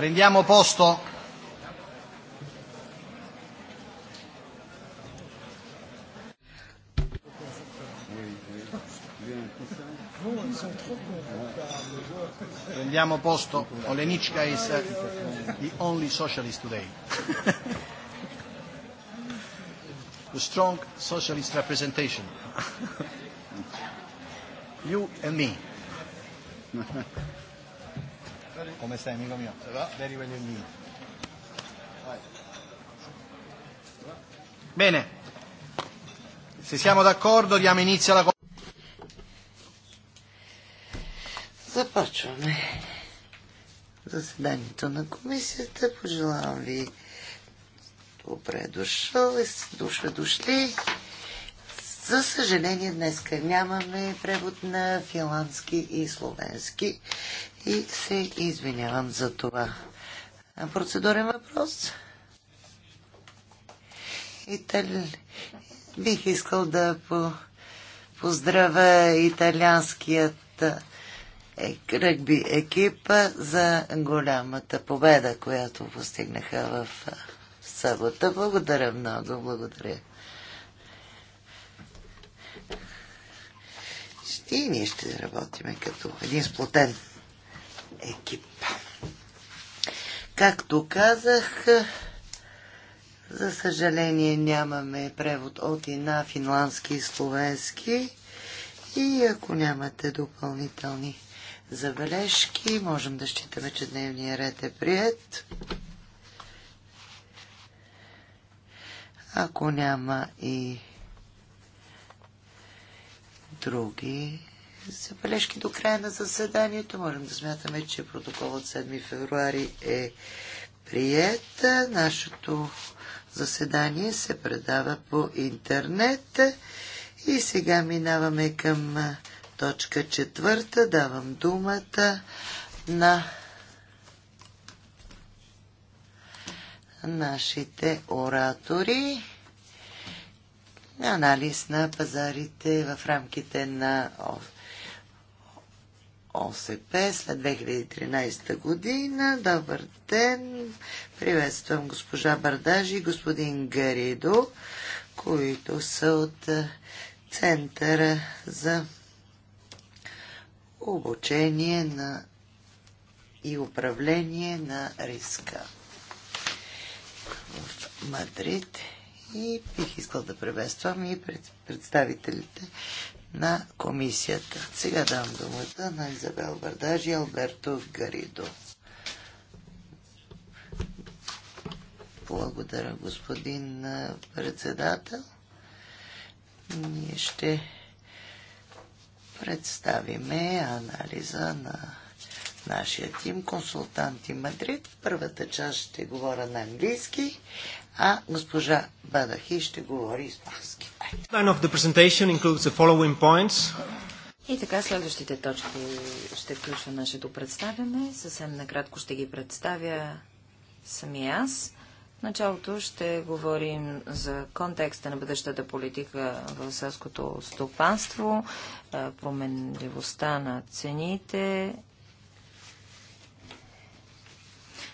Prendiamo posto. Prendiamo posto. Olenichka is the only socialist today. the strong socialist representation. you and me. Come stai, amico mio? Ça eh, va? Very well indeed. Bene. Se siamo d'accordo, diamo inizio alla Cosa faccio Започваме заседанието на комисията. Пожелавам ви добре дошъл и си душа дошли. За съжаление, днеска нямаме превод на финландски и словенски и се извинявам за това. Процедурен въпрос? Итали... Бих искал да по... поздравя италианският е, ръгби екип за голямата победа, която постигнаха в е, събота. Благодаря много, благодаря. И ние ще работиме като един сплотен екип. Както казах, за съжаление нямаме превод от и на финландски и словенски. И ако нямате допълнителни забележки, можем да считаме, че дневния ред е прият. Ако няма и други забележки до края на заседанието. Можем да смятаме, че протокол от 7 февруари е прият. Нашето заседание се предава по интернет. И сега минаваме към точка четвърта. Давам думата на нашите оратори. Анализ на пазарите в рамките на ОСП след 2013 година. Добър ден! Приветствам госпожа Бардажи и господин Гаридо, които са от е, Центъра за обучение на и управление на риска в Мадрид. И бих искал да приветствам и представителите на комисията. Сега дам думата на Изабел Бардажи и Алберто Гаридо. Благодаря, господин председател. Ние ще представиме анализа на нашия тим консултанти Мадрид. В първата част ще говоря на английски, а госпожа Бадахи ще говори испански. И така следващите точки ще включва нашето представяне. Съвсем накратко ще ги представя сами аз. В началото ще говорим за контекста на бъдещата политика в селското стопанство, променливостта на цените,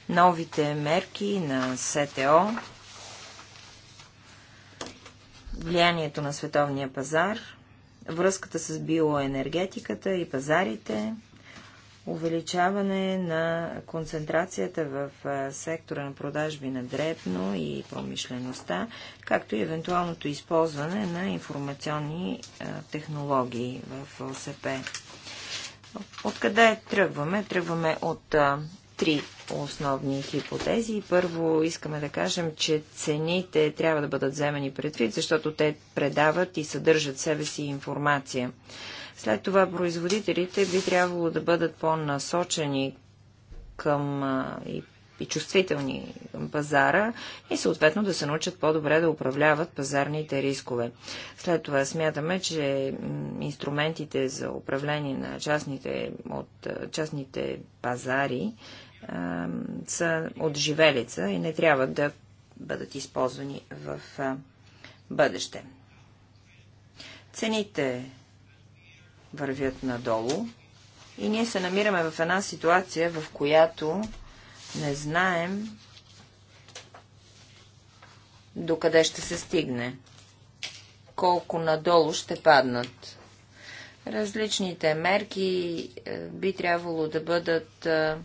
новите мерки на СТО, влиянието на световния пазар, връзката с биоенергетиката и пазарите, увеличаване на концентрацията в сектора на продажби на дребно и промишлеността, както и евентуалното използване на информационни технологии в ОСП. Откъде тръгваме? Тръгваме от три основни хипотези. Първо искаме да кажем, че цените трябва да бъдат вземани предвид, защото те предават и съдържат в себе си информация. След това производителите би трябвало да бъдат по-насочени към и, и чувствителни към пазара и съответно да се научат по-добре да управляват пазарните рискове. След това смятаме, че инструментите за управление на частните, от частните пазари са от живелица и не трябва да бъдат използвани в бъдеще. Цените вървят надолу и ние се намираме в една ситуация, в която не знаем докъде ще се стигне, колко надолу ще паднат. Различните мерки е, би трябвало да бъдат е,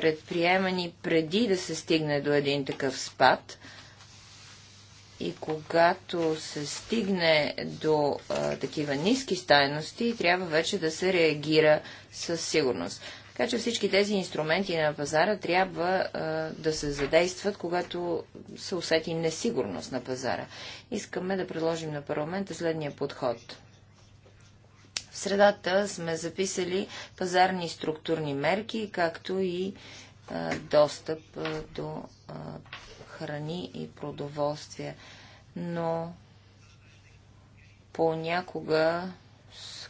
предприемани преди да се стигне до един такъв спад. И когато се стигне до а, такива ниски стайности, трябва вече да се реагира със сигурност. Така че всички тези инструменти на пазара трябва а, да се задействат, когато се усети несигурност на пазара. Искаме да предложим на парламента следния подход – в средата сме записали пазарни структурни мерки, както и достъп до храни и продоволствия. Но понякога,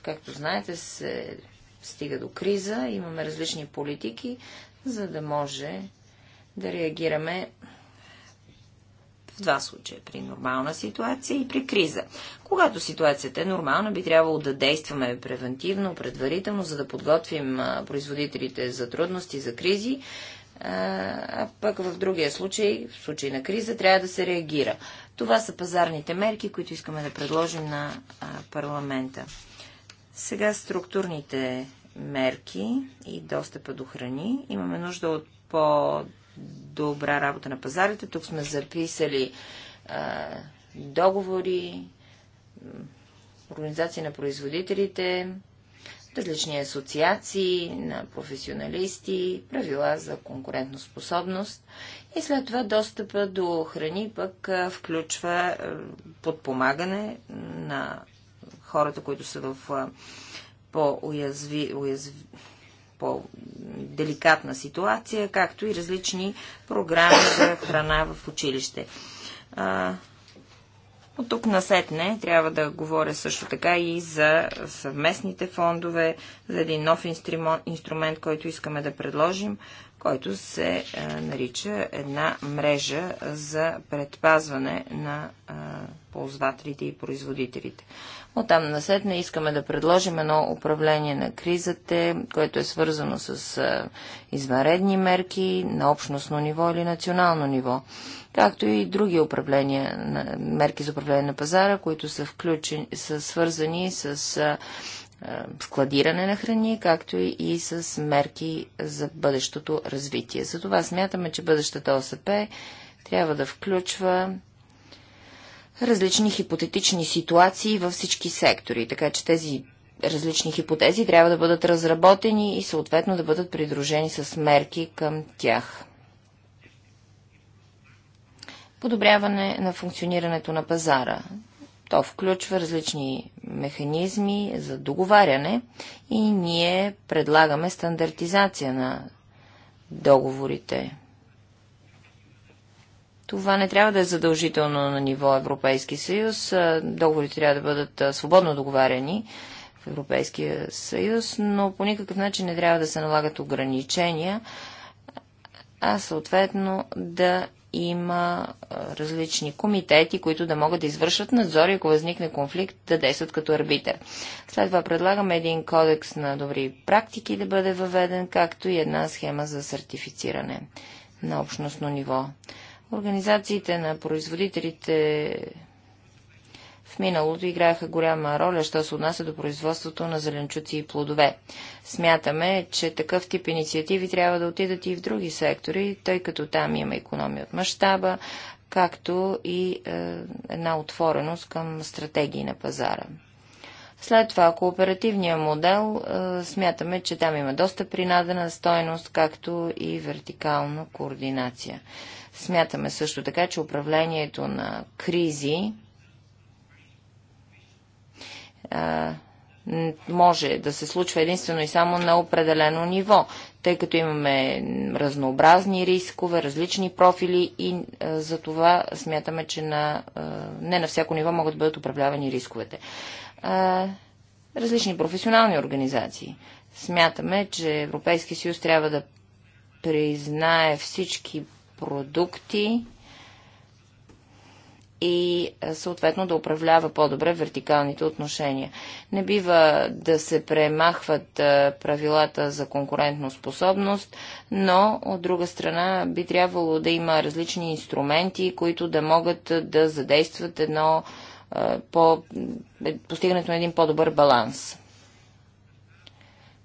както знаете, се стига до криза, имаме различни политики, за да може да реагираме два случая при нормална ситуация и при криза. Когато ситуацията е нормална, би трябвало да действаме превентивно, предварително, за да подготвим производителите за трудности, за кризи. А пък в другия случай, в случай на криза, трябва да се реагира. Това са пазарните мерки, които искаме да предложим на парламента. Сега структурните мерки и достъпа до храни. Имаме нужда от по добра работа на пазарите. Тук сме записали а, договори, организации на производителите, различни асоциации на професионалисти, правила за конкурентоспособност и след това достъпа до храни пък включва подпомагане на хората, които са в по-уязвими уязви, по-деликатна ситуация, както и различни програми за храна в училище. От тук насетне трябва да говоря също така и за съвместните фондове, за един нов инструмент, който искаме да предложим, който се е, нарича една мрежа за предпазване на е, ползвателите и производителите. От там на не искаме да предложим едно управление на кризата, което е свързано с е, извънредни мерки на общностно ниво или национално ниво, както и други управления, мерки за управление на пазара, които са, включени, са свързани с е, складиране на храни, както и с мерки за бъдещото развитие. Затова смятаме, че бъдещата ОСП трябва да включва различни хипотетични ситуации във всички сектори, така че тези различни хипотези трябва да бъдат разработени и съответно да бъдат придружени с мерки към тях. Подобряване на функционирането на пазара. То включва различни механизми за договаряне и ние предлагаме стандартизация на договорите. Това не трябва да е задължително на ниво Европейски съюз. Договорите трябва да бъдат свободно договаряни в Европейския съюз, но по никакъв начин не трябва да се налагат ограничения, а съответно да има различни комитети, които да могат да извършват надзор и ако възникне конфликт, да действат като арбитър. След това предлагаме един кодекс на добри практики да бъде въведен, както и една схема за сертифициране на общностно ниво. Организациите на производителите в миналото играеха голяма роля, що се отнася до производството на зеленчуци и плодове. Смятаме, че такъв тип инициативи трябва да отидат и в други сектори, тъй като там има економия от мащаба, както и е, една отвореност към стратегии на пазара. След това, кооперативния модел, е, смятаме, че там има доста принадена стойност, както и вертикална координация. Смятаме също така, че управлението на кризи може да се случва единствено и само на определено ниво, тъй като имаме разнообразни рискове, различни профили и за това смятаме, че на, не на всяко ниво могат да бъдат управлявани рисковете. различни професионални организации. Смятаме, че Европейски съюз трябва да признае всички продукти, и е, съответно да управлява по-добре вертикалните отношения. Не бива да се премахват е, правилата за конкурентно способност, но от друга страна би трябвало да има различни инструменти, които да могат е, да задействат едно по, постигането на един по-добър баланс.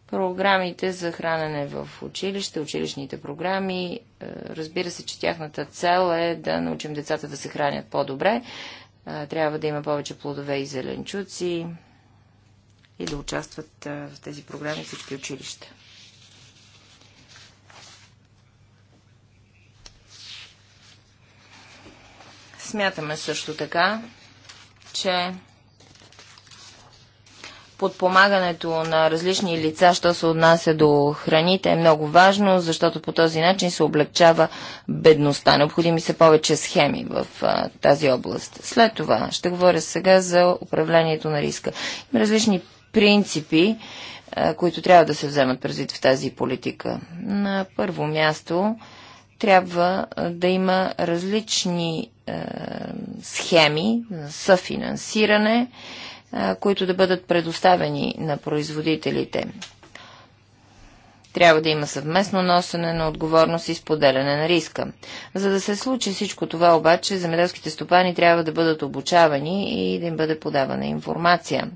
Програмите за хранене в училище, училищните програми, е, разбира се, че тяхната цел е да научим децата да се хранят по-добре. Е, трябва да има повече плодове и зеленчуци и да участват е, в тези програми всички училища. Смятаме също така, че подпомагането на различни лица, що се отнася до храните, е много важно, защото по този начин се облегчава бедността. Необходими са повече схеми в а, тази област. След това ще говоря сега за управлението на риска. Има различни принципи, а, които трябва да се вземат предвид в тази политика. На първо място трябва да има различни а, схеми за съфинансиране, които да бъдат предоставени на производителите. Трябва да има съвместно носене на отговорност и споделяне на риска. За да се случи всичко това обаче, земеделските стопани трябва да бъдат обучавани и да им бъде подавана информация.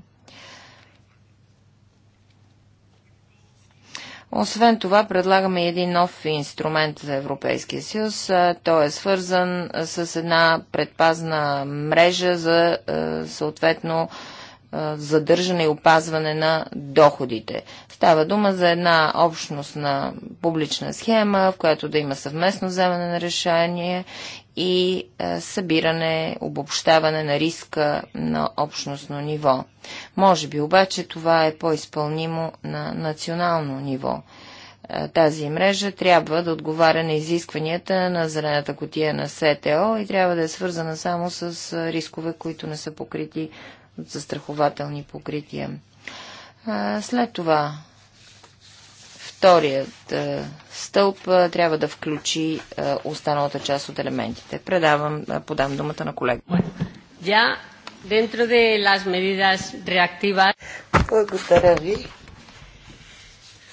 Освен това, предлагаме един нов инструмент за Европейския съюз. Той е свързан с една предпазна мрежа за е, съответно задържане и опазване на доходите. Става дума за една общност на публична схема, в която да има съвместно вземане на решение и събиране, обобщаване на риска на общностно ниво. Може би обаче това е по-изпълнимо на национално ниво тази мрежа трябва да отговаря на изискванията на зелената котия на СТО и трябва да е свързана само с рискове, които не са покрити застрахователни покрития. След това вторият стълб трябва да включи останалата част от елементите. Предавам, подам думата на колега. Я, dentro de las medidas reactivas... Благодаря ви.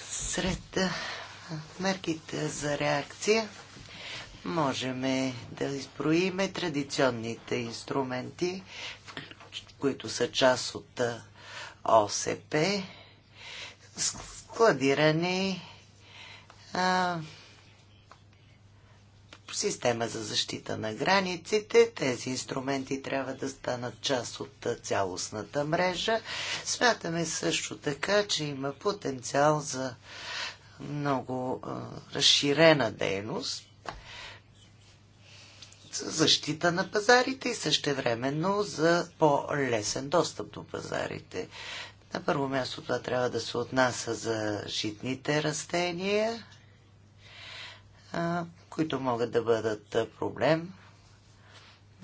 Сред мерките за реакция можем да изброиме традиционните инструменти, които са част от ОСП, складиране, а, система за защита на границите. Тези инструменти трябва да станат част от цялостната мрежа. Смятаме също така, че има потенциал за много а, разширена дейност защита на пазарите и същевременно за по-лесен достъп до пазарите. На първо място това трябва да се отнася за житните растения, които могат да бъдат проблем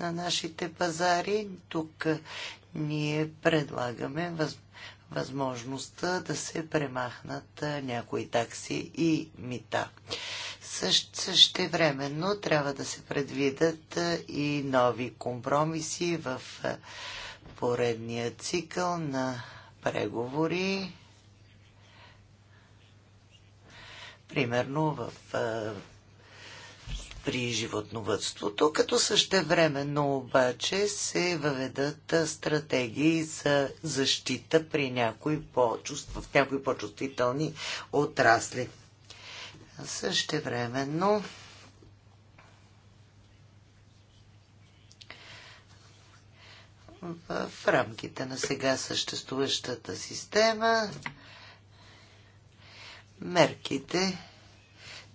на нашите пазари. Тук ние предлагаме възможността да се премахнат някои такси и мита. Също, същевременно трябва да се предвидат и нови компромиси в поредния цикъл на преговори. Примерно в при животновътството, като същевременно обаче се въведат стратегии за защита при някои по в някои по-чувствителни отрасли времено в рамките на сега съществуващата система мерките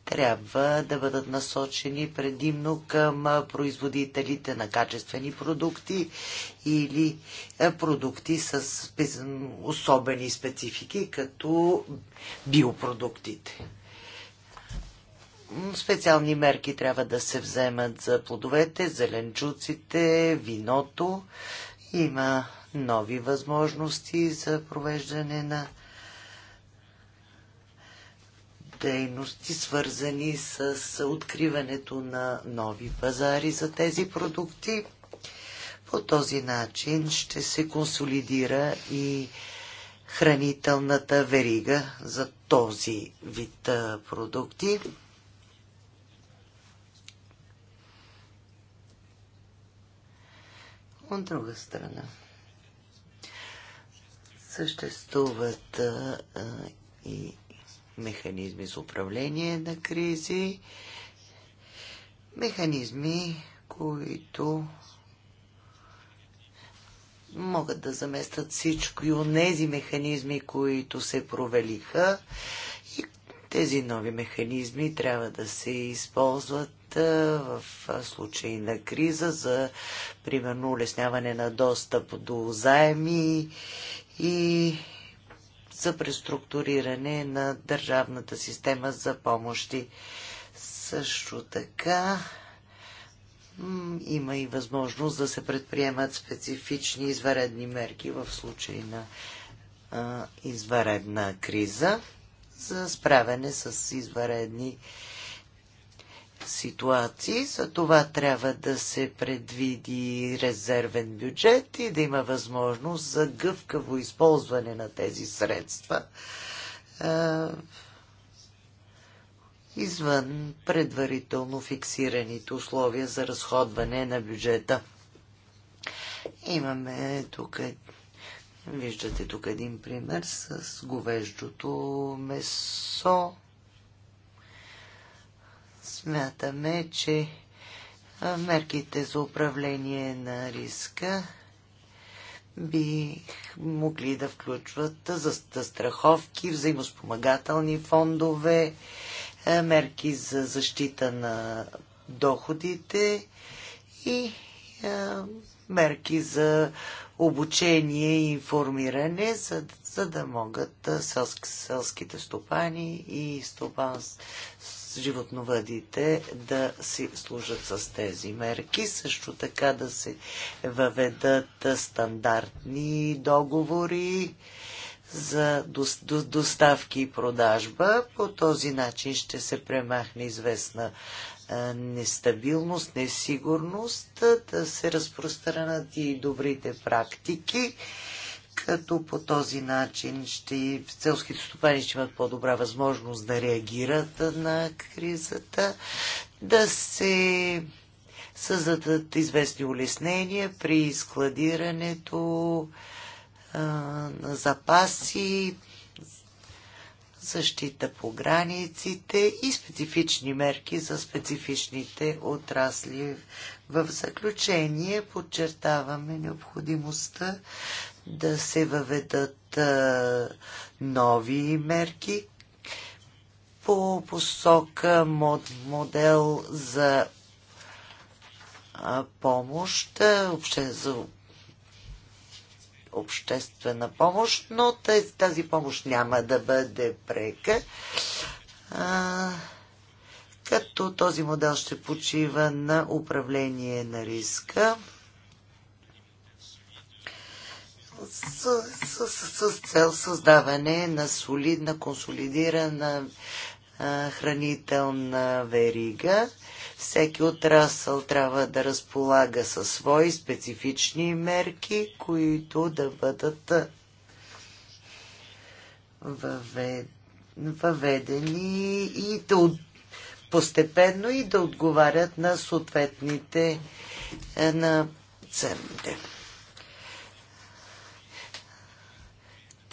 трябва да бъдат насочени предимно към производителите на качествени продукти или продукти с особени специфики, като биопродуктите специални мерки трябва да се вземат за плодовете, зеленчуците, виното. Има нови възможности за провеждане на дейности, свързани с откриването на нови пазари за тези продукти. По този начин ще се консолидира и хранителната верига за този вид продукти. От друга страна, съществуват а, и механизми за управление на кризи, механизми, които могат да заместят всичко и онези механизми, които се провелиха И тези нови механизми трябва да се използват е, в случай на криза за, примерно, улесняване на достъп до заеми и за преструктуриране на държавната система за помощи. Също така има и възможност да се предприемат специфични изваредни мерки в случай на а, изваредна криза за справяне с изваредни ситуации. За това трябва да се предвиди резервен бюджет и да има възможност за гъвкаво използване на тези средства е, извън предварително фиксираните условия за разходване на бюджета. Имаме тук, виждате тук един пример с говеждото месо. Смятаме, че мерките за управление на риска би могли да включват застраховки, взаимоспомагателни фондове, мерки за защита на доходите и мерки за обучение и информиране, за, за да могат селски, селските стопани и стопан, животновъдите да си служат с тези мерки. Също така да се въведат стандартни договори за доставки и продажба. По този начин ще се премахне известна нестабилност, несигурност, да се разпространят и добрите практики като по този начин ще, селските стопани ще имат по-добра възможност да реагират на кризата, да се създадат известни улеснения при складирането а, на запаси, защита по границите и специфични мерки за специфичните отрасли. В заключение подчертаваме необходимостта да се въведат нови мерки по посока мод, модел за помощ, обще, за обществена помощ, но тази, тази помощ няма да бъде прека. А, като този модел ще почива на управление на риска с, с, с, с цел създаване на солидна, консолидирана а, хранителна верига. Всеки отрасъл трябва да разполага със свои специфични мерки, които да бъдат въведени и да от... постепенно и да отговарят на съответните е, на цените.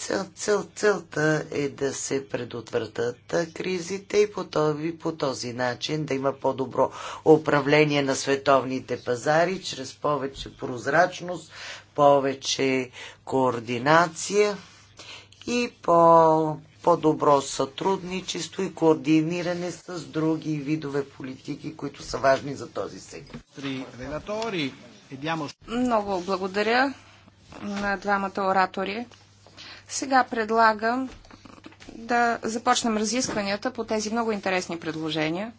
Цел, цел, целта е да се предотвратат кризите и по този, по този начин да има по-добро управление на световните пазари чрез повече прозрачност, повече координация и по, по-добро сътрудничество и координиране с други видове политики, които са важни за този сектор. Много благодаря на двамата оратори. Сега предлагам да започнем разискванията по тези много интересни предложения.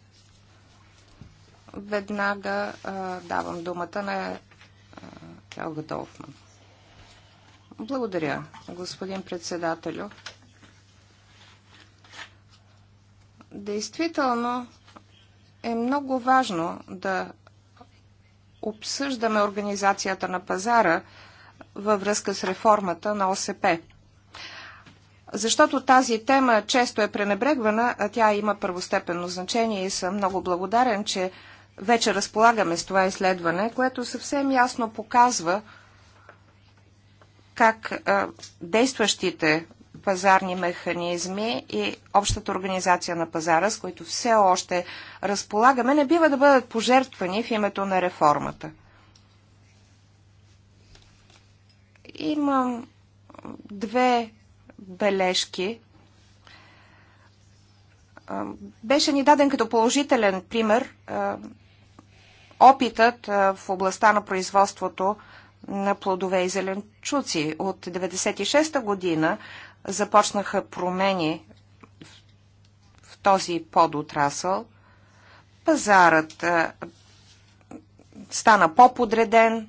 Веднага а, давам думата на Елга Долфман. Благодаря, господин председателю. Действително е много важно да обсъждаме организацията на пазара във връзка с реформата на ОСП. Защото тази тема често е пренебрегвана, а тя има първостепенно значение и съм много благодарен, че вече разполагаме с това изследване, което съвсем ясно показва как а, действащите пазарни механизми и общата организация на пазара, с които все още разполагаме, не бива да бъдат пожертвани в името на реформата. Имам две бележки. Беше ни даден като положителен пример опитът в областта на производството на плодове и зеленчуци. От 1996 година започнаха промени в този подотрасъл. Пазарът стана по-подреден,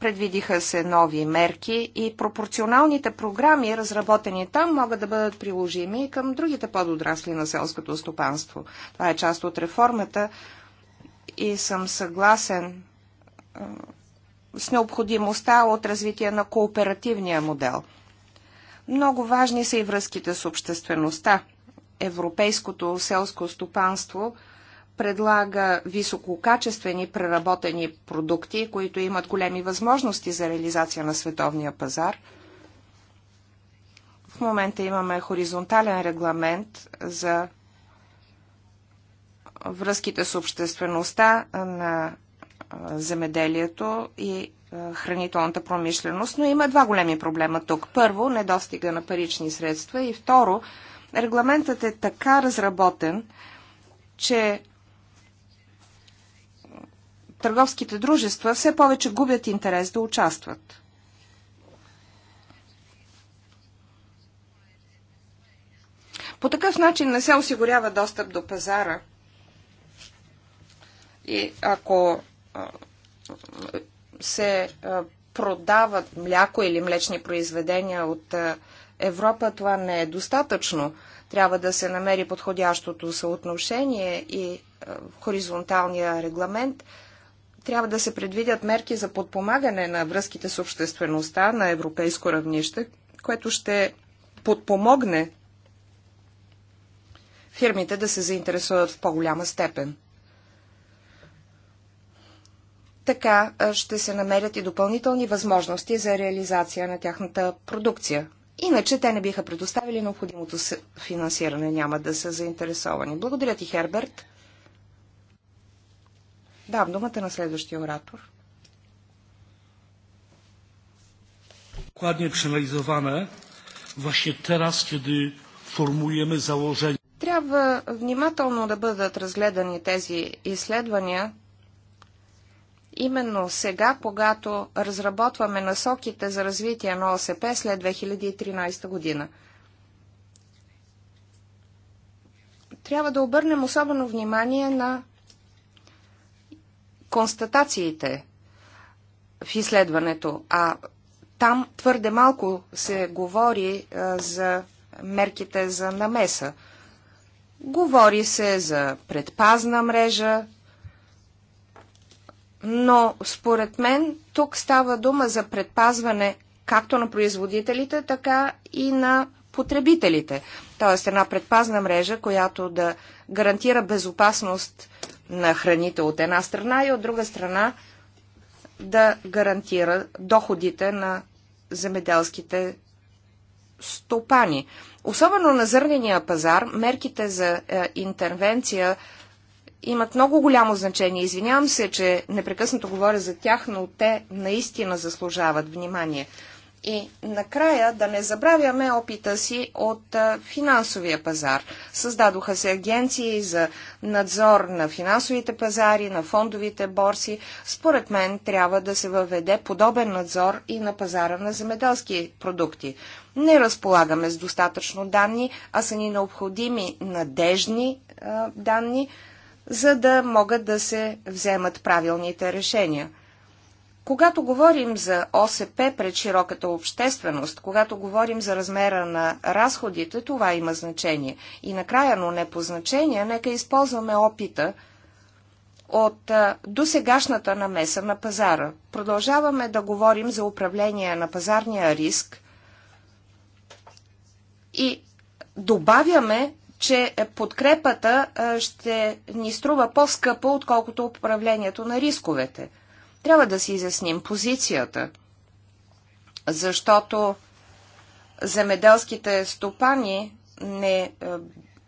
предвидиха се нови мерки и пропорционалните програми, разработени там, могат да бъдат приложими и към другите пододрасли на селското стопанство. Това е част от реформата и съм съгласен е, с необходимостта от развитие на кооперативния модел. Много важни са и връзките с обществеността. Европейското селско стопанство – предлага висококачествени преработени продукти, които имат големи възможности за реализация на световния пазар. В момента имаме хоризонтален регламент за връзките с обществеността на земеделието и хранителната промишленост, но има два големи проблема тук. Първо, недостига на парични средства и второ, регламентът е така разработен, че търговските дружества все повече губят интерес да участват. По такъв начин не се осигурява достъп до пазара. И ако се продават мляко или млечни произведения от Европа, това не е достатъчно. Трябва да се намери подходящото съотношение и хоризонталния регламент – трябва да се предвидят мерки за подпомагане на връзките с обществеността на европейско равнище, което ще подпомогне фирмите да се заинтересуват в по-голяма степен. Така ще се намерят и допълнителни възможности за реализация на тяхната продукция. Иначе те не биха предоставили необходимото финансиране, няма да са заинтересовани. Благодаря ти, Херберт. Давам думата на следващия оратор. Dokładnie przeanalizowane ваше терас, къде формулираме заложение. Трябва внимателно да бъдат разгледани тези изследвания, именно сега, когато разработваме насоките за развитие на ОСП след 2013 година. Трябва да обърнем особено внимание на констатациите в изследването, а там твърде малко се говори е, за мерките за намеса. Говори се за предпазна мрежа, но според мен тук става дума за предпазване както на производителите, така и на потребителите. Тоест една предпазна мрежа, която да гарантира безопасност на храните от една страна и от друга страна да гарантира доходите на земеделските стопани. Особено на зърнения пазар, мерките за е, интервенция имат много голямо значение. Извинявам се, че непрекъснато говоря за тях, но те наистина заслужават внимание. И накрая да не забравяме опита си от финансовия пазар. Създадоха се агенции за надзор на финансовите пазари, на фондовите борси. Според мен трябва да се въведе подобен надзор и на пазара на земеделски продукти. Не разполагаме с достатъчно данни, а са ни необходими надежни данни, за да могат да се вземат правилните решения. Когато говорим за ОСП пред широката общественост, когато говорим за размера на разходите, това има значение. И накрая, но не по значение, нека използваме опита от досегашната намеса на пазара. Продължаваме да говорим за управление на пазарния риск и добавяме, че подкрепата ще ни струва по скъпо отколкото управлението на рисковете. Трябва да си изясним позицията, защото земеделските стопани не е,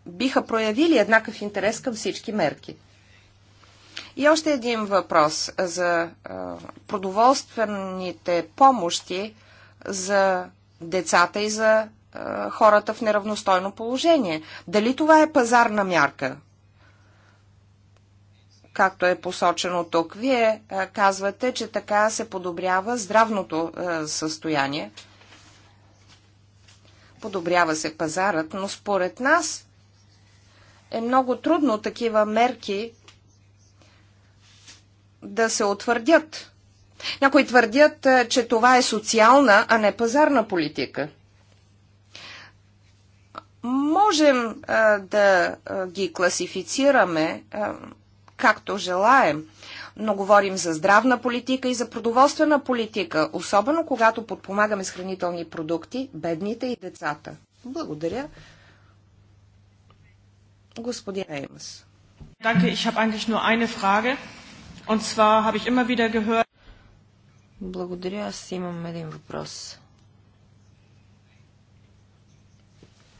биха проявили еднакъв интерес към всички мерки. И още един въпрос за е, продоволствените помощи за децата и за е, хората в неравностойно положение. Дали това е пазарна мярка? както е посочено тук. Вие е, казвате, че така се подобрява здравното е, състояние. Подобрява се пазарът, но според нас е много трудно такива мерки да се утвърдят. Някои твърдят, е, че това е социална, а не пазарна политика. Можем а, да а, ги класифицираме а, както желаем. Но говорим за здравна политика и за продоволствена политика, особено когато подпомагаме с хранителни продукти бедните и децата. Благодаря. Господин Еймс. Danke, ich habe eigentlich nur eine Frage. Und zwar habe ich immer wieder gehört... Благодаря, аз имам един въпрос.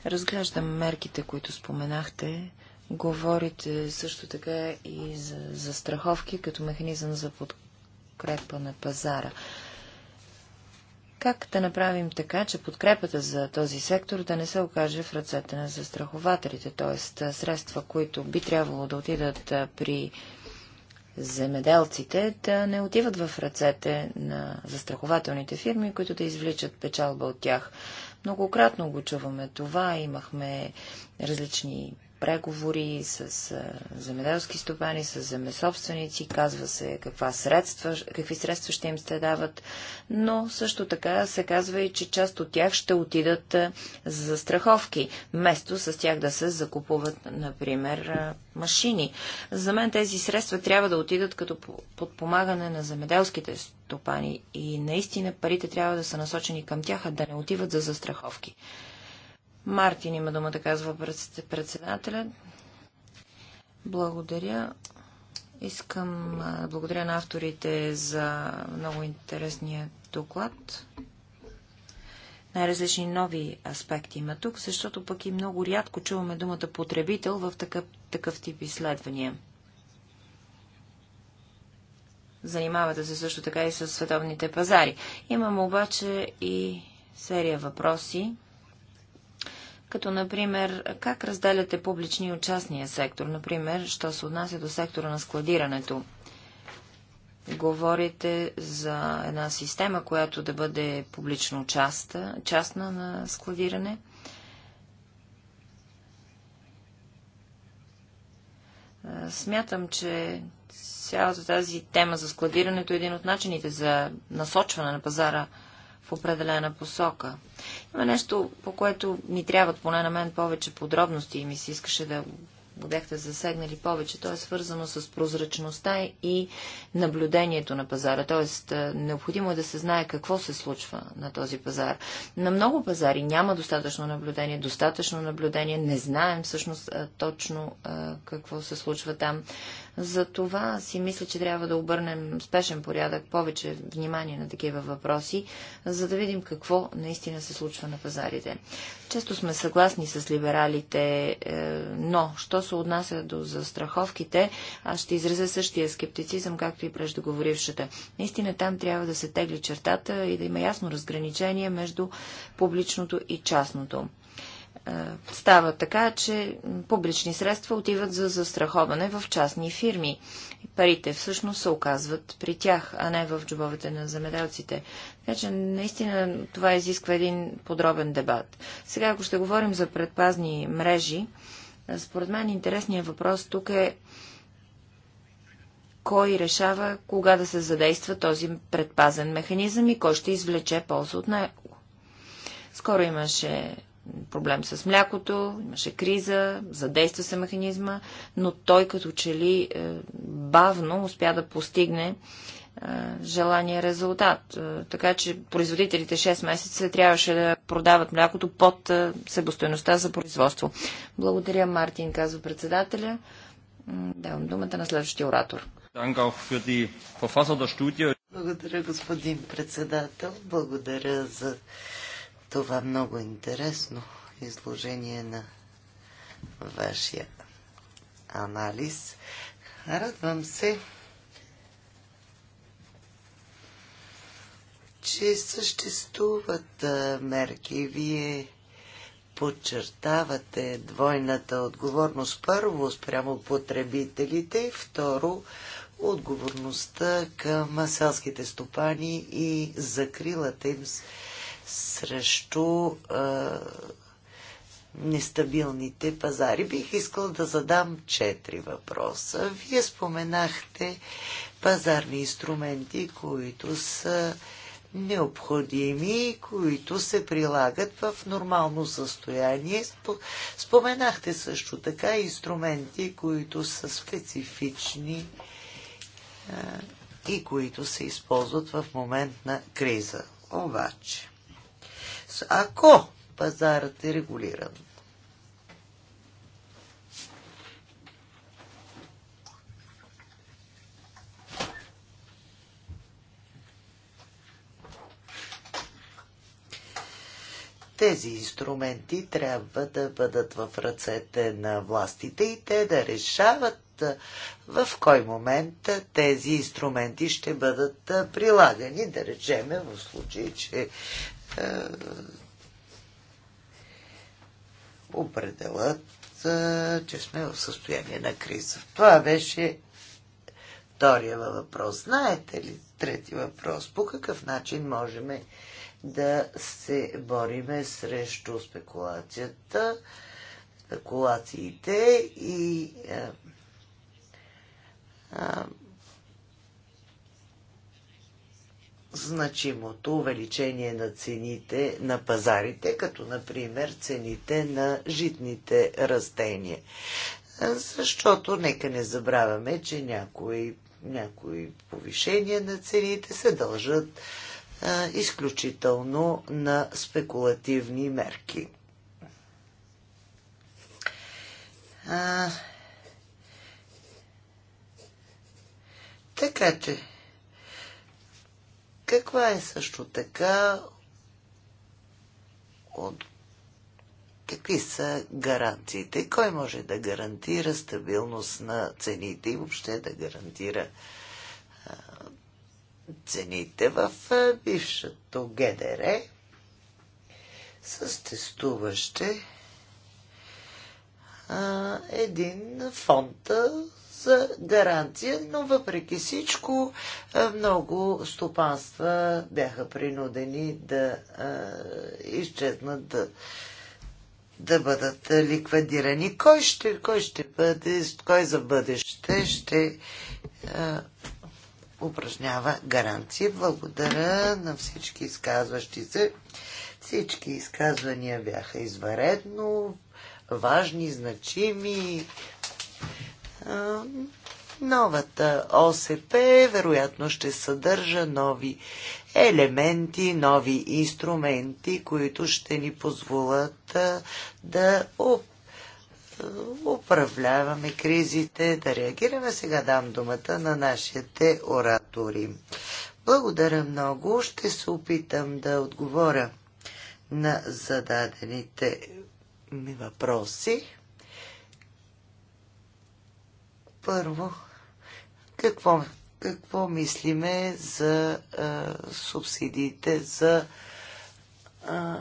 Разглеждам мерките, които споменахте Говорите също така и за застраховки като механизъм за подкрепа на пазара. Как да направим така, че подкрепата за този сектор да не се окаже в ръцете на застрахователите, т.е. средства, които би трябвало да отидат при земеделците, да не отиват в ръцете на застрахователните фирми, които да извличат печалба от тях. Многократно го чуваме това, имахме различни преговори с земеделски стопани, с земесобственици, казва се каква средства, какви средства ще им се дават, но също така се казва и, че част от тях ще отидат за страховки, вместо с тях да се закупуват, например, машини. За мен тези средства трябва да отидат като подпомагане на земеделските стопани и наистина парите трябва да са насочени към тях, а да не отиват за застраховки. Мартин има думата, казва председателят. Благодаря. Искам да благодаря на авторите за много интересния доклад. Най-различни нови аспекти има тук, защото пък и много рядко чуваме думата потребител в такъв, такъв тип изследвания. Занимавате се също така и с световните пазари. Имам обаче и серия въпроси, като например как разделяте публичния и частния сектор, например, що се отнася до сектора на складирането. Говорите за една система, която да бъде публично част, частна на складиране. Смятам, че цялата тази тема за складирането е един от начините за насочване на пазара в определена посока. Има нещо, по което ми трябват поне на мен повече подробности и ми се искаше да го бяхте засегнали повече. То е свързано с прозрачността и наблюдението на пазара. Тоест, е, необходимо е да се знае какво се случва на този пазар. На много пазари няма достатъчно наблюдение, достатъчно наблюдение, не знаем всъщност е, точно е, какво се случва там. За това си мисля, че трябва да обърнем спешен порядък повече внимание на такива въпроси, за да видим какво наистина се случва на пазарите. Често сме съгласни с либералите, е, но, що се отнася до застраховките, аз ще изразя същия скептицизъм, както и преждоговорившата. Наистина там трябва да се тегли чертата и да има ясно разграничение между публичното и частното. Е, става така, че публични средства отиват за застраховане в частни фирми. Парите всъщност се оказват при тях, а не в джобовете на замеделците. Така че наистина това изисква един подробен дебат. Сега, ако ще говорим за предпазни мрежи, е, според мен интересният въпрос тук е кой решава кога да се задейства този предпазен механизъм и кой ще извлече полза от него. Скоро имаше проблем с млякото, имаше криза, задейства се механизма, но той като че ли е, бавно успя да постигне е, желания резултат. Е, така че производителите 6 месеца трябваше да продават млякото под себостоеността за производство. Благодаря, Мартин, казва председателя. Давам думата на следващия оратор. Благодаря, господин председател. Благодаря за това много интересно изложение на вашия анализ. Радвам се, че съществуват мерки. Вие подчертавате двойната отговорност. Първо, спрямо потребителите и второ, отговорността към селските стопани и закрилата им срещу а, нестабилните пазари. Бих искал да задам четири въпроса. Вие споменахте пазарни инструменти, които са необходими, които се прилагат в нормално състояние. Споменахте също така инструменти, които са специфични и които се използват в момент на криза. Обаче, ако пазарът е регулиран. тези инструменти трябва да бъдат в ръцете на властите и те да решават в кой момент тези инструменти ще бъдат прилагани, да речеме в случай, че е, определят, е, че сме в състояние на криза. Това беше втория въпрос. Знаете ли, трети въпрос, по какъв начин можем да се бориме срещу спекулацията, спекулациите и а, е, а, значимото увеличение на цените на пазарите, като например цените на житните растения. Защото нека не забравяме, че някои, някои повишения на цените се дължат а, изключително на спекулативни мерки. А, така че каква е също така от какви са гаранциите? Кой може да гарантира стабилност на цените и въобще да гарантира цените в бившето ГДР с тестуваще един фонд за гаранция, но въпреки всичко е, много стопанства бяха принудени да е, изчезнат, да, да бъдат ликвидирани. Кой ще, кой ще бъде, кой за бъдеще ще е, упражнява гаранция? Благодаря на всички изказващи се. Всички изказвания бяха изваредно важни, значими, новата ОСП вероятно ще съдържа нови елементи, нови инструменти, които ще ни позволят да управляваме кризите, да реагираме. Сега дам думата на нашите оратори. Благодаря много. Ще се опитам да отговоря на зададените ми въпроси. Първо, какво, какво мислиме за а, субсидиите за а,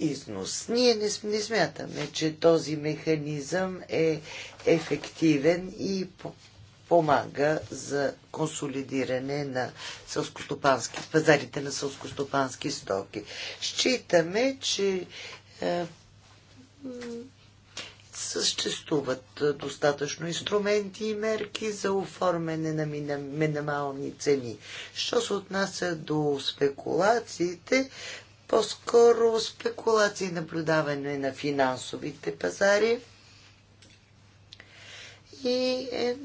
износ? Ние не, не смятаме, че този механизъм е ефективен и по помага за консолидиране на пазарите на сълскостопански стоки. Считаме, че съществуват достатъчно инструменти и мерки за оформяне на минимални цени. Що се отнася до спекулациите, по-скоро спекулации наблюдаване на финансовите пазари и, е,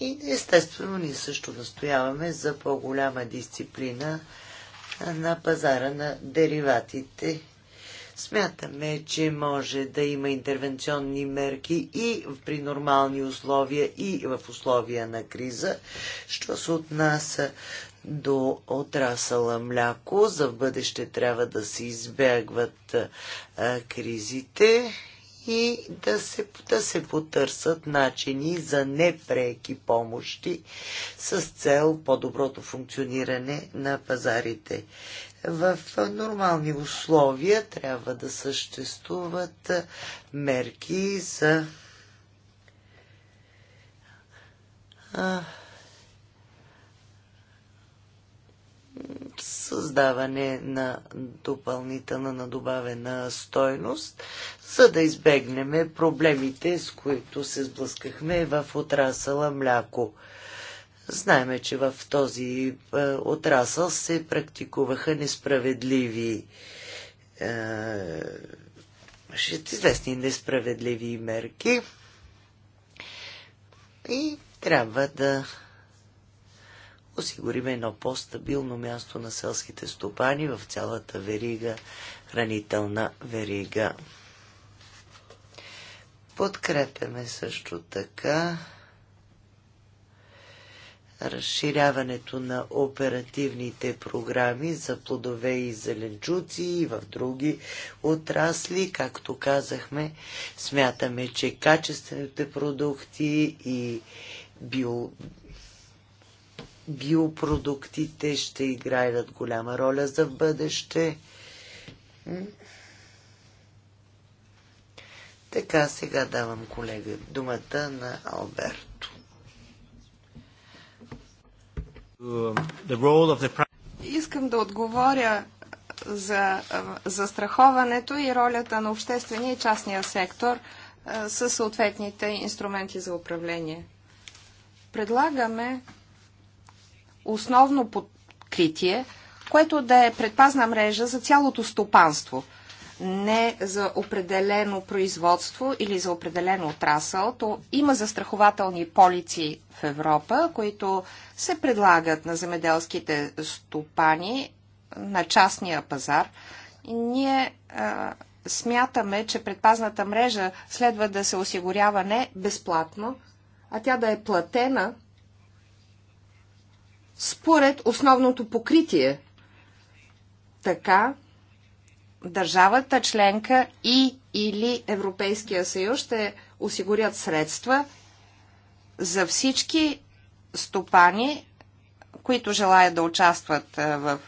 и естествено ние също настояваме за по-голяма дисциплина на пазара на дериватите Смятаме, че може да има интервенционни мерки и при нормални условия, и в условия на криза, що се отнася до отрасала мляко. За в бъдеще трябва да се избягват а, кризите и да се, да се потърсят начини за непреки помощи с цел по-доброто функциониране на пазарите в нормални условия трябва да съществуват мерки за създаване на допълнителна надобавена стойност, за да избегнем проблемите, с които се сблъскахме в отрасъла мляко. Знаеме, че в този е, отрасъл се практикуваха несправедливи е, известни несправедливи мерки и трябва да осигурим едно по-стабилно място на селските стопани в цялата верига, хранителна верига. Подкрепяме също така разширяването на оперативните програми за плодове и зеленчуци и в други отрасли. Както казахме, смятаме, че качествените продукти и био, биопродуктите ще играят голяма роля за бъдеще. Така, сега давам колега думата на Алберт. Искам да отговоря за застраховането и ролята на обществения и частния сектор със съответните инструменти за управление. Предлагаме основно подкритие, което да е предпазна мрежа за цялото стопанство – не за определено производство или за определено отрасъл, то има застрахователни полици в Европа, които се предлагат на земеделските стопани на частния пазар. И ние а, смятаме, че предпазната мрежа следва да се осигурява не безплатно, а тя да е платена според основното покритие. Така държавата членка и или Европейския съюз ще осигурят средства за всички стопани, които желаят да участват в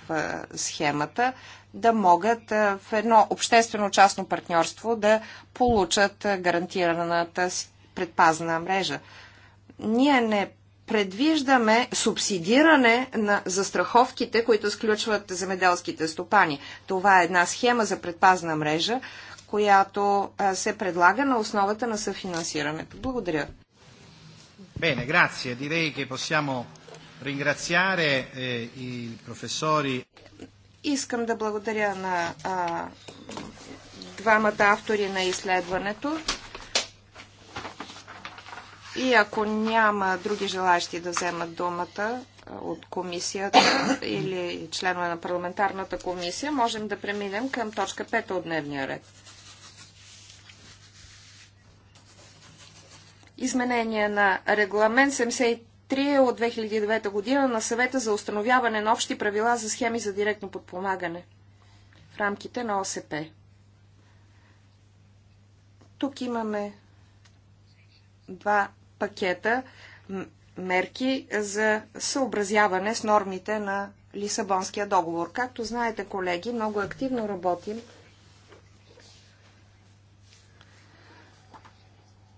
схемата, да могат в едно обществено-частно партньорство да получат гарантираната предпазна мрежа. Ние не предвиждаме субсидиране на застраховките, които сключват земеделските стопани. Това е една схема за предпазна мрежа, която се предлага на основата на съфинансирането. Благодаря. Bene, grazie. Direi che possiamo ringraziare eh, i professori. Искам да благодаря на а, двамата автори на изследването. И ако няма други желащи да вземат думата от комисията или членове на парламентарната комисия, можем да преминем към точка 5 от дневния ред. Изменение на регламент 73 от 2009 година на съвета за установяване на общи правила за схеми за директно подпомагане в рамките на ОСП. Тук имаме два пакета мерки за съобразяване с нормите на Лисабонския договор. Както знаете, колеги, много активно работим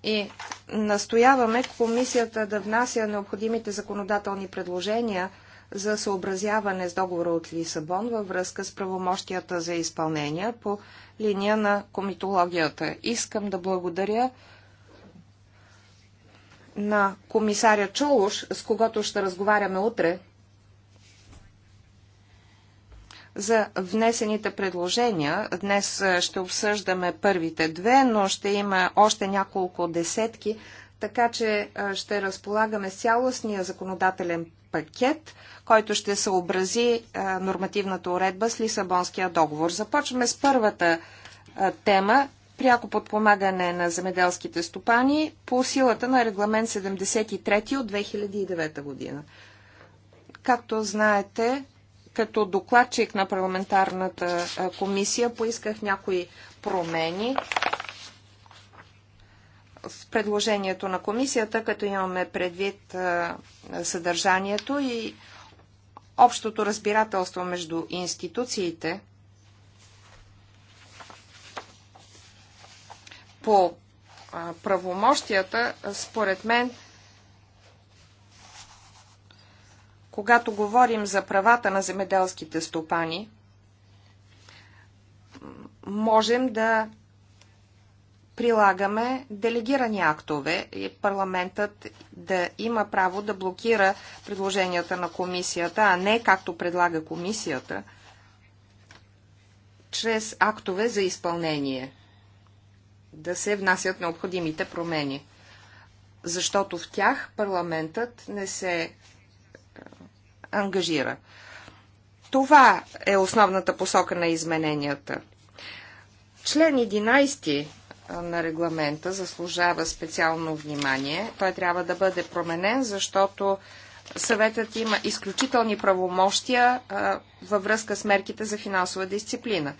и настояваме комисията да внася необходимите законодателни предложения за съобразяване с договора от Лисабон във връзка с правомощията за изпълнение по линия на комитологията. Искам да благодаря на комисаря Чолуш, с когото ще разговаряме утре, за внесените предложения. Днес ще обсъждаме първите две, но ще има още няколко десетки, така че ще разполагаме с цялостния законодателен пакет, който ще съобрази нормативната уредба с Лисабонския договор. Започваме с първата тема пряко подпомагане на земеделските стопани по силата на регламент 73 от 2009 година. Както знаете, като докладчик на парламентарната комисия поисках някои промени в предложението на комисията, като имаме предвид съдържанието и общото разбирателство между институциите по правомощията, според мен, когато говорим за правата на земеделските стопани, можем да прилагаме делегирани актове и парламентът да има право да блокира предложенията на комисията, а не както предлага комисията, чрез актове за изпълнение да се внасят необходимите промени. Защото в тях парламентът не се е, ангажира. Това е основната посока на измененията. Член 11 е, на регламента заслужава специално внимание. Той трябва да бъде променен, защото съветът има изключителни правомощия а, е, във връзка с мерките за финансова дисциплина.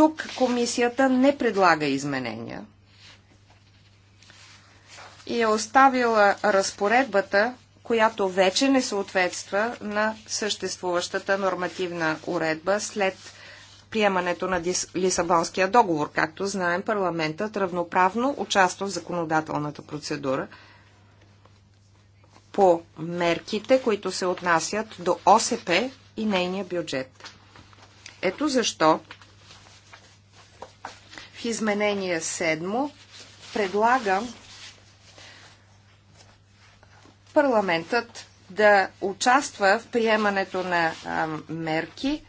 Тук комисията не предлага изменения и е оставила разпоредбата, която вече не съответства на съществуващата нормативна уредба след приемането на Лисабонския договор. Както знаем, парламентът равноправно участва в законодателната процедура по мерките, които се отнасят до ОСП и нейния бюджет. Ето защо в изменение 7 предлага парламентът да участва в приемането на а, мерки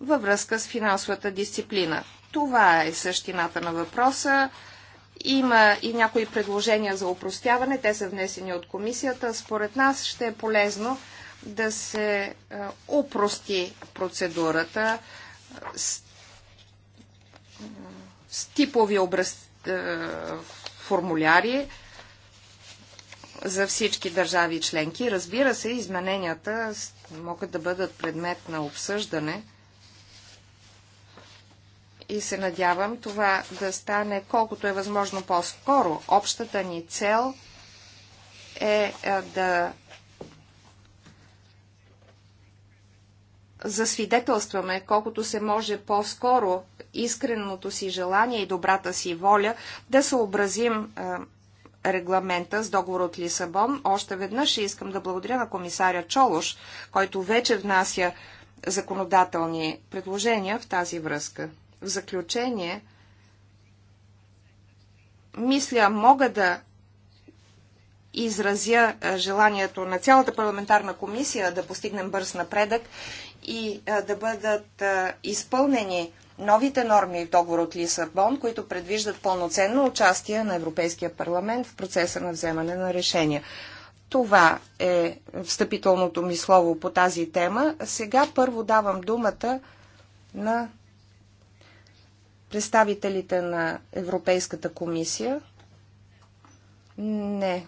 във връзка с финансовата дисциплина. Това е същината на въпроса. Има и някои предложения за упростяване. Те са внесени от комисията. Според нас ще е полезно да се упрости процедурата с, типови образ, е, формуляри за всички държави членки. Разбира се, измененията могат да бъдат предмет на обсъждане и се надявам това да стане колкото е възможно по-скоро. Общата ни цел е, е да засвидетелстваме колкото се може по-скоро искреното си желание и добрата си воля да съобразим е, регламента с договор от Лисабон. Още веднъж искам да благодаря на комисаря Чолош, който вече внася законодателни предложения в тази връзка. В заключение, мисля, мога да изразя е, желанието на цялата парламентарна комисия да постигнем бърз напредък и да бъдат изпълнени новите норми в договор от Лисабон, които предвиждат пълноценно участие на Европейския парламент в процеса на вземане на решения. Това е встъпителното ми слово по тази тема. Сега първо давам думата на представителите на Европейската комисия. Не.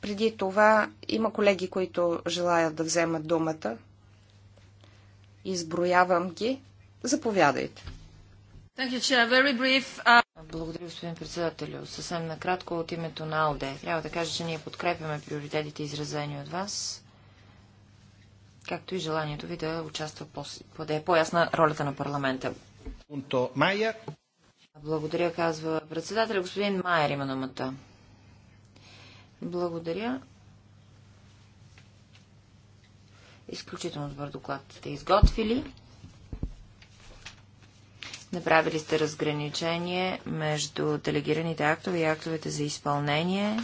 Преди това има колеги, които желаят да вземат думата. Изброявам ги. Заповядайте. Uh, Благодаря, господин председателю. Съвсем накратко от името на АЛДЕ. Трябва да кажа, че ние подкрепяме приоритетите, изразени от вас, както и желанието ви да участва по, да е по-ясна ролята на парламента. Благодаря, казва председателя. Господин Майер има думата. Благодаря. Изключително добър доклад сте изготвили. Направили сте разграничение между делегираните актове и актовете за изпълнение.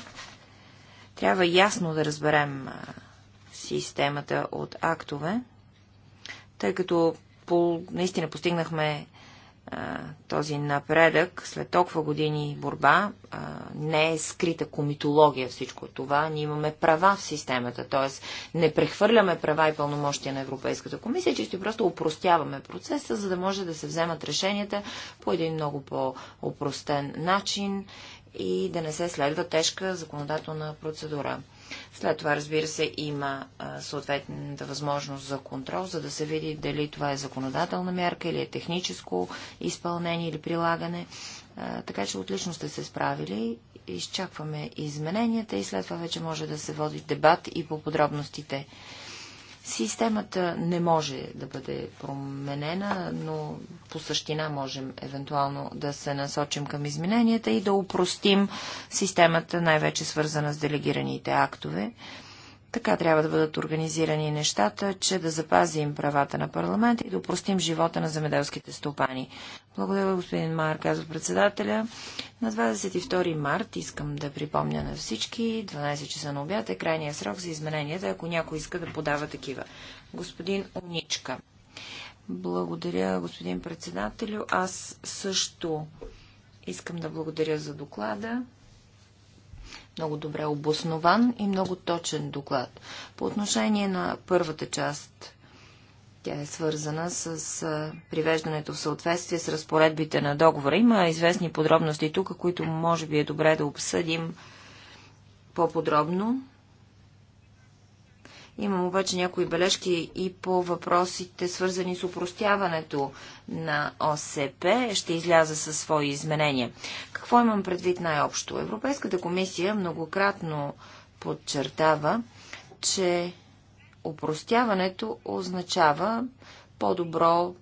Трябва ясно да разберем системата от актове, тъй като по, наистина постигнахме този напредък след толкова години борба не е скрита комитология всичко това. Ние имаме права в системата, т.е. не прехвърляме права и пълномощия на Европейската комисия, чисто просто упростяваме процеса, за да може да се вземат решенията по един много по-упростен начин и да не се следва тежка законодателна процедура. След това, разбира се, има съответната възможност за контрол, за да се види дали това е законодателна мярка или е техническо изпълнение или прилагане. така че отлично сте се справили. Изчакваме измененията и след това вече може да се води дебат и по подробностите. Системата не може да бъде променена, но по същина можем евентуално да се насочим към измененията и да упростим системата, най-вече свързана с делегираните актове. Така трябва да бъдат организирани нещата, че да запазим правата на парламент и да упростим живота на земеделските стопани. Благодаря, господин Майер, казва председателя. На 22 март искам да припомня на всички, 12 часа на обяд е крайния срок за измененията, ако някой иска да подава такива. Господин Уничка. Благодаря, господин председателю. Аз също искам да благодаря за доклада много добре обоснован и много точен доклад. По отношение на първата част, тя е свързана с привеждането в съответствие с разпоредбите на договора. Има известни подробности тук, които може би е добре да обсъдим по-подробно Имам обаче някои бележки и по въпросите, свързани с упростяването на ОСП. Ще изляза със свои изменения. Какво имам предвид най-общо? Европейската комисия многократно подчертава, че упростяването означава по-добро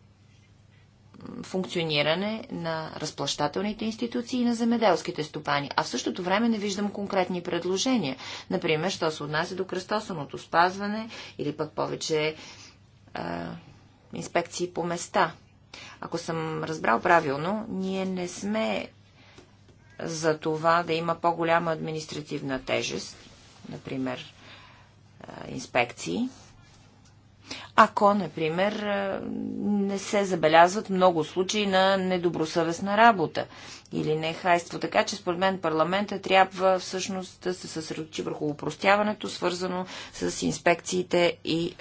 функциониране на разплащателните институции и на земеделските стопани. А в същото време не виждам конкретни предложения. Например, що се отнася до кръстосаното спазване или пък повече е, инспекции по места. Ако съм разбрал правилно, ние не сме за това да има по-голяма административна тежест, например, е, инспекции, ако, например, не се забелязват много случаи на недобросъвестна работа или нехайство. Така че, според мен, парламента трябва всъщност да се съсредоточи върху упростяването, свързано с инспекциите и е,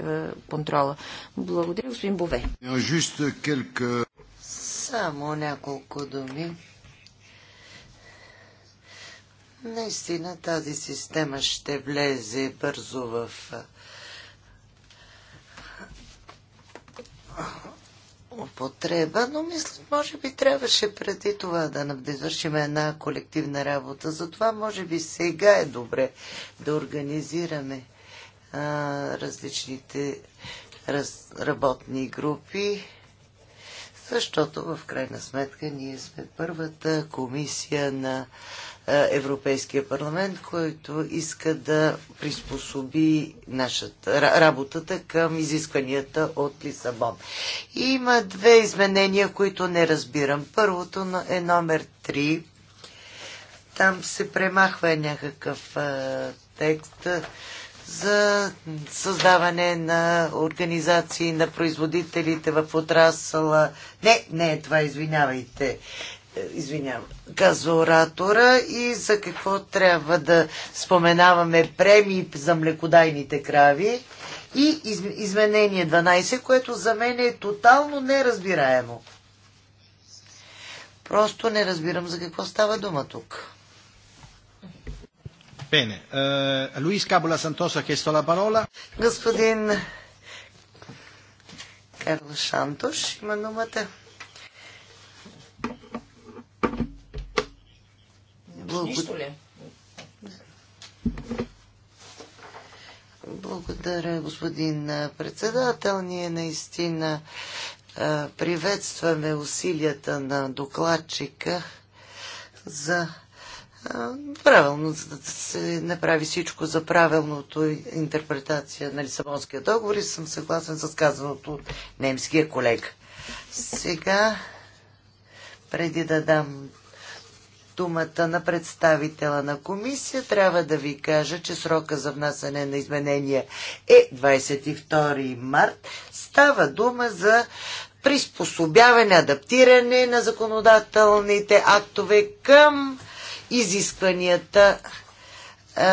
контрола. Благодаря, господин Бове. Само няколко думи. Наистина тази система ще влезе бързо в е, употреба, но мисля, може би трябваше преди това да извършим една колективна работа. Затова може би сега е добре да организираме а, различните раз, работни групи, защото в крайна сметка ние сме първата комисия на е, Европейския парламент, който иска да приспособи нашата работата към изискванията от Лисабон. Има две изменения, които не разбирам. Първото е номер 3. Там се премахва някакъв а, е, текст за създаване на организации на производителите в отрасъла. Не, не, е това извинявайте извинявам, казва оратора и за какво трябва да споменаваме премии за млекодайните крави и изменение 12, което за мен е тотално неразбираемо. Просто не разбирам за какво става дума тук. Bene, uh, Luis Capola Santos ha chiesto la parola. Господин Карл Шантош има думата. Благодаря. Благодаря, господин председател. Ние наистина приветстваме усилията на докладчика за правилно, за да се направи всичко за правилното интерпретация на Лисабонския договор и съм съгласен с казаното от немския колега. Сега, преди да дам думата на представителя на комисия, трябва да ви кажа, че срока за внасяне на изменения е 22 март. Става дума за приспособяване, адаптиране на законодателните актове към изискванията е,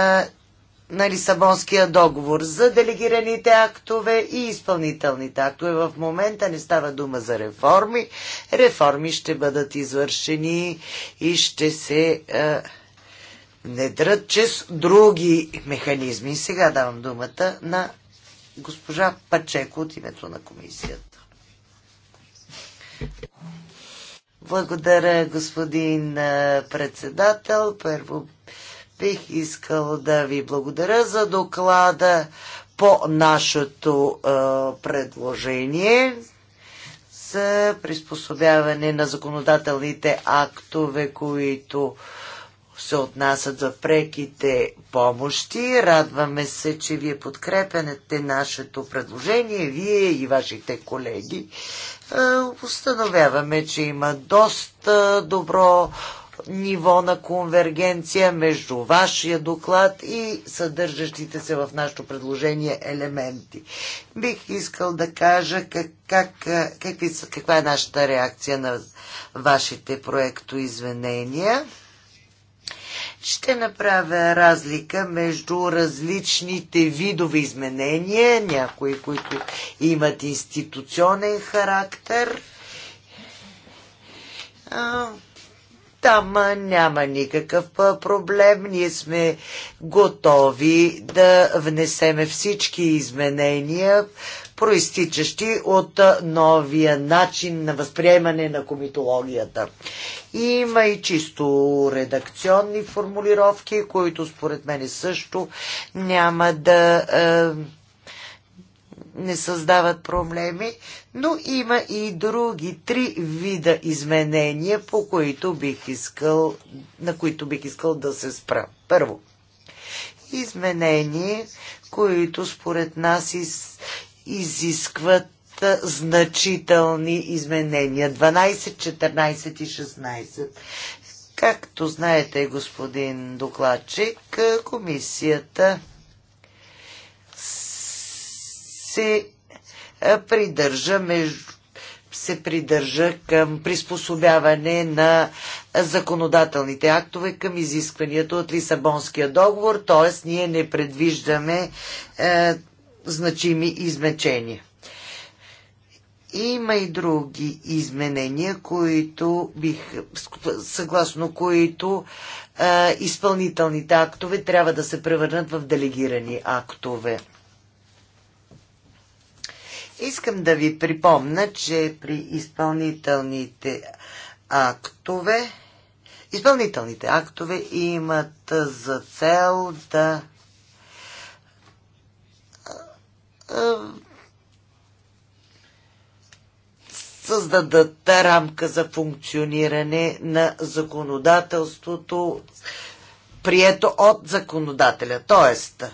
на Лисабонския договор за делегираните актове и изпълнителните актове. В момента не става дума за реформи. Реформи ще бъдат извършени и ще се е, внедрят чрез други механизми. Сега давам думата на госпожа Пачеко от името на комисията. Благодаря, господин е, председател. Първо Бих искал да ви благодаря за доклада по нашето е, предложение за приспособяване на законодателните актове, които се отнасят за преките помощи. Радваме се, че вие подкрепяте нашето предложение, вие и вашите колеги. Установяваме, че има доста добро ниво на конвергенция между вашия доклад и съдържащите се в нашето предложение елементи. Бих искал да кажа как, как, какви, каква е нашата реакция на вашите проектоизменения. Ще направя разлика между различните видове изменения, някои, които имат институционен характер – там няма никакъв проблем. Ние сме готови да внесеме всички изменения, проистичащи от новия начин на възприемане на комитологията. Има и чисто редакционни формулировки, които според мен също няма да е, не създават проблеми, но има и други три вида изменения, по които бих искал, на които бих искал да се спра. Първо, изменения, които според нас из, изискват значителни изменения. 12, 14 и 16. Както знаете, господин докладчик, комисията се придържа между се придържа към приспособяване на законодателните актове към изискванията от Лисабонския договор, т.е. ние не предвиждаме е, значими измечения. Има и други изменения, които бих, съгласно които е, изпълнителните актове трябва да се превърнат в делегирани актове. Искам да ви припомна, че при изпълнителните актове изпълнителните актове имат за цел да създадат рамка за функциониране на законодателството, прието от законодателя. Тоест,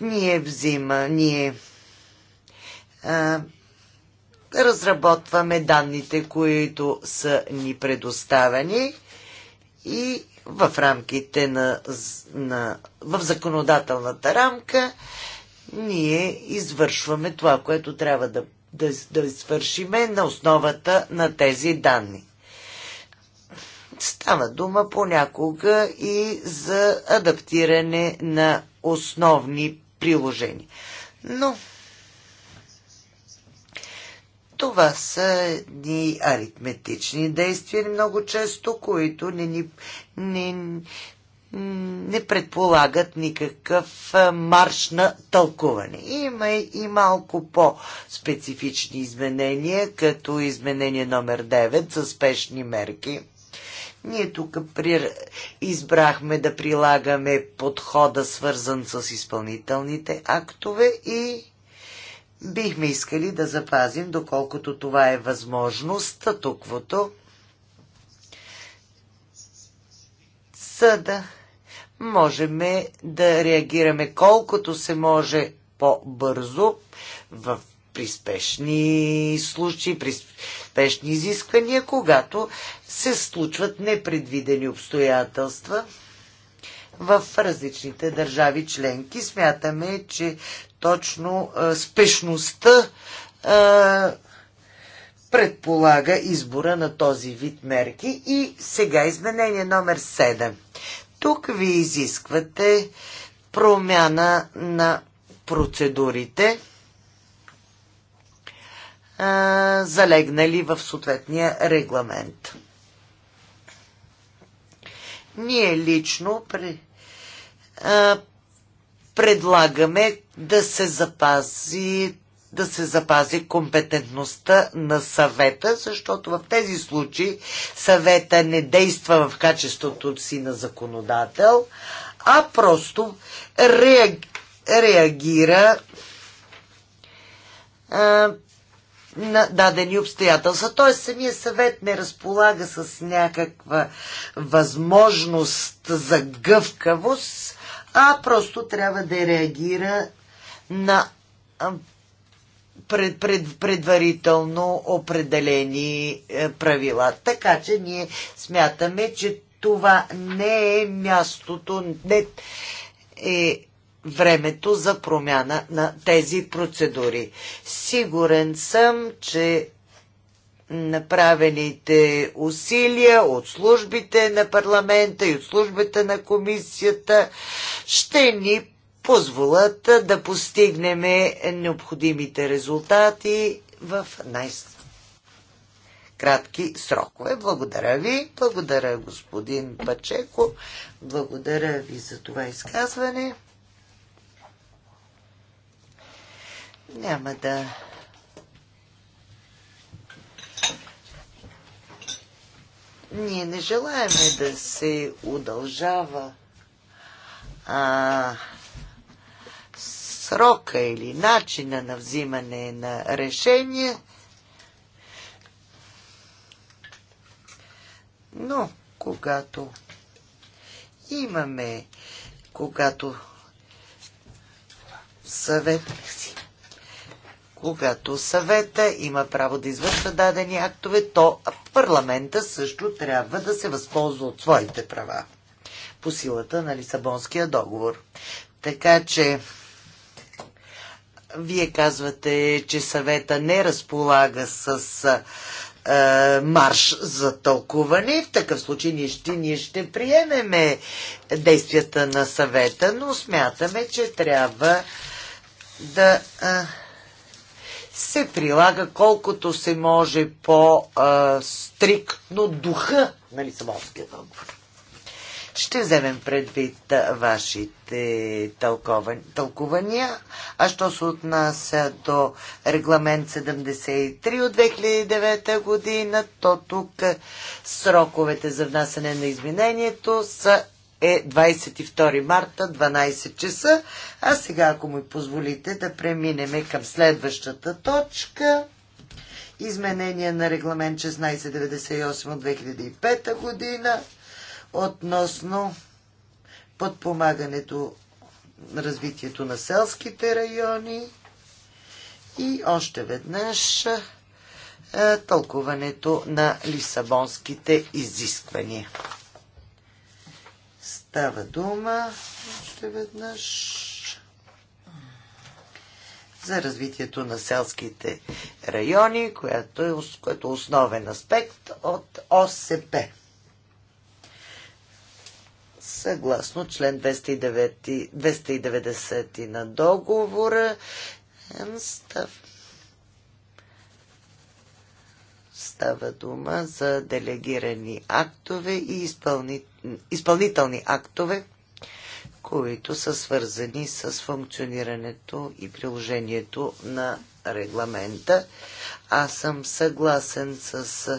ние взима, ние е, разработваме данните, които са ни предоставени и в рамките на, на в законодателната рамка ние извършваме това, което трябва да, да, да свършиме на основата на тези данни. Става дума понякога и за адаптиране на основни приложения. Но това са ни аритметични действия, много често, които не, ни, не, не предполагат никакъв марш на тълкуване. Има и малко по-специфични изменения, като изменение номер 9 за спешни мерки. Ние тук при... избрахме да прилагаме подхода, свързан с изпълнителните актове и бихме искали да запазим, доколкото това е възможност. статуквото, за да можем да реагираме колкото се може по-бързо в при спешни случаи, при спешни изисквания, когато се случват непредвидени обстоятелства в различните държави членки. Смятаме, че точно спешността предполага избора на този вид мерки. И сега изменение номер 7. Тук ви изисквате промяна на процедурите, залегнали в съответния регламент. Ние лично при, предлагаме да се запази да се запази компетентността на съвета, защото в тези случаи съвета не действа в качеството си на законодател, а просто реаг... реагира а, на дадени обстоятелства. Т.е. самия съвет не разполага с някаква възможност за гъвкавост, а просто трябва да реагира на пред, пред, предварително определени е, правила. Така че ние смятаме, че това не е мястото, не е времето за промяна на тези процедури. Сигурен съм, че направените усилия от службите на парламента и от службите на комисията ще ни позволят да постигнем необходимите резултати в най-кратки срокове. Благодаря ви, благодаря господин Пачеко, благодаря ви за това изказване. Няма да Ние не желаем да се удължава а, срока или начина на взимане на решение, но когато имаме, когато съвет си, когато съвета има право да извършва дадени актове, то парламента също трябва да се възползва от своите права по силата на Лисабонския договор. Така че вие казвате, че съвета не разполага с е, марш за тълкуване. В такъв случай ние ще, ние ще приемеме действията на съвета, но смятаме, че трябва да. Е, се прилага колкото се може по-стриктно духа на Лисабонския договор. Ще вземем предвид вашите тълкования. А що се отнася до регламент 73 от 2009 година, то тук сроковете за внасяне на изменението са е 22 марта, 12 часа. А сега, ако ми позволите, да преминем към следващата точка. Изменение на регламент 1698 от 2005 година относно подпомагането на развитието на селските райони и още веднъж е, тълкуването на лисабонските изисквания. Става дума още веднъж за развитието на селските райони, което е, което е основен аспект от ОСП. Съгласно член 209, 290 на договора, став, Става дума за делегирани актове и изпълни... изпълнителни актове, които са свързани с функционирането и приложението на регламента. Аз съм съгласен с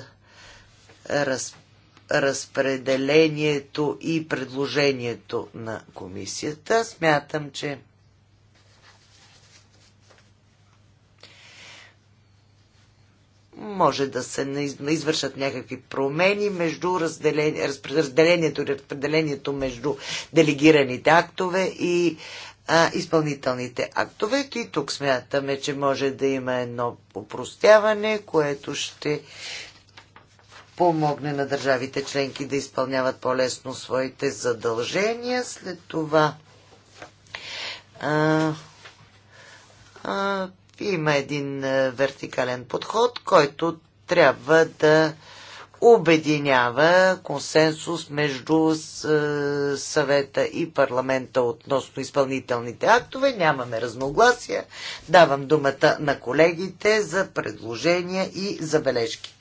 раз... разпределението и предложението на комисията. Смятам, че може да се извършат някакви промени между разделение, разделението, разпределението между делегираните актове и а, изпълнителните актове. И тук смятаме, че може да има едно упростяване, което ще помогне на държавите членки да изпълняват по-лесно своите задължения. След това а, а, има един е, вертикален подход, който трябва да обединява консенсус между е, съвета и парламента относно изпълнителните актове. Нямаме разногласия. Давам думата на колегите за предложения и забележки.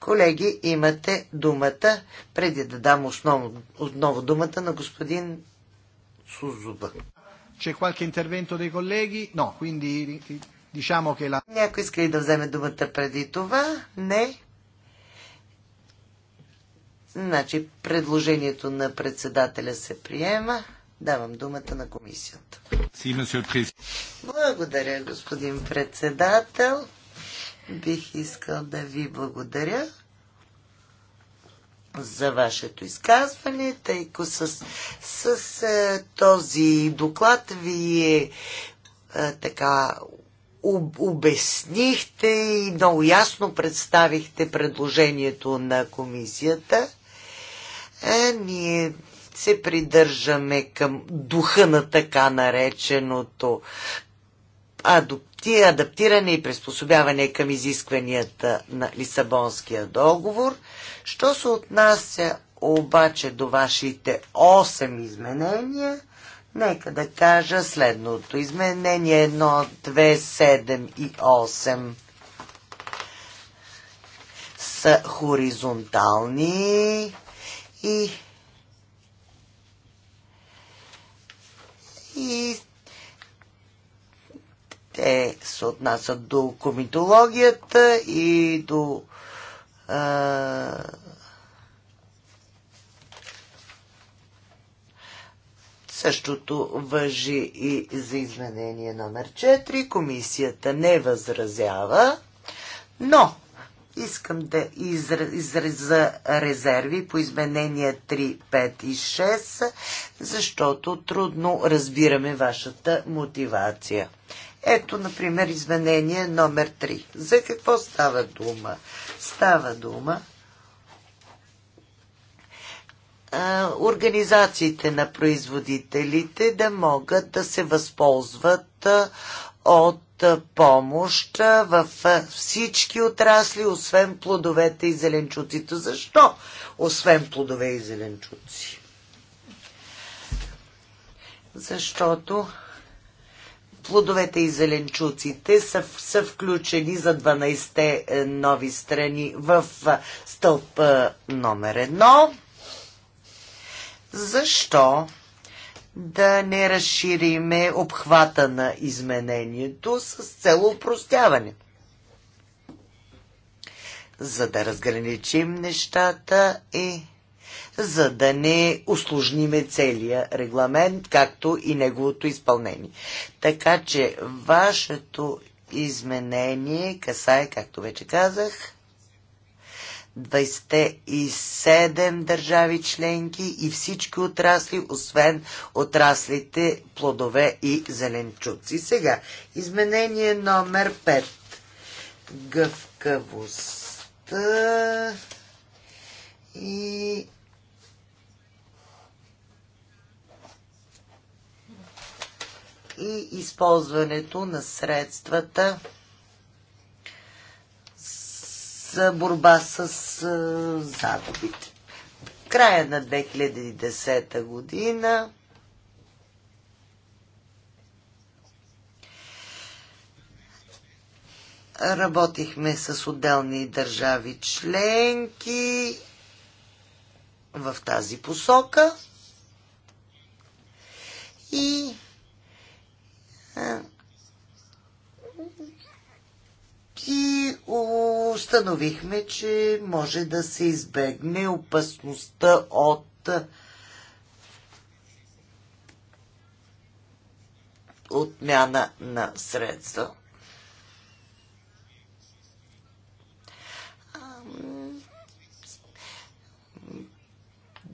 Колеги, имате думата, преди да дам основно, отново думата на господин Сузуба. C'è qualche intervento dei colleghi? No, quindi Diciamo che la... Някой иска ли да вземе думата преди това? Не. Значи предложението на председателя се приема. Давам думата на комисията. Благодаря, господин председател. Бих искал да ви благодаря за вашето изказване, тъй като с, с е, този доклад ви е, е така обяснихте и много ясно представихте предложението на комисията. А е, ние се придържаме към духа на така нареченото адаптиране и приспособяване към изискванията на Лисабонския договор. Що се отнася обаче до вашите 8 изменения – Нека да кажа следното. Изменение 1, 2, 7 и 8 са хоризонтални и и те се отнасят до комитологията и до а, Същото въжи и за изменение номер 4. Комисията не възразява, но искам да изреза резерви по изменения 3, 5 и 6, защото трудно разбираме вашата мотивация. Ето, например, изменение номер 3. За какво става дума? Става дума организациите на производителите да могат да се възползват от помощ в всички отрасли, освен плодовете и зеленчуците. Защо? Освен плодове и зеленчуци. Защото плодовете и зеленчуците са, са включени за 12 е, нови страни в стълб номер 1 защо да не разшириме обхвата на изменението с цел упростяване. За да разграничим нещата и за да не усложниме целия регламент, както и неговото изпълнение. Така че вашето изменение касае, както вече казах, 27 държави членки и всички отрасли, освен отраслите плодове и зеленчуци. Сега, изменение номер 5. Гъвкавостта и и използването на средствата за борба с загубите. Края на 2010 година работихме с отделни държави членки в тази посока и и установихме, че може да се избегне опасността от отмяна на средства.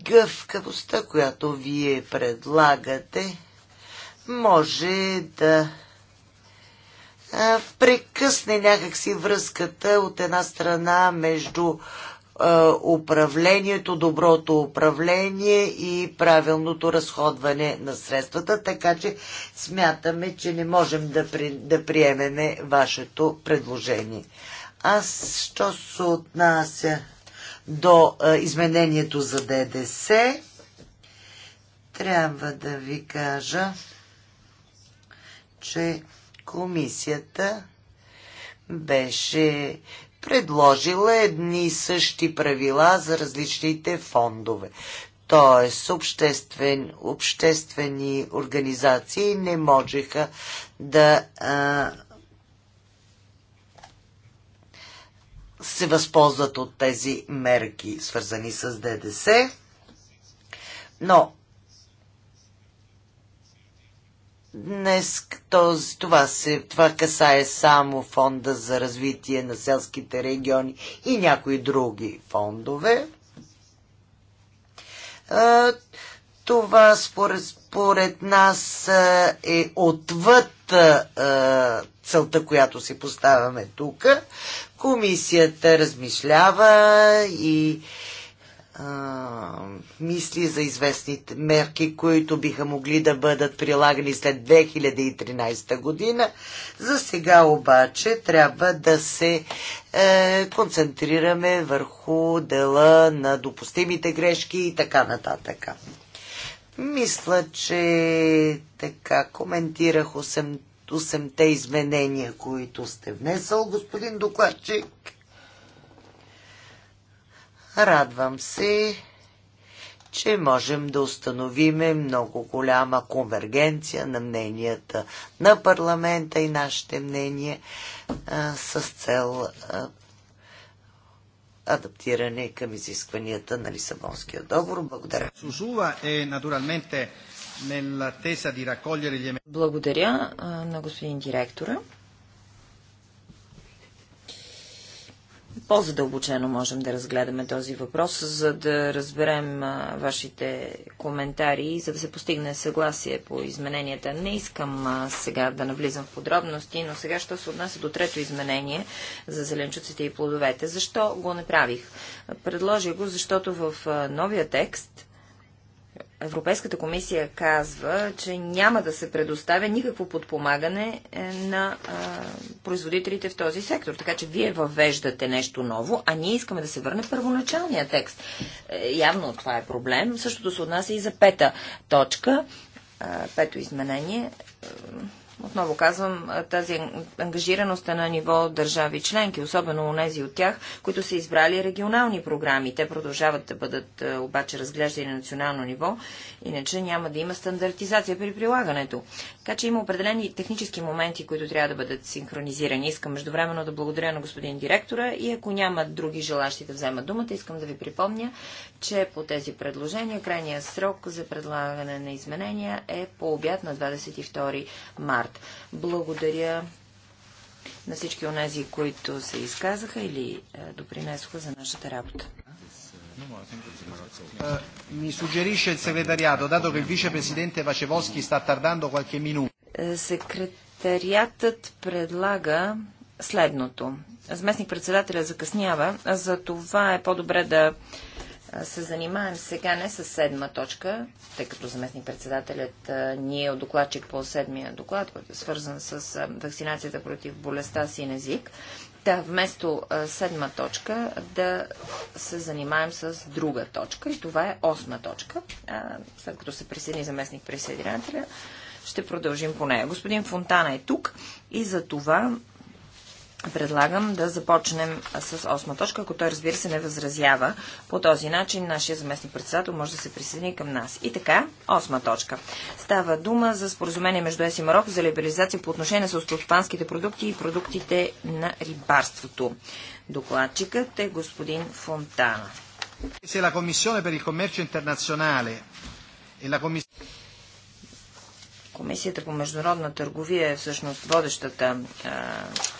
Гъвкавостта, която вие предлагате, може да прекъсне някакси връзката от една страна между управлението, доброто управление и правилното разходване на средствата, така че смятаме, че не можем да, при, да приемеме вашето предложение. Аз, що се отнася до а, изменението за ДДС, трябва да ви кажа, че комисията беше предложила едни и същи правила за различните фондове. Тоест, обществен, обществени организации не можеха да а, се възползват от тези мерки, свързани с ДДС. Но Днес този, това, се, това касае само фонда за развитие на селските региони и някои други фондове. Това според, според нас е отвъд целта, която си поставяме тук. Комисията размишлява и а, а, мисли за известните мерки, които биха могли да бъдат прилагани след 2013 година. За сега обаче трябва да се е, концентрираме върху дела на допустимите грешки и така нататък. Мисля, че така коментирах 8-те изменения, които сте внесъл, господин докладчик. Радвам се, че можем да установиме много голяма конвергенция на мненията на парламента и нашите мнения с цел адаптиране към изискванията на Лисабонския договор. Благодаря. Благодаря на господин директора. по-задълбочено можем да разгледаме този въпрос, за да разберем а, вашите коментари и за да се постигне съгласие по измененията. Не искам а, сега да навлизам в подробности, но сега ще се отнася до трето изменение за зеленчуците и плодовете. Защо го направих? Предложих го, защото в а, новия текст Европейската комисия казва, че няма да се предоставя никакво подпомагане е, на а, производителите в този сектор. Така че вие въвеждате нещо ново, а ние искаме да се върне първоначалния текст. Е, явно това е проблем. Същото се отнася и за пета точка, а, пето изменение. Е, отново казвам, тази ангажираност е на ниво държави членки, особено у нези от тях, които са избрали регионални програми. Те продължават да бъдат обаче разглеждани на национално ниво, иначе няма да има стандартизация при прилагането. Така че има определени технически моменти, които трябва да бъдат синхронизирани. Искам междувременно да благодаря на господин директора и ако няма други желащи да вземат думата, искам да ви припомня, че по тези предложения крайният срок за предлагане на изменения е по обяд на 22 март. Благодаря на всички онези, които се изказаха или е, допринесоха за нашата работа. Eh, mi suggerisce il segretariato, dato che il vicepresidente Vacevoschi sta tardando qualche minuto. Eh, секретариатът предлага следното. Заместник председателя закъснява, за това е по-добре да се занимаем сега не с седма точка, тъй като заместник председателят ни е от докладчик по седмия доклад, който е свързан с вакцинацията против болестта син език, да, вместо седма точка да се занимаем с друга точка и това е осма точка. А, след като се присъедини заместник присъединителя, ще продължим по нея. Господин Фонтана е тук и за това Предлагам да започнем с осма точка, ако той разбира се не възразява. По този начин нашия заместник председател може да се присъедини към нас. И така, осма точка. Става дума за споразумение между ЕС и Марокко за либерализация по отношение с селскостопанските продукти и продуктите на рибарството. Докладчикът е господин Фонтана. E Комисията по международна търговия е всъщност водещата а,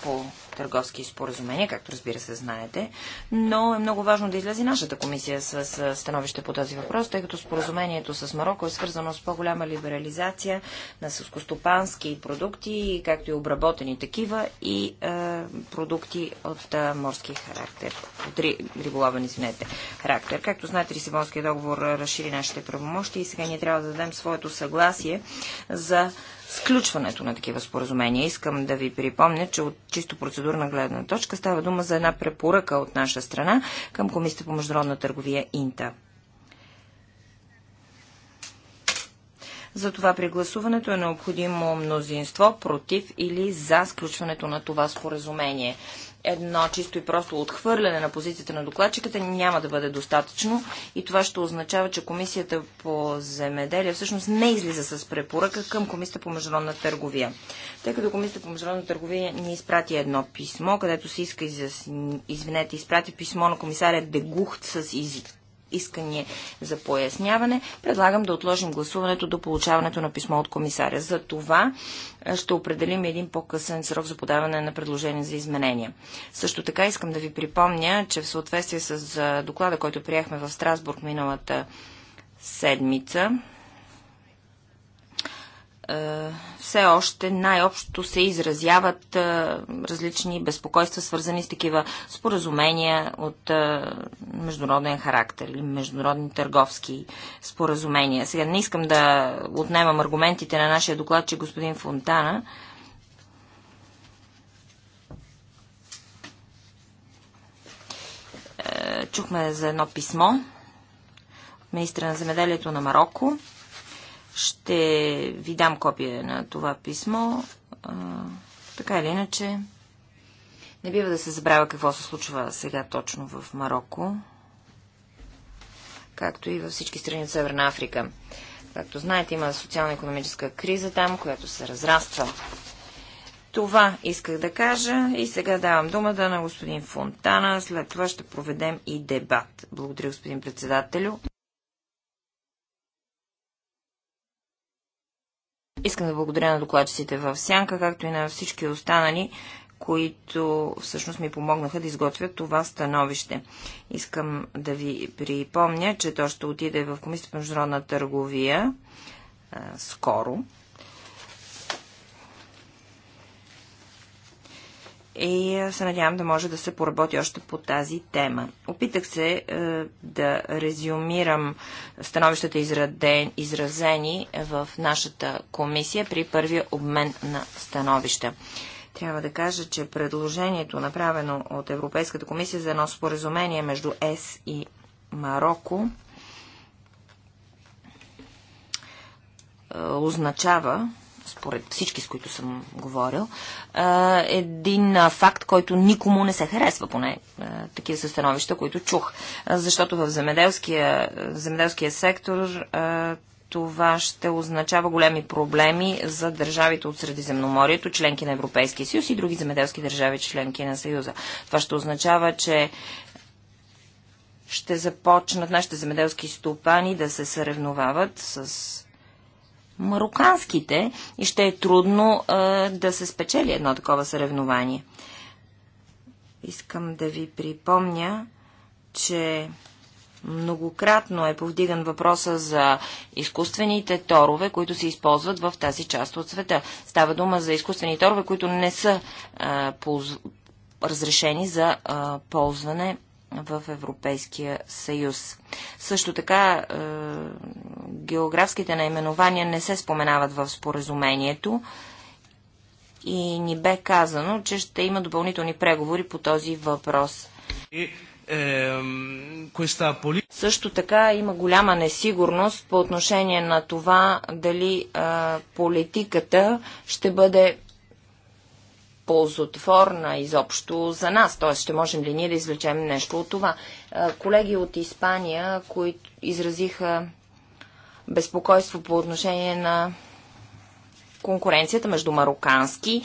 по търговски споразумения, както разбира се знаете, но е много важно да излезе нашата комисия с, с становище по този въпрос, тъй като споразумението с Марокко е свързано с по-голяма либерализация на сълскостопански продукти, както и обработени такива и е, продукти от е, морски характер, от ри, риболовен, извинете, характер. Както знаете, Лисабонския договор разшири нашите правомощи и сега ние трябва да дадем своето съгласие за сключването на такива споразумения. Искам да ви припомня, че от чисто процедурна гледна точка става дума за една препоръка от наша страна към Комисията по международна търговия Инта. Затова при гласуването е необходимо мнозинство против или за сключването на това споразумение едно чисто и просто отхвърляне на позицията на докладчиката няма да бъде достатъчно и това ще означава, че Комисията по земеделие всъщност не излиза с препоръка към Комисията по международна търговия. Тъй като Комисията по международна търговия ни изпрати едно писмо, където се иска, извинете, изпрати писмо на комисаря Дегухт с из, искане за поясняване, предлагам да отложим гласуването до получаването на писмо от комисаря. За това ще определим един по-късен срок за подаване на предложение за изменения. Също така искам да ви припомня, че в съответствие с доклада, който приехме в Страсбург миналата седмица, е, все още най-общо се изразяват е, различни безпокойства, свързани с такива споразумения от е, международен характер или международни търговски споразумения. Сега не искам да отнемам аргументите на нашия доклад, че господин Фонтана, чухме за едно писмо от министра на земеделието на Марокко, ще ви дам копия на това писмо. А, така или иначе, не бива да се забравя какво се случва сега точно в Марокко, както и във всички страни от Северна Африка. Както знаете, има социално-економическа криза там, която се разраства. Това исках да кажа и сега давам думата на господин Фонтана. След това ще проведем и дебат. Благодаря, господин председателю. Искам да благодаря на докладчиците в Сянка, както и на всички останали, които всъщност ми помогнаха да изготвя това становище. Искам да ви припомня, че то ще отиде в Комисията по международна търговия а, скоро. и е, се надявам да може да се поработи още по тази тема. Опитах се е, да резюмирам становищата изразени в нашата комисия при първия обмен на становища. Трябва да кажа, че предложението, направено от Европейската комисия за едно споразумение между ЕС и Марокко, е, означава, според всички, с които съм говорил, един факт, който никому не се харесва, поне такива са становища, които чух. Защото в земеделския, в земеделския сектор това ще означава големи проблеми за държавите от Средиземноморието, членки на Европейския съюз и други земеделски държави, членки на Съюза. Това ще означава, че ще започнат нашите земеделски стопани да се съревновават с мароканските и ще е трудно а, да се спечели едно такова съревнование. Искам да ви припомня, че многократно е повдиган въпроса за изкуствените торове, които се използват в тази част от света. Става дума за изкуствени торове, които не са а, полз... разрешени за а, ползване в Европейския съюз. Също така, е, географските наименования не се споменават в споразумението и ни бе казано, че ще има допълнителни преговори по този въпрос. И, е, поли... Също така има голяма несигурност по отношение на това дали е, политиката ще бъде ползотворна изобщо за нас. Т.е. ще можем ли ние да извлечем нещо от това? Колеги от Испания, които изразиха безпокойство по отношение на конкуренцията между марокански,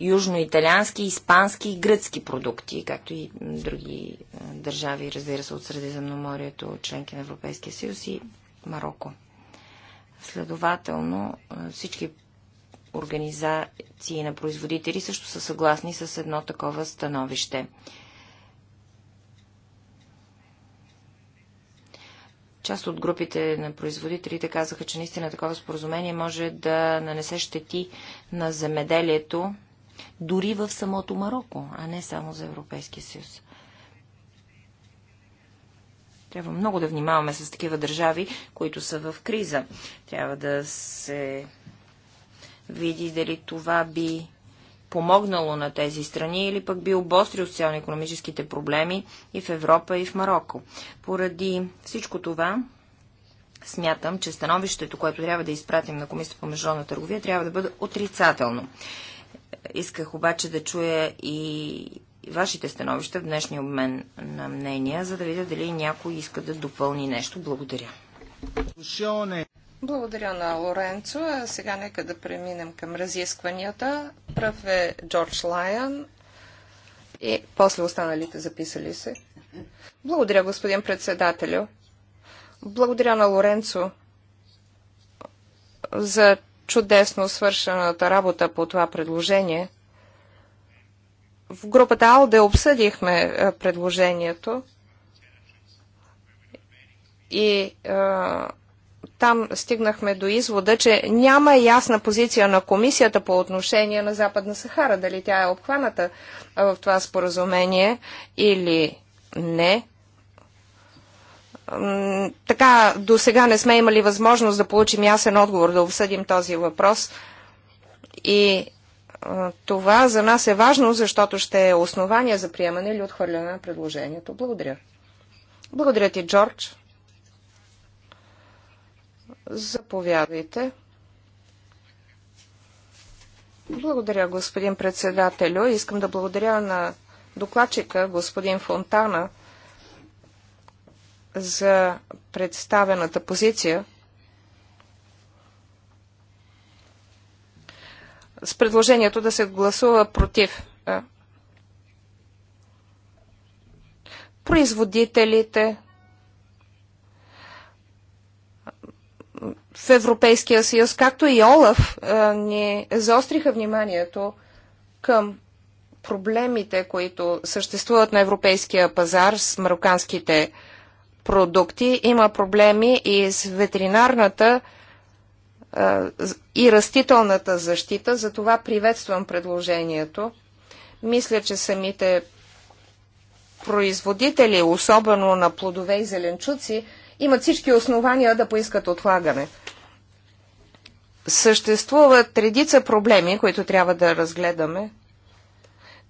южноиталиански, испански и гръцки продукти, както и други държави, разбира се, от Средиземноморието, членки на Европейския съюз и Марокко. Следователно, всички организации на производители също са съгласни с едно такова становище. Част от групите на производителите казаха, че наистина такова споразумение може да нанесе щети на земеделието, дори в самото Марокко, а не само за Европейския съюз. Трябва много да внимаваме с такива държави, които са в криза. Трябва да се види дали това би помогнало на тези страни или пък би обострил социално-економическите проблеми и в Европа, и в Марокко. Поради всичко това, смятам, че становището, което трябва да изпратим на Комисията по международна търговия, трябва да бъде отрицателно. Исках обаче да чуя и вашите становища в днешния обмен на мнения, за да видя дали някой иска да допълни нещо. Благодаря. Благодаря на Лоренцо. А сега нека да преминем към разискванията. Пръв е Джордж Лайън и после останалите записали се. Благодаря, господин председателю. Благодаря на Лоренцо за чудесно свършената работа по това предложение. В групата АЛДЕ обсъдихме е, предложението и а, е, там стигнахме до извода, че няма ясна позиция на комисията по отношение на Западна Сахара, дали тя е обхваната в това споразумение или не. Така, до сега не сме имали възможност да получим ясен отговор, да обсъдим този въпрос. И това за нас е важно, защото ще е основание за приемане или отхвърляне на предложението. Благодаря. Благодаря ти, Джордж. Заповядайте. Благодаря, господин председателю. Искам да благодаря на докладчика, господин Фонтана, за представената позиция. С предложението да се гласува против. Производителите, в Европейския съюз, както и Олаф, ни заостриха вниманието към проблемите, които съществуват на европейския пазар с мароканските продукти. Има проблеми и с ветеринарната и растителната защита, затова приветствам предложението. Мисля, че самите производители, особено на плодове и зеленчуци, имат всички основания да поискат отлагане. Съществуват редица проблеми, които трябва да разгледаме.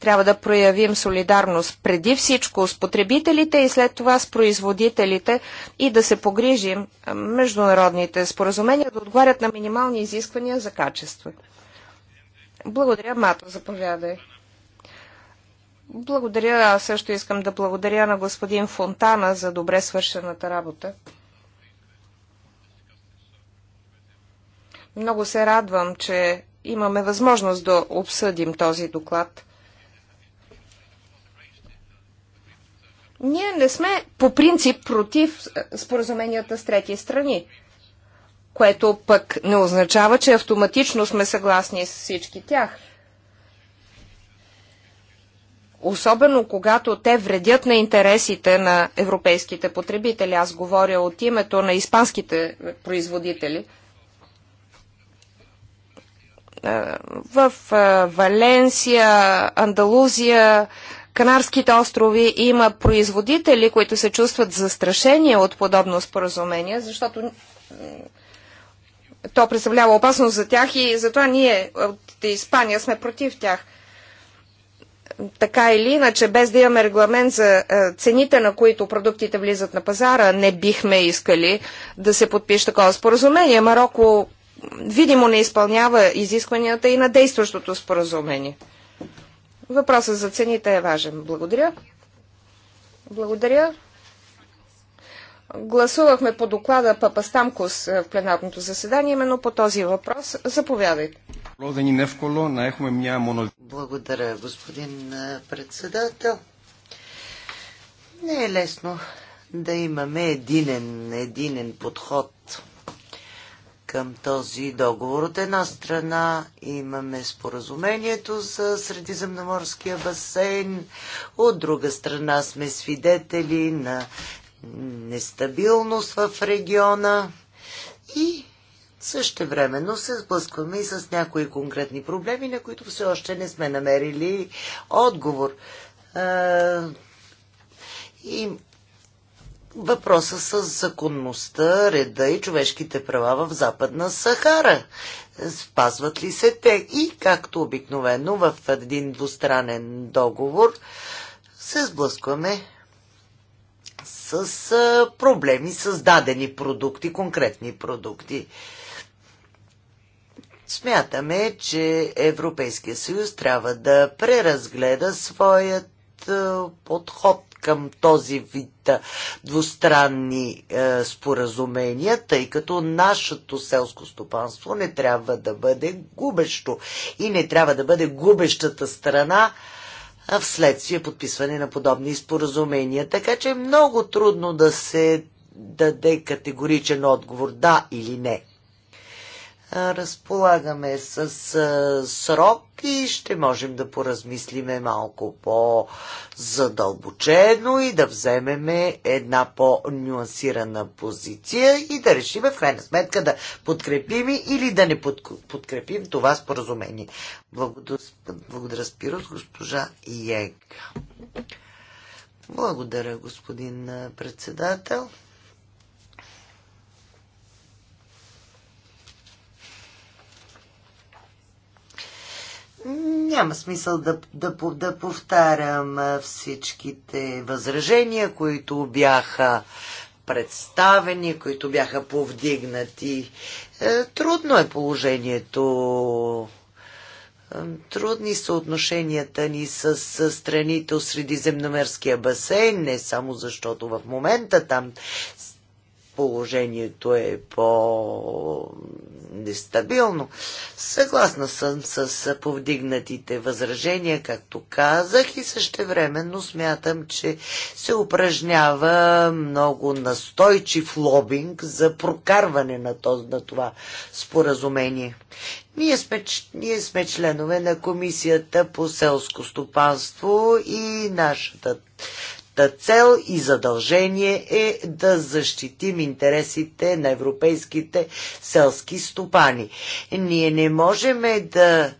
Трябва да проявим солидарност преди всичко с потребителите и след това с производителите и да се погрижим международните споразумения да отговарят на минимални изисквания за качество. Благодаря, Мато, заповядай. Благодаря. Аз също искам да благодаря на господин Фонтана за добре свършената работа. Много се радвам, че имаме възможност да обсъдим този доклад. Ние не сме по принцип против споразуменията с трети страни, което пък не означава, че автоматично сме съгласни с всички тях – особено когато те вредят на интересите на европейските потребители. Аз говоря от името на испанските производители. Е, в е, Валенсия, Андалузия, Канарските острови има производители, които се чувстват застрашени от подобно споразумение, защото то представлява опасност за тях и затова ние от Испания сме против тях така или иначе, без да имаме регламент за е, цените, на които продуктите влизат на пазара, не бихме искали да се подпише такова споразумение. Марокко видимо не изпълнява изискванията и на действащото споразумение. Въпросът за цените е важен. Благодаря. Благодаря. Гласувахме по доклада Папастамкос е, в пленарното заседание именно по този въпрос. Заповядайте. Благодаря, господин председател. Не е лесно да имаме единен, единен подход към този договор. От една страна имаме споразумението за Средиземноморския басейн, от друга страна сме свидетели на нестабилност в региона и времено се сблъскваме и с някои конкретни проблеми, на които все още не сме намерили отговор. И въпроса с законността, реда и човешките права в Западна Сахара. Спазват ли се те? И, както обикновено в един двустранен договор, се сблъскваме с проблеми с дадени продукти, конкретни продукти. Смятаме, че Европейския съюз трябва да преразгледа своят е, подход към този вид е, двустранни е, споразумения, тъй като нашето селско стопанство не трябва да бъде губещо и не трябва да бъде губещата страна вследствие подписване на подобни споразумения. Така че е много трудно да се даде категоричен отговор да или не разполагаме с срок и ще можем да поразмислиме малко по-задълбочено и да вземеме една по-нюансирана позиция и да решиме в крайна сметка да подкрепим или да не подкрепим това споразумение. Благодаря, благодаря Спирос, госпожа Йег. Благодаря, господин председател. Няма смисъл да, да, да повтарям всичките възражения, които бяха представени, които бяха повдигнати. Е, трудно е положението. Е, трудни са отношенията ни с страните от Средиземномерския басейн, не само защото в момента там положението е по-нестабилно. Съгласна съм с повдигнатите възражения, както казах, и същевременно смятам, че се упражнява много настойчив лобинг за прокарване на, то, на това споразумение. Ние сме, ние сме членове на Комисията по селско стопанство и нашата Та цел и задължение е да защитим интересите на европейските селски стопани. Ние не можем да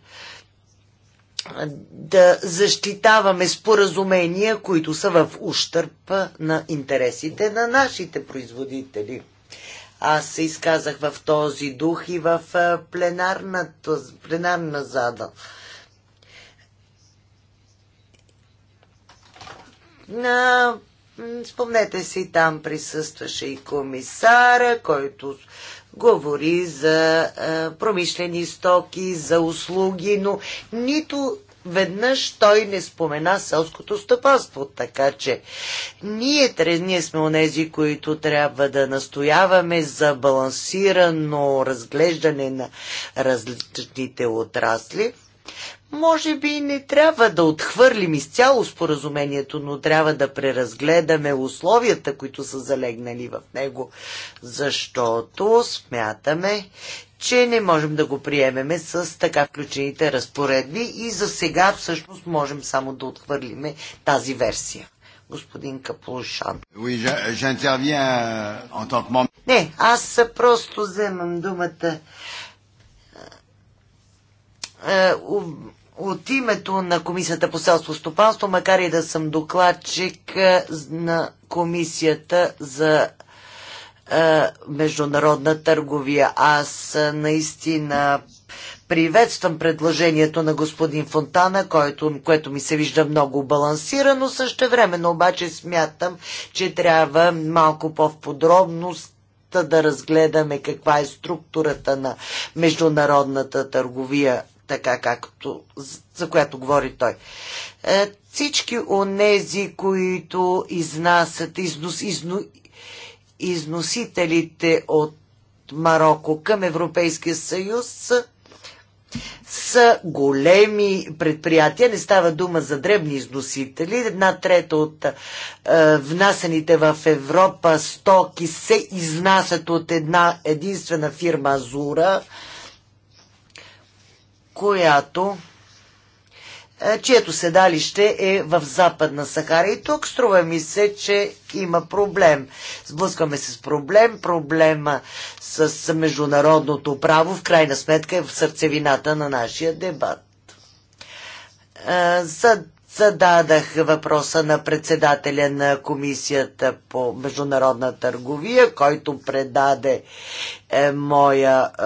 да защитаваме споразумения, които са в ущърп на интересите на нашите производители. Аз се изказах в този дух и в пленарната, пленарна зада. На, спомнете си, там присъстваше и комисара, който говори за а, е, промишлени стоки, за услуги, но нито веднъж той не спомена селското стопанство. така че ние, ние сме онези, които трябва да настояваме за балансирано разглеждане на различните отрасли. Може би не трябва да отхвърлим изцяло споразумението, но трябва да преразгледаме условията, които са залегнали в него, защото смятаме, че не можем да го приемеме с така включените разпоредби и за сега всъщност можем само да отхвърлиме тази версия. Господин Капулшан. Oui, je, je euh, Не, аз просто вземам думата е, от името на Комисията по селско стопанство, макар и да съм докладчик е, на Комисията за е, международна търговия. Аз наистина приветствам предложението на господин Фонтана, което, което ми се вижда много балансирано. Също времено обаче смятам, че трябва малко по-подробност да разгледаме каква е структурата на международната търговия така както за която говори той. Е, всички онези, които изнасят, износ, изно, износителите от Марокко към Европейския съюз са, са големи предприятия. Не става дума за дребни износители. Една трета от е, внасените в Европа стоки се изнасят от една единствена фирма Азура. Е, която е, чието седалище е в Западна Сахара. И тук струва ми се, че има проблем. Сблъскваме се с проблем, проблема с международното право, в крайна сметка е в сърцевината на нашия дебат. Е, за зададах въпроса на председателя на комисията по международна търговия, който предаде е, моя е,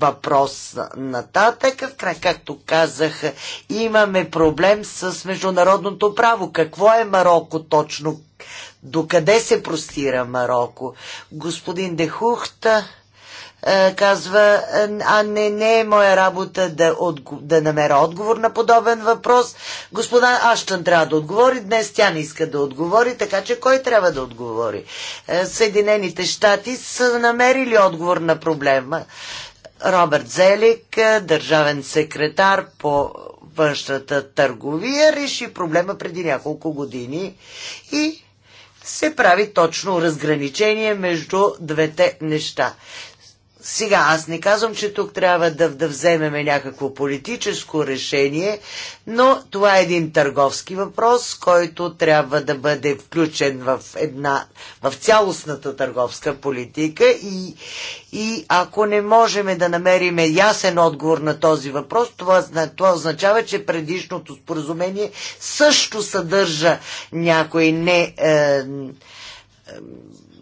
въпрос нататък. В край, както казах, имаме проблем с международното право. Какво е Марокко точно? Докъде се простира Марокко? Господин Дехухта е, казва, а не, не е моя работа да, отго... да намеря отговор на подобен въпрос. Господа Аштън трябва да отговори, днес тя не иска да отговори, така че кой трябва да отговори? Е, Съединените щати са намерили отговор на проблема. Робърт Зелик, е, държавен секретар по външната търговия, реши проблема преди няколко години и се прави точно разграничение между двете неща. Сега, аз не казвам, че тук трябва да, да вземеме някакво политическо решение, но това е един търговски въпрос, който трябва да бъде включен в, една, в цялостната търговска политика и, и ако не можем да намерим ясен отговор на този въпрос, това, това означава, че предишното споразумение също съдържа някои не... Е, е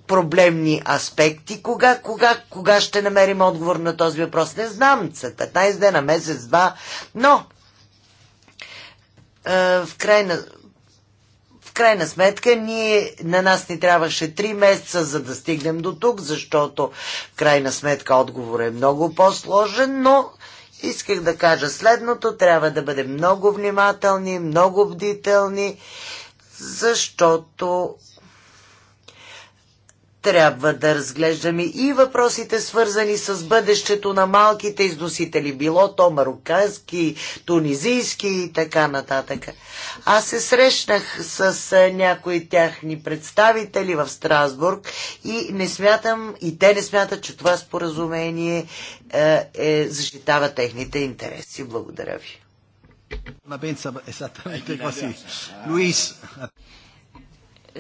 проблемни аспекти. Кога, кога, кога ще намерим отговор на този въпрос? Не знам. След 15 дена, месец, два. Но в крайна, в крайна сметка ние, на нас ни трябваше 3 месеца, за да стигнем до тук, защото в крайна сметка отговор е много по-сложен, но исках да кажа следното. Трябва да бъдем много внимателни, много бдителни, защото трябва да разглеждаме и въпросите свързани с бъдещето на малките износители, било то марокански, тунизийски и така нататък. Аз се срещнах с някои тяхни представители в Страсбург и не смятам, и те не смятат, че това споразумение е, е, защитава техните интереси. Благодаря ви.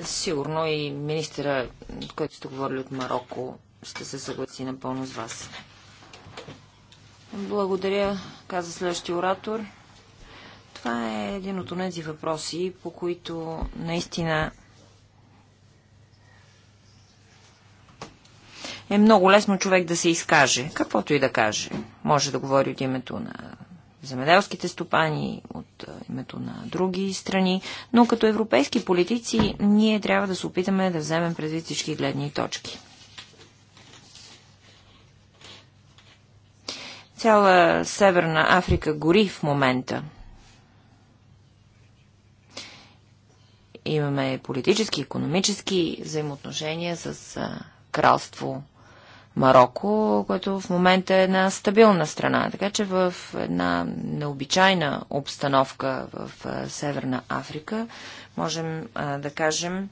Сигурно и министъра, който сте говорили от Марокко, ще се съгласи напълно с вас. Благодаря, каза следващия оратор. Това е един от тези въпроси, по които наистина е много лесно човек да се изкаже, каквото и да каже. Може да говори от името на земеделските стопани, от името на други страни, но като европейски политици ние трябва да се опитаме да вземем предвид всички гледни точки. Цяла Северна Африка гори в момента. Имаме политически, економически взаимоотношения с кралство Марокко, което в момента е една стабилна страна. Така че в една необичайна обстановка в Северна Африка можем да кажем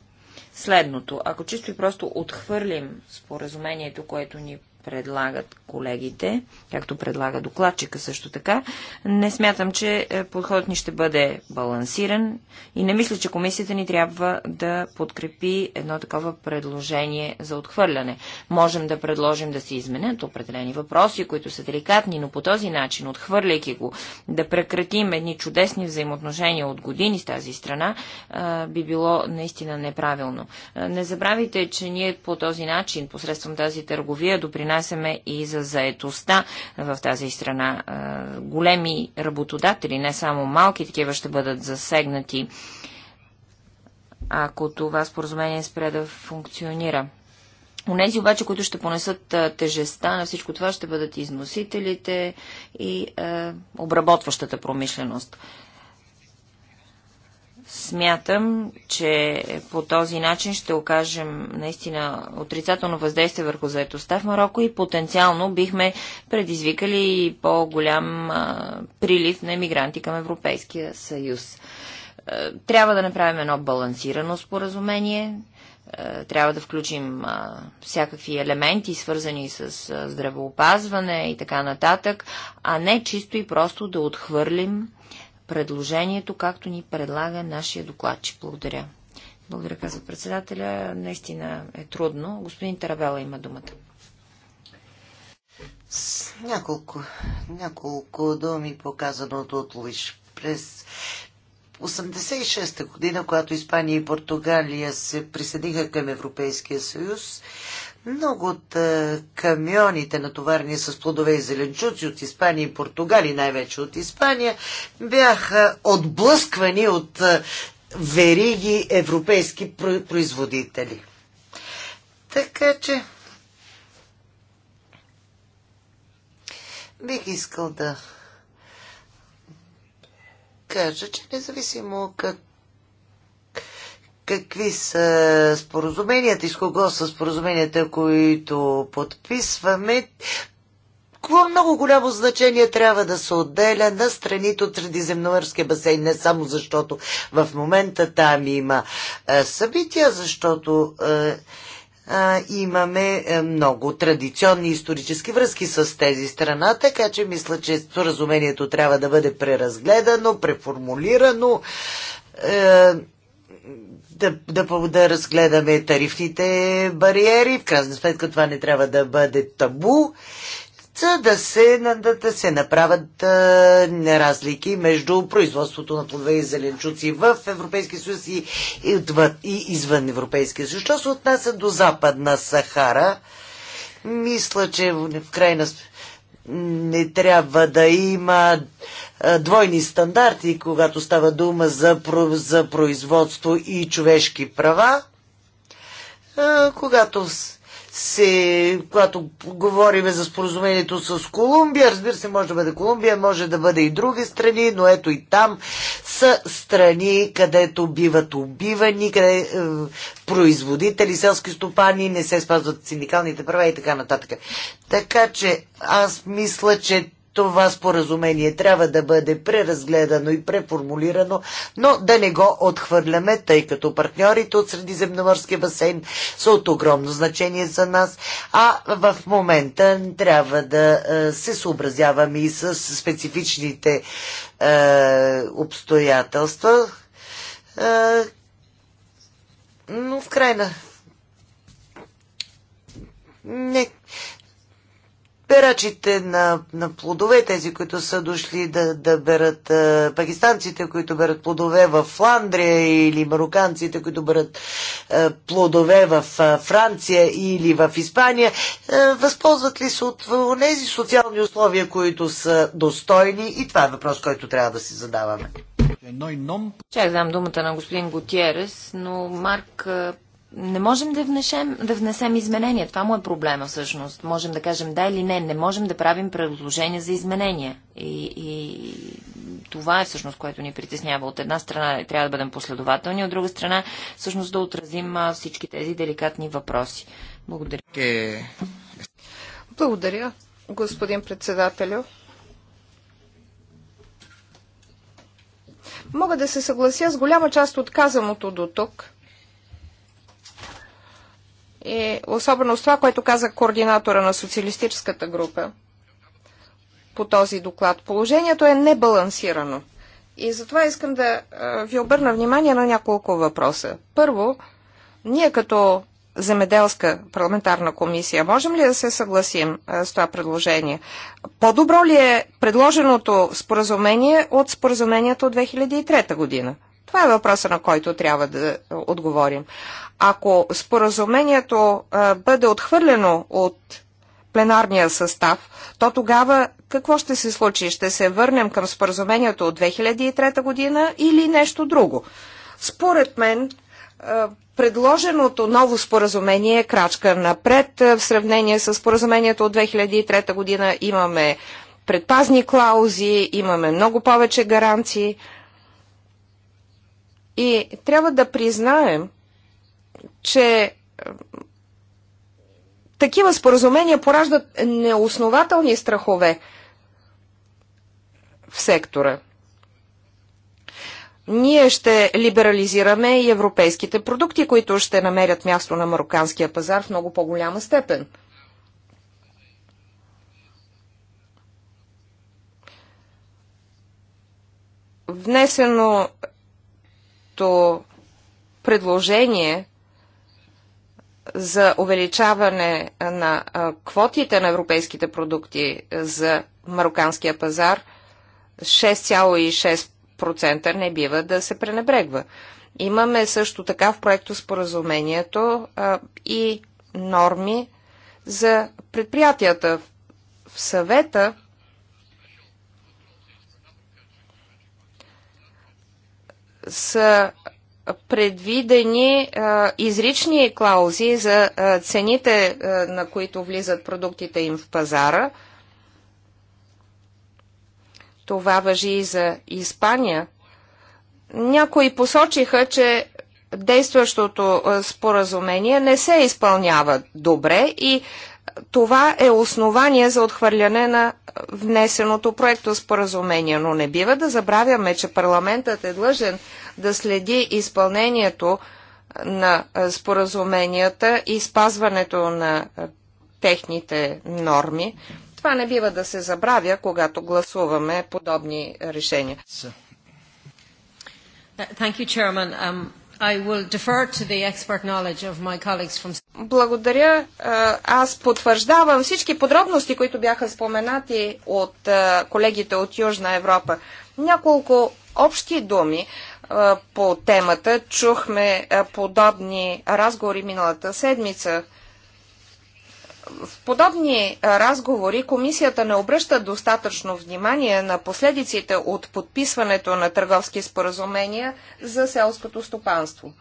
следното. Ако чисто и просто отхвърлим споразумението, което ни предлагат колегите, както предлага докладчика също така, не смятам, че е, подходът ни ще бъде балансиран и не мисля, че комисията ни трябва да подкрепи едно такова предложение за отхвърляне. Можем да предложим да се изменят определени въпроси, които са деликатни, но по този начин, отхвърляйки го, да прекратим едни чудесни взаимоотношения от години с тази страна, е, би било наистина неправилно. Е, не забравяйте, че ние по този начин, посредством тази търговия, допринасяме допринасяме и за заетостта в тази страна. Големи работодатели, не само малки такива, ще бъдат засегнати, ако това споразумение спре да функционира. Унези, обаче, които ще понесат тежестта на всичко това, ще бъдат износителите и е, обработващата промишленост. Смятам, че по този начин ще окажем наистина отрицателно въздействие върху заедостта в Марокко и потенциално бихме предизвикали по-голям прилив на емигранти към Европейския съюз. Е, трябва да направим едно балансирано споразумение, е, трябва да включим а, всякакви елементи, свързани с а, здравеопазване и така нататък, а не чисто и просто да отхвърлим предложението, както ни предлага нашия докладчик. Благодаря. Благодаря, казва председателя. Наистина е трудно. Господин Тарабела има думата. С няколко, няколко думи показано от Луиш. През 86-та година, когато Испания и Португалия се присъединиха към Европейския съюз, много от е, камионите, натоварени с плодове и зеленчуци от Испания и Португалия, най-вече от Испания, бяха отблъсквани от е, вериги европейски производители. Така че бих искал да кажа, че независимо как какви са споразуменията и с кого са споразуменията, които подписваме, какво много голямо значение трябва да се отделя на страните от Средиземноморския басейн, не само защото в момента там има е, събития, защото е, е, имаме много традиционни исторически връзки с тези страна, така че мисля, че споразумението трябва да бъде преразгледано, преформулирано да, да, да разгледаме тарифните бариери. В крайна сметка това не трябва да бъде табу, за да се, да, да се направят а, разлики между производството на плодове и зеленчуци в Европейския съюз и, и, и извън Европейския съюз. Що се отнася до Западна Сахара, мисля, че в крайна сметка не трябва да има е, двойни стандарти, когато става дума за, за производство и човешки права, е, когато се, когато говорим за споразумението с Колумбия, разбира се, може да бъде Колумбия, може да бъде и други страни, но ето и там са страни, където биват убивани, къде е, производители, селски стопани, не се спазват синдикалните права и така нататък. Така че аз мисля, че това споразумение трябва да бъде преразгледано и преформулирано, но да не го отхвърляме, тъй като партньорите от Средиземноморския басейн са от огромно значение за нас, а в момента трябва да е, се съобразяваме и с специфичните е, обстоятелства. Е, но в крайна. Не, перачите на, на плодове, тези, които са дошли да, да берат а, пакистанците, които берат плодове в Фландрия или мароканците, които берат а, плодове в а, Франция или в Испания, а, възползват ли се от тези социални условия, които са достойни? И това е въпрос, който трябва да си задаваме. Чак дам думата на господин Готиерес, но Марк не можем да внесем, да внесем изменения. Това му е проблема всъщност. Можем да кажем да или не. Не можем да правим предложения за изменения. И, и това е всъщност, което ни притеснява. От една страна трябва да бъдем последователни, от друга страна всъщност да отразим всички тези деликатни въпроси. Благодаря. Е, Благодаря, господин председателю. Мога да се съглася с голяма част от казаното до тук. И особено с това, което каза координатора на социалистическата група по този доклад. Положението е небалансирано. И затова искам да ви обърна внимание на няколко въпроса. Първо, ние като земеделска парламентарна комисия, можем ли да се съгласим с това предложение? По-добро ли е предложеното споразумение от споразумението от 2003 година? Това е въпроса, на който трябва да отговорим. Ако споразумението бъде отхвърлено от пленарния състав, то тогава какво ще се случи? Ще се върнем към споразумението от 2003 година или нещо друго? Според мен, предложеното ново споразумение е крачка напред в сравнение с споразумението от 2003 година. Имаме предпазни клаузи, имаме много повече гаранции. И трябва да признаем, че е, такива споразумения пораждат неоснователни страхове в сектора. Ние ще либерализираме и европейските продукти, които ще намерят място на марокканския пазар в много по-голяма степен. Внесеното предложение за увеличаване на квотите на европейските продукти за мароканския пазар 6,6% не бива да се пренебрегва. Имаме също така в проекто споразумението и норми за предприятията. В съвета са предвидени а, изрични клаузи за а, цените, а, на които влизат продуктите им в пазара. Това въжи и за Испания. Някои посочиха, че действащото споразумение не се изпълнява добре и това е основание за отхвърляне на внесеното проекто споразумение, но не бива да забравяме, че парламентът е длъжен да следи изпълнението на споразуменията и спазването на техните норми. Това не бива да се забравя, когато гласуваме подобни решения. From... Благодаря. Аз потвърждавам всички подробности, които бяха споменати от колегите от Южна Европа. Няколко общи думи по темата. Чухме подобни разговори миналата седмица. В подобни разговори комисията не обръща достатъчно внимание на последиците от подписването на търговски споразумения за селското стопанство.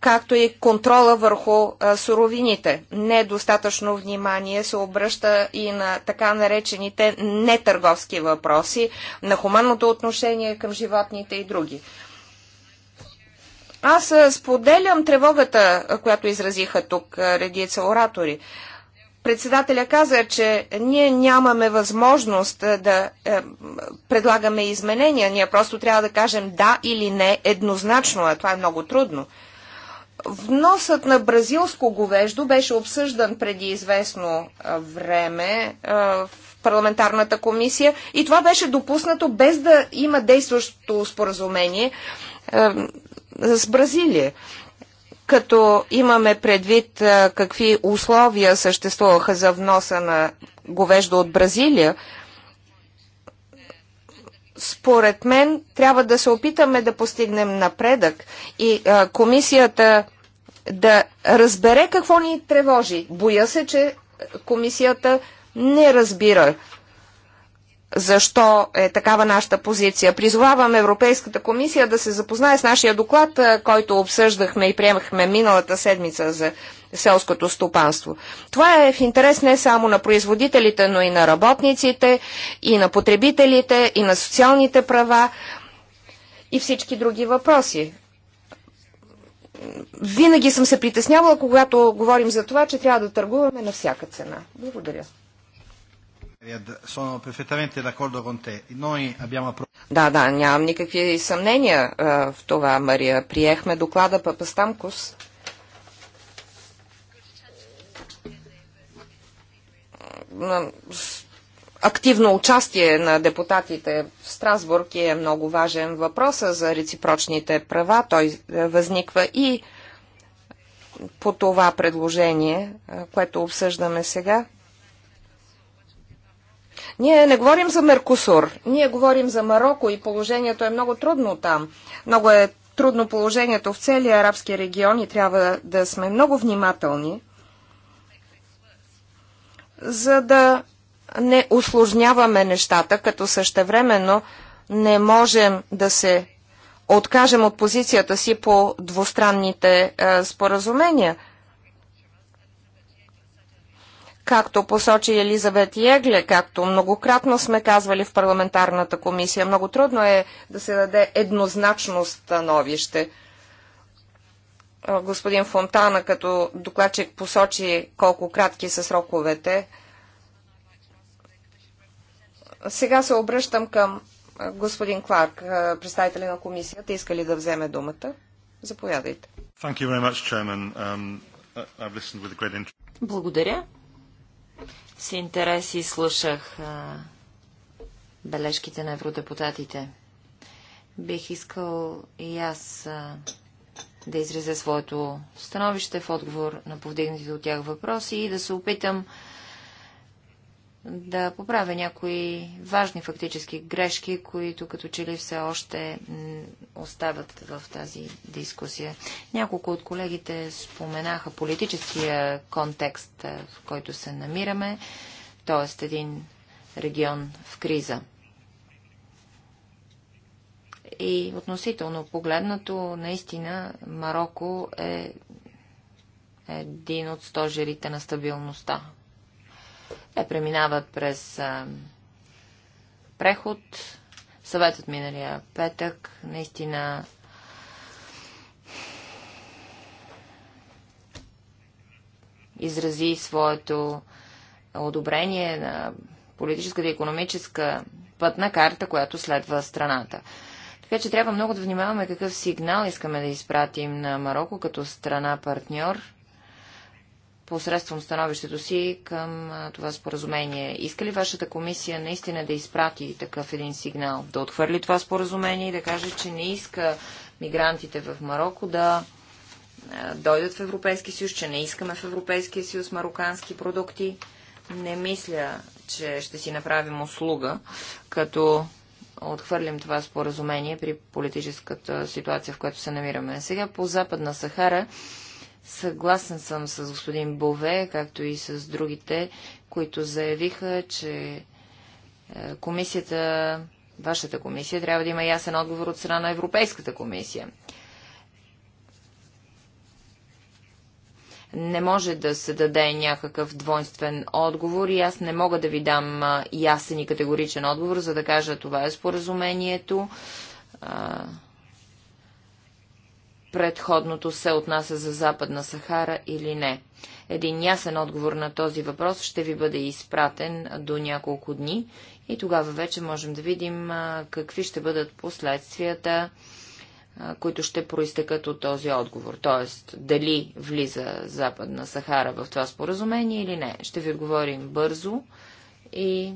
както и контрола върху суровините. Недостатъчно внимание се обръща и на така наречените нетърговски въпроси, на хуманното отношение към животните и други. Аз споделям тревогата, която изразиха тук редица оратори. Председателя каза, че ние нямаме възможност да е, предлагаме изменения. Ние просто трябва да кажем да или не еднозначно, а това е много трудно. Вносът на бразилско говеждо беше обсъждан преди известно време в парламентарната комисия и това беше допуснато без да има действащо споразумение с Бразилия. Като имаме предвид какви условия съществуваха за вноса на говеждо от Бразилия, според мен трябва да се опитаме да постигнем напредък и а, комисията да разбере какво ни тревожи. Боя се, че комисията не разбира защо е такава нашата позиция. Призовавам Европейската комисия да се запознае с нашия доклад, който обсъждахме и приемахме миналата седмица за селското стопанство. Това е в интерес не само на производителите, но и на работниците, и на потребителите, и на социалните права, и всички други въпроси. Винаги съм се притеснявала, когато говорим за това, че трябва да търгуваме на всяка цена. Благодаря. E да, да, нямам никакви съмнения в това, Мария. Приехме доклада Папа Папастамкос. Активно участие на депутатите в Страсбург е много важен въпрос за реципрочните права. Той е, възниква и по това предложение, което обсъждаме сега. Ние не говорим за Меркусур, ние говорим за Марокко и положението е много трудно там. Много е трудно положението в целия арабски регион и трябва да сме много внимателни, за да не усложняваме нещата, като същевременно не можем да се откажем от позицията си по двустранните е, споразумения – Както посочи Елизабет Егле, както многократно сме казвали в парламентарната комисия, много трудно е да се даде еднозначно становище. Господин Фонтана, като докладчик, посочи колко кратки са сроковете. Сега се обръщам към господин Кларк, представителя на комисията. Иска ли да вземе думата? Заповядайте. Um, Благодаря. С интерес и слушах а, бележките на евродепутатите. Бих искал и аз а, да изразя своето становище в отговор на повдигнатите от тях въпроси и да се опитам да поправя някои важни фактически грешки, които като че ли все още остават в тази дискусия. Няколко от колегите споменаха политическия контекст, в който се намираме, т.е. един регион в криза. И относително погледнато, наистина Марокко е един от стожерите на стабилността те преминават през а, преход. Съветът миналия петък наистина изрази своето одобрение на политическата и економическа пътна карта, която следва страната. Така че трябва много да внимаваме какъв сигнал искаме да изпратим на Марокко като страна партньор посредством становището си към това споразумение. Иска ли вашата комисия наистина да изпрати такъв един сигнал, да отхвърли това споразумение и да каже, че не иска мигрантите в Марокко да дойдат в Европейския съюз, че не искаме в Европейския съюз марокански продукти? Не мисля, че ще си направим услуга, като отхвърлим това споразумение при политическата ситуация, в която се намираме. Сега по Западна Сахара Съгласен съм с господин Бове, както и с другите, които заявиха, че е, комисията, вашата комисия, трябва да има ясен отговор от страна на Европейската комисия. не може да се даде някакъв двойствен отговор и аз не мога да ви дам ясен и категоричен отговор, за да кажа това е споразумението предходното се отнася за Западна Сахара или не. Един ясен отговор на този въпрос ще ви бъде изпратен до няколко дни и тогава вече можем да видим какви ще бъдат последствията, които ще проистекат от този отговор. Тоест, дали влиза Западна Сахара в това споразумение или не. Ще ви отговорим бързо и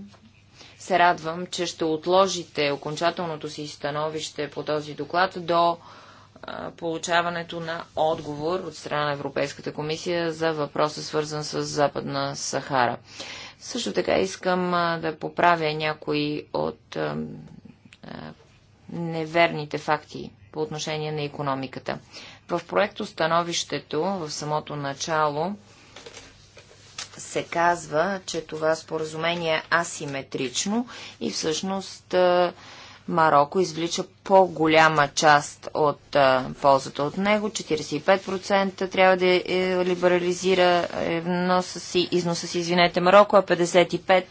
се радвам, че ще отложите окончателното си становище по този доклад до получаването на отговор от страна на Европейската комисия за въпроса, свързан с Западна Сахара. Също така искам да поправя някои от неверните факти по отношение на економиката. В проекто становището в самото начало се казва, че това споразумение е асиметрично и всъщност Марокко извлича по-голяма част от а, ползата от него. 45% трябва да е, либерализира е, вноса си, износа си, извинете, Марокко, а 55%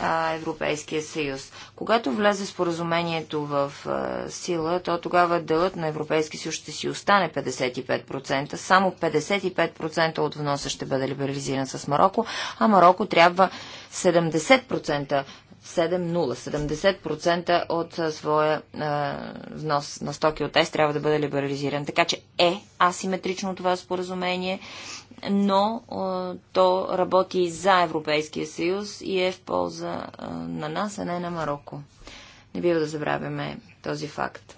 а, Европейския съюз. Когато влезе споразумението в а, сила, то тогава делът на Европейския съюз ще си остане 55%. Само 55% от вноса ще бъде либерализиран с Марокко, а Марокко трябва 70% 7-0. 70% от своя а, внос на стоки от ЕС трябва да бъде либерализиран. Така че е асиметрично това споразумение, но а, то работи за Европейския съюз и е в полза а, на нас, а не на Марокко. Не бива да забравяме този факт.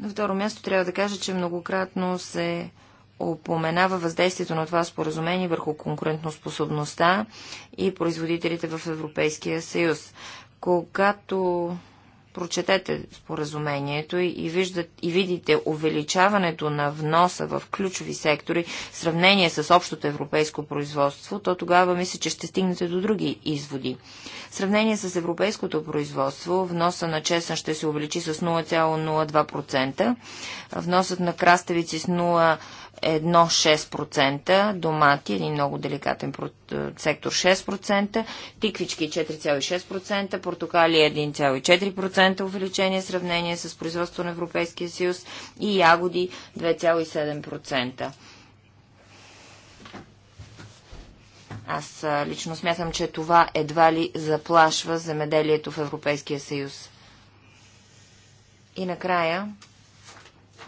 На второ място трябва да кажа, че многократно се упоменава въздействието на това споразумение върху конкурентноспособността и производителите в Европейския съюз. Когато прочетете споразумението и, виждат, и видите увеличаването на вноса в ключови сектори в сравнение с общото европейско производство, то тогава мисля, че ще стигнете до други изводи. В сравнение с европейското производство, вноса на чесън ще се увеличи с 0,02%, вносът на краставици с 0,02%, 1,6%, домати, един много деликатен е, сектор 6%, тиквички 4,6%, портокали 1,4% увеличение в сравнение с производство на Европейския съюз и ягоди 2,7%. Аз лично смятам, че това едва ли заплашва земеделието в Европейския съюз. И накрая,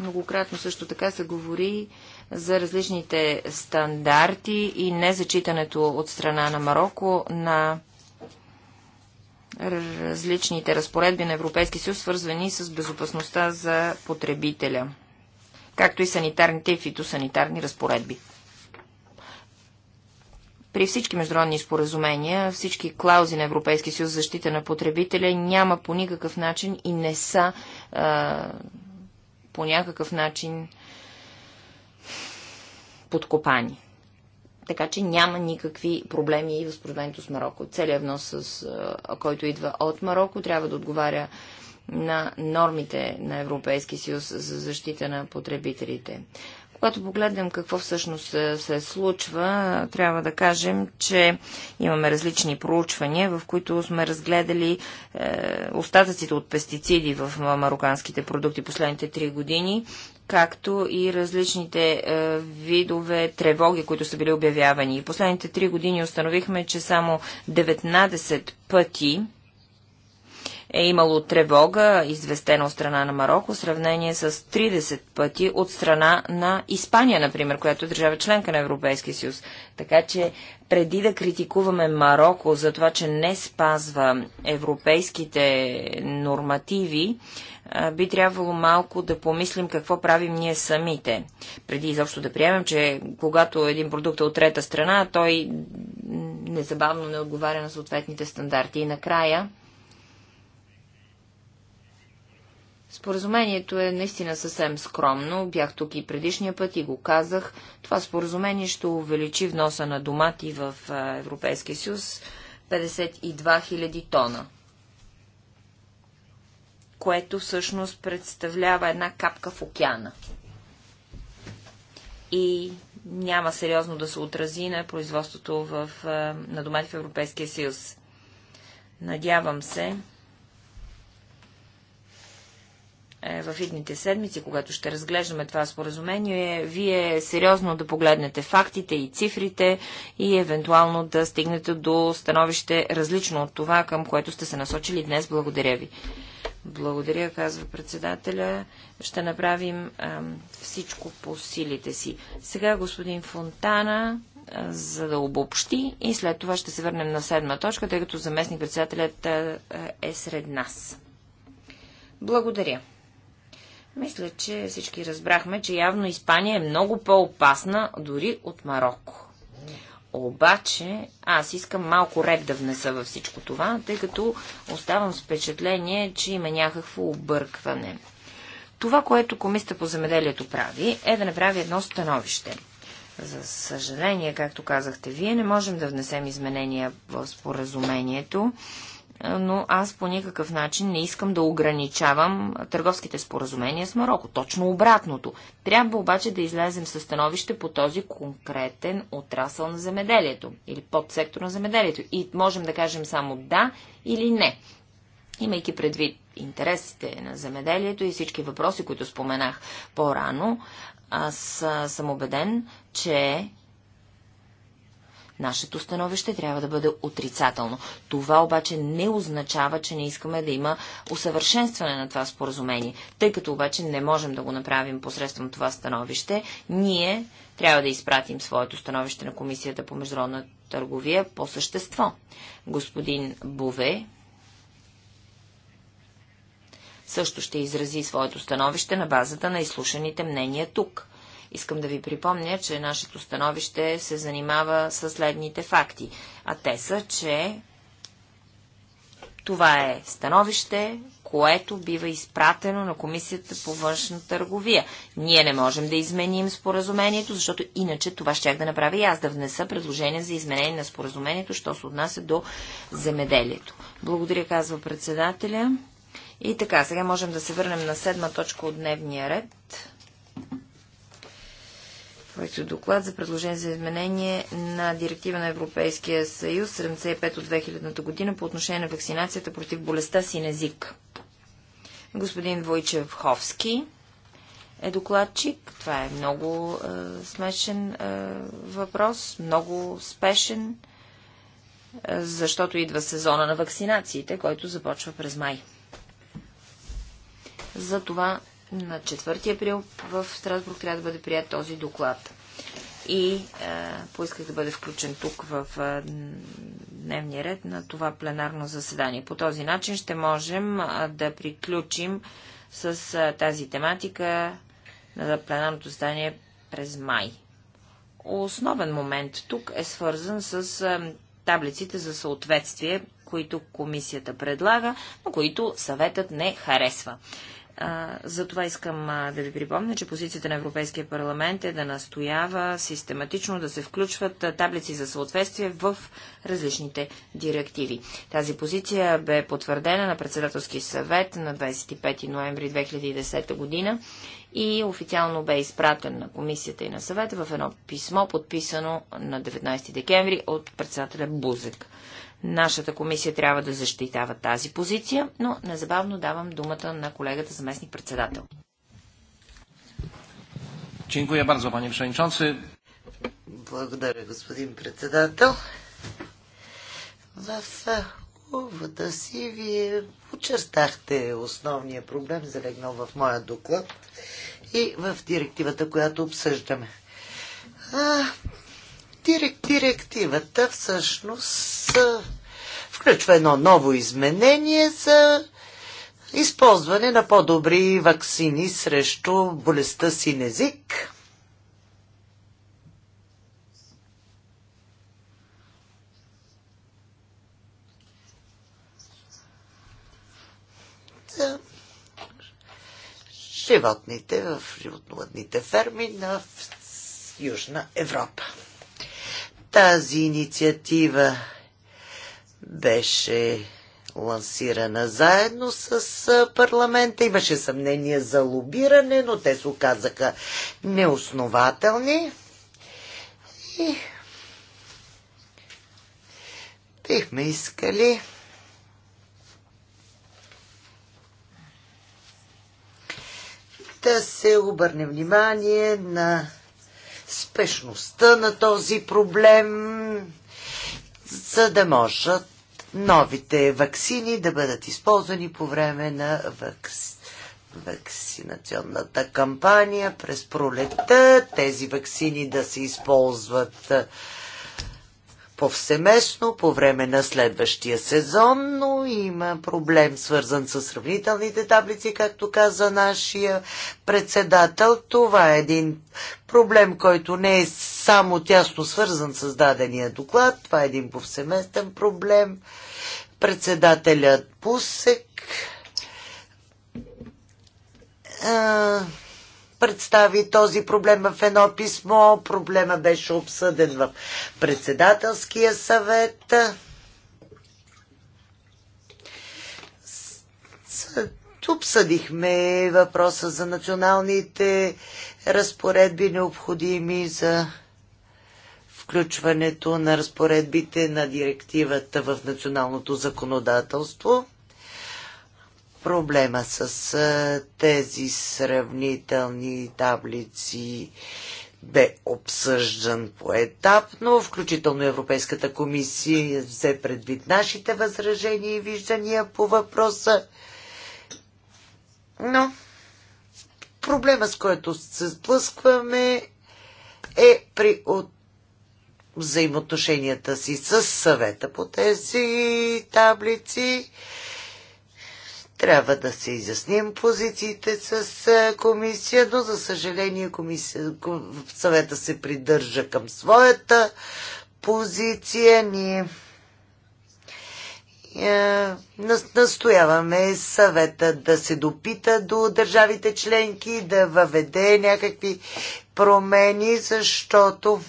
многократно също така се говори за различните стандарти и незачитането от страна на Марокко на различните разпоредби на Европейски съюз, свързвани с безопасността за потребителя, както и санитарните и фитосанитарни разпоредби. При всички международни споразумения, всички клаузи на Европейски съюз защита на потребителя няма по никакъв начин и не са а, по някакъв начин подкопани. Така че няма никакви проблеми и в с Марокко. Целият внос, с, който идва от Марокко, трябва да отговаря на нормите на Европейски съюз за защита на потребителите. Когато погледнем какво всъщност се, се случва, трябва да кажем, че имаме различни проучвания, в които сме разгледали е, остатъците от пестициди в мароканските продукти последните три години както и различните е, видове тревоги, които са били обявявани. в последните три години установихме, че само 19 пъти е имало тревога, известена от страна на Марокко, в сравнение с 30 пъти от страна на Испания, например, която е държава членка на Европейския съюз. Така че преди да критикуваме Марокко за това, че не спазва европейските нормативи, би трябвало малко да помислим какво правим ние самите. Преди изобщо да приемем, че когато един продукт е от трета страна, той незабавно не отговаря на съответните стандарти. И накрая, Споразумението е наистина съвсем скромно. Бях тук и предишния път и го казах. Това споразумение ще увеличи вноса на домати в Европейския съюз 52 000 тона което всъщност представлява една капка в океана. И няма сериозно да се отрази на производството в, на домати в Европейския съюз. Надявам се, Е, в идните седмици, когато ще разглеждаме това споразумение, вие сериозно да погледнете фактите и цифрите и евентуално да стигнете до становище различно от това, към което сте се насочили днес. Благодаря ви. Благодаря, казва председателя. Ще направим ам, всичко по силите си. Сега господин Фонтана за да обобщи и след това ще се върнем на седма точка, тъй като заместник председателят е сред нас. Благодаря. Мисля, че всички разбрахме, че явно Испания е много по-опасна дори от Марокко. Обаче, аз искам малко ред да внеса във всичко това, тъй като оставам с впечатление, че има някакво объркване. Това, което Комисията по земеделието прави, е да направи едно становище. За съжаление, както казахте вие, не можем да внесем изменения в споразумението но аз по никакъв начин не искам да ограничавам търговските споразумения с Марокко. Точно обратното. Трябва обаче да излезем със становище по този конкретен отрасъл на земеделието или подсектор на земеделието. И можем да кажем само да или не. Имайки предвид интересите на земеделието и всички въпроси, които споменах по-рано, аз съм убеден, че Нашето становище трябва да бъде отрицателно. Това обаче не означава, че не искаме да има усъвършенстване на това споразумение. Тъй като обаче не можем да го направим посредством това становище, ние трябва да изпратим своето становище на Комисията по международна търговия по същество. Господин Бове, също ще изрази своето становище на базата на изслушаните мнения тук. Искам да ви припомня, че нашето становище се занимава с следните факти, а те са, че това е становище, което бива изпратено на Комисията по външна търговия. Ние не можем да изменим споразумението, защото иначе това ще да направя и аз, да внеса предложение за изменение на споразумението, що се отнася до земеделието. Благодаря, казва председателя. И така, сега можем да се върнем на седма точка от дневния ред проекто доклад за предложение за изменение на директива на Европейския съюз 75 от 2000 година по отношение на вакцинацията против болестта син език. Господин Войчев Ховски е докладчик. Това е много е, смешен е, въпрос, много спешен, е, защото идва сезона на вакцинациите, който започва през май. За това на 4 април в Страсбург трябва да бъде прият този доклад. И е, поисках да бъде включен тук в е, дневния ред на това пленарно заседание. По този начин ще можем е, да приключим с е, тази тематика на пленарното заседание през май. Основен момент тук е свързан с е, таблиците за съответствие, които комисията предлага, но които съветът не харесва. Затова искам да ви припомня, че позицията на Европейския парламент е да настоява систематично да се включват таблици за съответствие в различните директиви. Тази позиция бе потвърдена на председателски съвет на 25 ноември 2010 година и официално бе изпратен на комисията и на съвета в едно писмо, подписано на 19 декември от председателя Бузек. Нашата комисия трябва да защитава тази позиция, но незабавно давам думата на колегата заместник председател. Благодаря, господин председател. В увода си вие очертахте основния проблем, залегнал в моя доклад и в директивата, която обсъждаме. А, директивата всъщност включва едно ново изменение за използване на по-добри вакцини срещу болестта син език. За животните в животновъдните ферми на Южна Европа. Тази инициатива беше лансирана заедно с парламента. Имаше съмнение за лобиране, но те се оказаха неоснователни. И бихме искали да се обърне внимание на спешността на този проблем, за да можат новите вакцини да бъдат използвани по време на вакс... вакцинационната кампания през пролета, тези вакцини да се използват повсеместно по време на следващия сезон, но има проблем свързан с сравнителните таблици, както каза нашия председател. Това е един проблем, който не е само тясно свързан с дадения доклад. Това е един повсеместен проблем. Председателят Пусек. А представи този проблем в едно писмо. Проблема беше обсъден в председателския съвет. Обсъдихме въпроса за националните разпоредби, необходими за включването на разпоредбите на директивата в националното законодателство проблема с тези сравнителни таблици бе обсъждан поетапно, включително Европейската комисия взе предвид нашите възражения и виждания по въпроса. Но проблема, с който се сблъскваме, е при от взаимоотношенията си с съвета по тези таблици. Трябва да се изясним позициите с комисия, но за съжаление комисия, съвета се придържа към своята позиция. Ние настояваме съвета да се допита до държавите членки, да въведе някакви промени, защото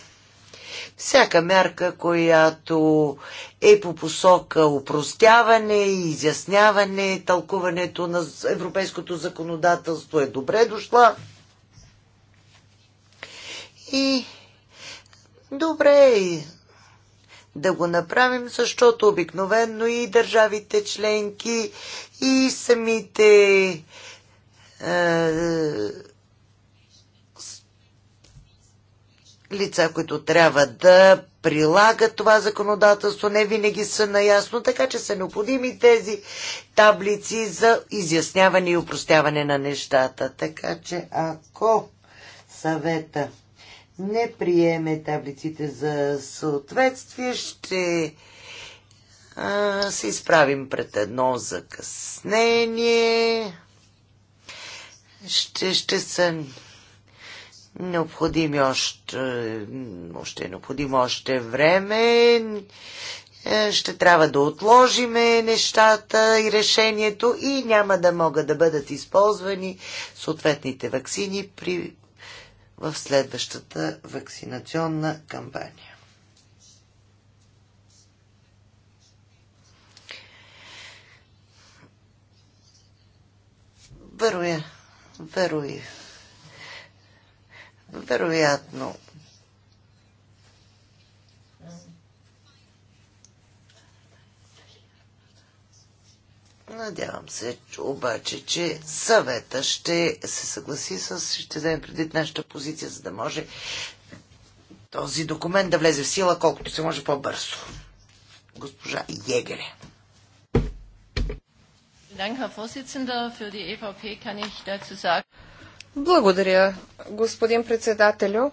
всяка мярка, която е по посока упростяване, изясняване, тълкуването на европейското законодателство е добре дошла. И добре е да го направим, защото обикновенно и държавите членки, и самите е, лица, които трябва да прилагат това законодателство, не винаги са наясно, така че са необходими тези таблици за изясняване и упростяване на нещата. Така че ако съвета не приеме таблиците за съответствие, ще а, се изправим пред едно закъснение. Ще, ще са необходими още, още е необходимо още време, е, ще трябва да отложиме нещата и решението и няма да могат да бъдат използвани съответните вакцини при, в следващата вакцинационна кампания. Вероя, вероя вероятно Надявам се, че, обаче, че съвета ще се съгласи с, ще вземе предвид нашата позиция, за да може този документ да влезе в сила колкото се може по-бързо. Госпожа Егере. Благодаря, господин председателю.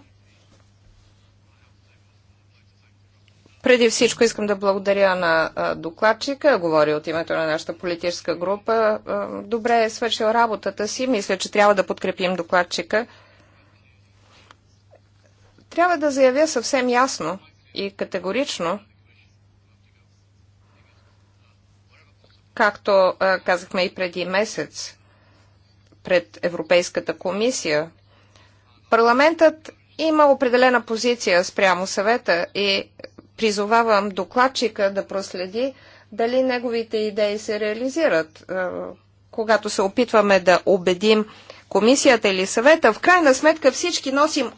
Преди всичко искам да благодаря на докладчика, говори от името на нашата политическа група. Добре е свършил работата си, мисля, че трябва да подкрепим докладчика. Трябва да заявя съвсем ясно и категорично, както казахме и преди месец, пред Европейската комисия, парламентът има определена позиция спрямо съвета и призовавам докладчика да проследи дали неговите идеи се реализират. Е, когато се опитваме да убедим комисията или съвета, в крайна сметка всички носим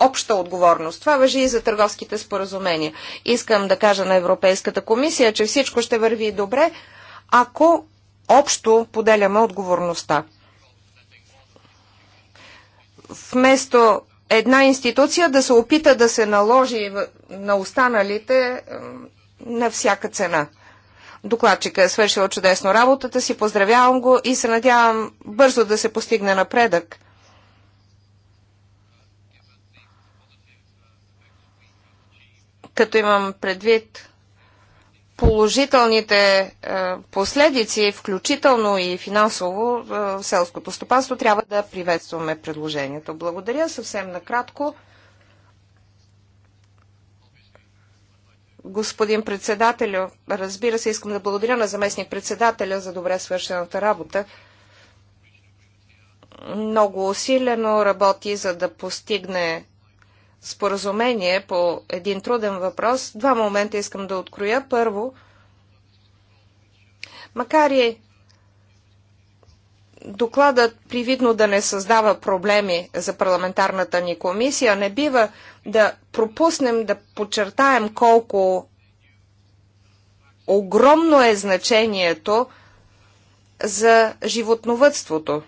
обща отговорност. Това въжи и за търговските споразумения. Искам да кажа на Европейската комисия, че всичко ще върви добре, ако общо поделяме отговорността вместо една институция да се опита да се наложи на останалите на всяка цена. Докладчика е свършила чудесно работата си, поздравявам го и се надявам бързо да се постигне напредък. Като имам предвид положителните е, последици, включително и финансово, в е, селското стопанство, трябва да приветстваме предложението. Благодаря. Съвсем накратко. Господин председателю, разбира се, искам да благодаря на заместник председателя за добре свършената работа. Много усилено работи, за да постигне споразумение по един труден въпрос, два момента искам да откроя. Първо, макар и докладът привидно да не създава проблеми за парламентарната ни комисия, не бива да пропуснем да подчертаем колко огромно е значението за животновътството.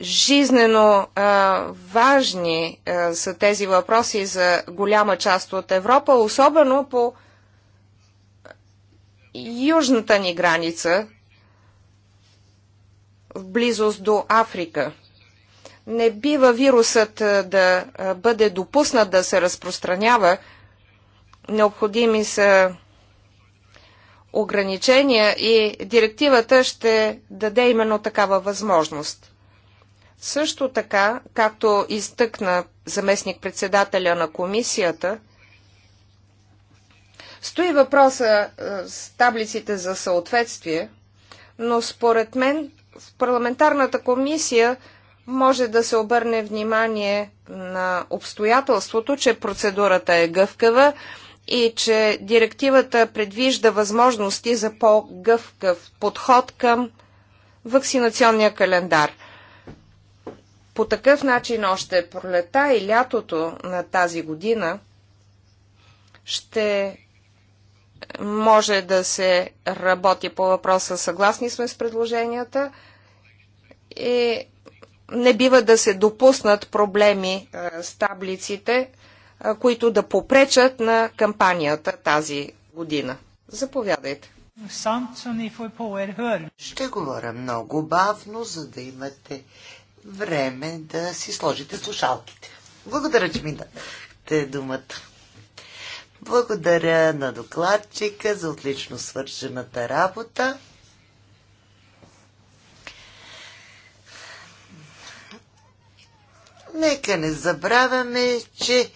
Жизнено а, важни а, са тези въпроси за голяма част от Европа, особено по южната ни граница, в близост до Африка. Не бива вирусът да бъде допуснат да се разпространява. Необходими са ограничения и директивата ще даде именно такава възможност. Също така, както изтъкна заместник-председателя на комисията, стои въпроса е, с таблиците за съответствие, но според мен в парламентарната комисия може да се обърне внимание на обстоятелството, че процедурата е гъвкава и че директивата предвижда възможности за по-гъвкав подход към вакцинационния календар – по такъв начин още пролета и лятото на тази година ще може да се работи по въпроса. Съгласни сме с предложенията и не бива да се допуснат проблеми е, с таблиците, е, които да попречат на кампанията тази година. Заповядайте. Ще говоря много бавно, за да имате време да си сложите слушалките. Благодаря, че ми дадете думата. Благодаря на докладчика за отлично свършената работа. Нека не забравяме, че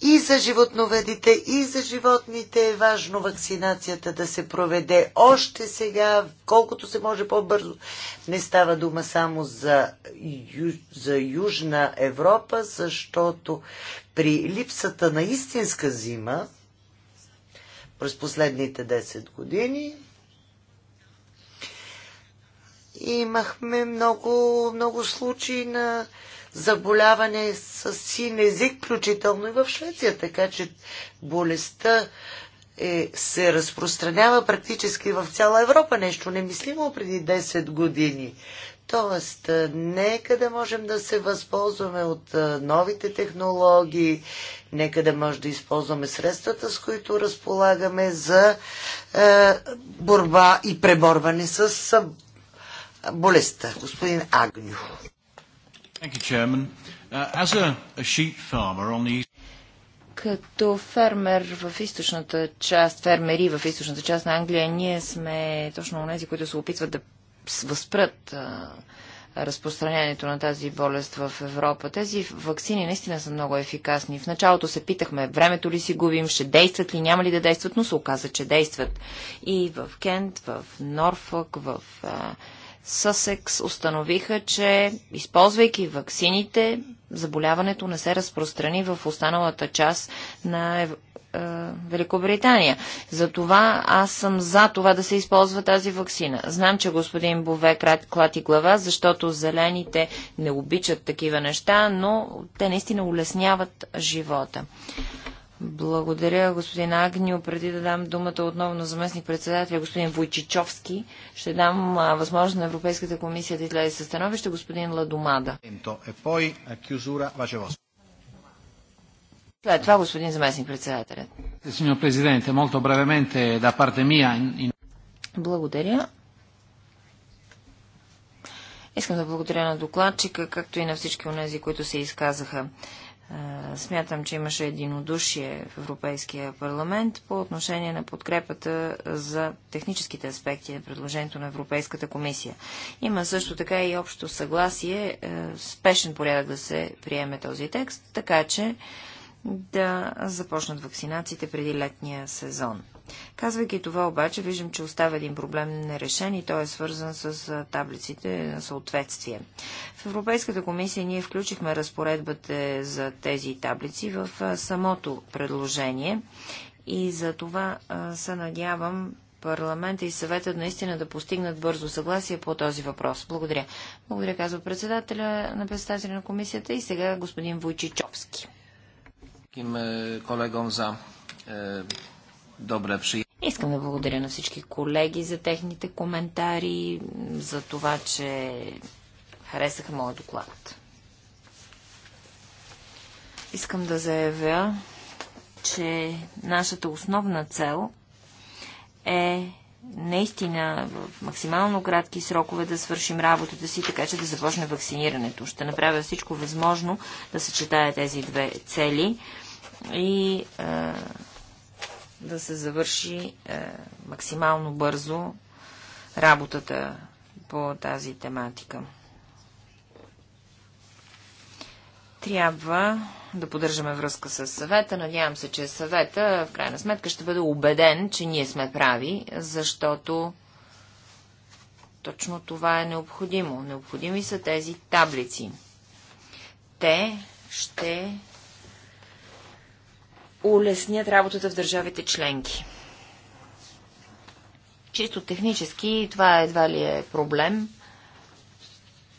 и за животноведите, и за животните е важно вакцинацията да се проведе още сега, колкото се може по-бързо. Не става дума само за, ю, за Южна Европа, защото при липсата на истинска зима през последните 10 години имахме много, много случаи на заболяване с син език, включително и в Швеция. Така че болестта е, се разпространява практически в цяла Европа. Нещо немислимо преди 10 години. Тоест, нека да можем да се възползваме от новите технологии, нека да може да използваме средствата, с които разполагаме за е, борба и преборване с болестта. Господин Агню. Като фермер в източната част, фермери в източната част на Англия, ние сме точно тези, които се опитват да възпрат разпространението на тази болест в Европа. Тези вакцини наистина са много ефикасни. В началото се питахме, времето ли си губим, ще действат ли, няма ли да действат, но се оказа, че действат. И в Кент, в Норфък, в Съсекс установиха, че използвайки ваксините, заболяването не се разпространи в останалата част на е, е, Великобритания. Затова аз съм за това да се използва тази вакцина. Знам, че господин Бове крат, клати глава, защото зелените не обичат такива неща, но те наистина улесняват живота. Благодаря, господин Агнио. Преди да дам думата отново на заместник председателя, господин Войчичовски, ще дам възможност на Европейската комисия да излезе със становище господин Ладомада. Е След това господин заместник председателят. Благодаря. Искам да благодаря на докладчика, както и на всички от тези, които се изказаха. Смятам, че имаше единодушие в Европейския парламент по отношение на подкрепата за техническите аспекти на предложението на Европейската комисия. Има също така и общо съгласие, е, спешен порядък да се приеме този текст, така че да започнат вакцинациите преди летния сезон. Казвайки това обаче, виждам, че остава един проблем нерешен и той е свързан с таблиците на съответствие. В Европейската комисия ние включихме разпоредбата за тези таблици в самото предложение и за това се надявам парламента и съветът наистина да постигнат бързо съгласие по този въпрос. Благодаря. Благодаря, казва председателя на председателя на комисията и сега господин Войчичовски. Им колегом за е, добре приятели. Искам да благодаря на всички колеги за техните коментари, за това, че харесаха моят доклад. Искам да заявя, че нашата основна цел е наистина в максимално кратки срокове да свършим работата си, така че да започне вакцинирането. Ще направя всичко възможно да съчетая тези две цели и е, да се завърши е, максимално бързо работата по тази тематика. Трябва да поддържаме връзка с съвета. Надявам се, че съвета в крайна сметка ще бъде убеден, че ние сме прави, защото точно това е необходимо. Необходими са тези таблици. Те ще улеснят работата в държавите членки. Чисто технически това едва ли е проблем.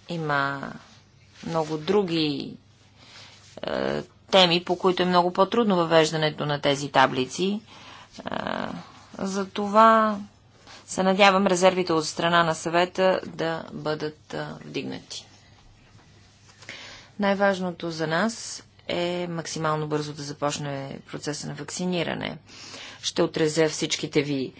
Има много други е, теми, по които е много по-трудно въвеждането на тези таблици. Е, затова се надявам резервите от страна на съвета да бъдат е, вдигнати. Най-важното за нас е максимално бързо да започне процеса на вакциниране. Ще отрезя всичките ви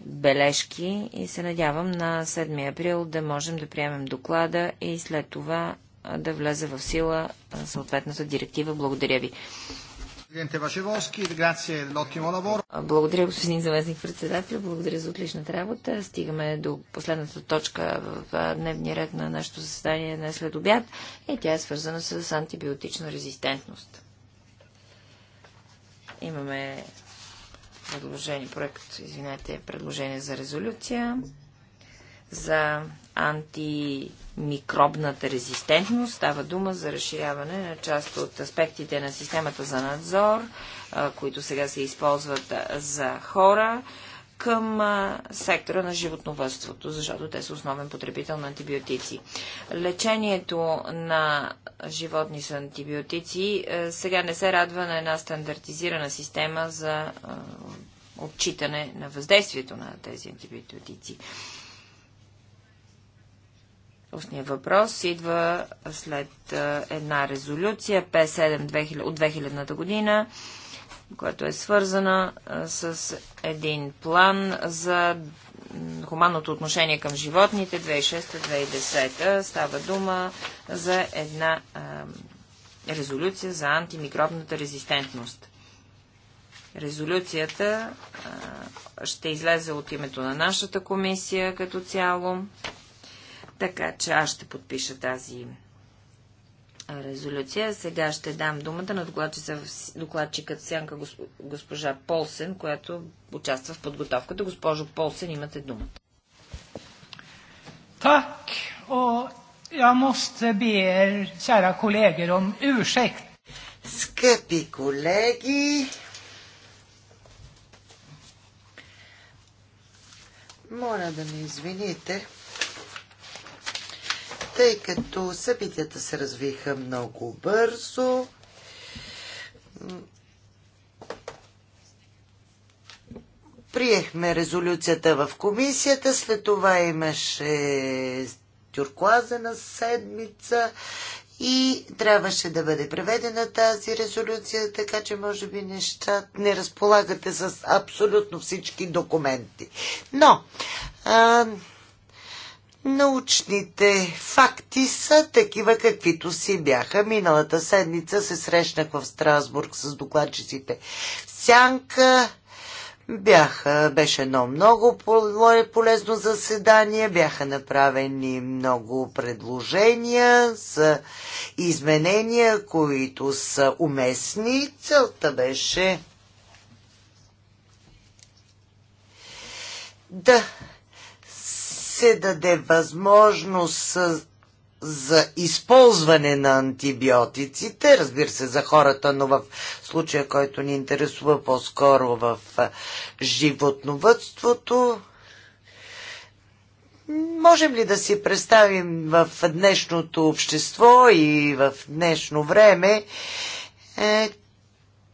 бележки и се надявам на 7 април да можем да приемем доклада и след това да влезе в сила съответната директива. Благодаря ви. Благодаря, господин заместник председател. Благодаря за отличната работа. Стигаме до последната точка в дневния ред на нашето заседание днес след обяд и тя е свързана с антибиотична резистентност. Имаме предложение, проект, извинете, предложение за резолюция за антимикробната резистентност. Става дума за разширяване на част от аспектите на системата за надзор, които сега се използват за хора към сектора на животновътството, защото те са основен потребител на антибиотици. Лечението на животни с антибиотици сега не се радва на една стандартизирана система за отчитане на въздействието на тези антибиотици. Устният въпрос идва след една резолюция П7 от 2000 година, която е свързана с един план за хуманното отношение към животните 2006-2010. Става дума за една резолюция за антимикробната резистентност. Резолюцията ще излезе от името на нашата комисия като цяло. Така че аз ще подпиша тази резолюция. Сега ще дам думата на докладчикът Сянка госпожа Полсен, която участва в подготовката. Госпожо Полсен, имате думата. Так, о, я måste be er, kära колеги om ursäkt. Скъпи колеги, моля да ме извините, тъй като събитията се развиха много бързо. Приехме резолюцията в комисията, след това имаше тюркуазена седмица и трябваше да бъде преведена тази резолюция, така че може би неща не разполагате с абсолютно всички документи. Но а, научните факти са такива, каквито си бяха. Миналата седмица се срещнах в Страсбург с докладчиците. Сянка бяха, беше едно много полезно заседание, бяха направени много предложения за изменения, които са уместни. Целта беше да се даде възможност за използване на антибиотиците, разбира се, за хората, но в случая, който ни интересува по-скоро в животновътството, можем ли да си представим в днешното общество и в днешно време, е,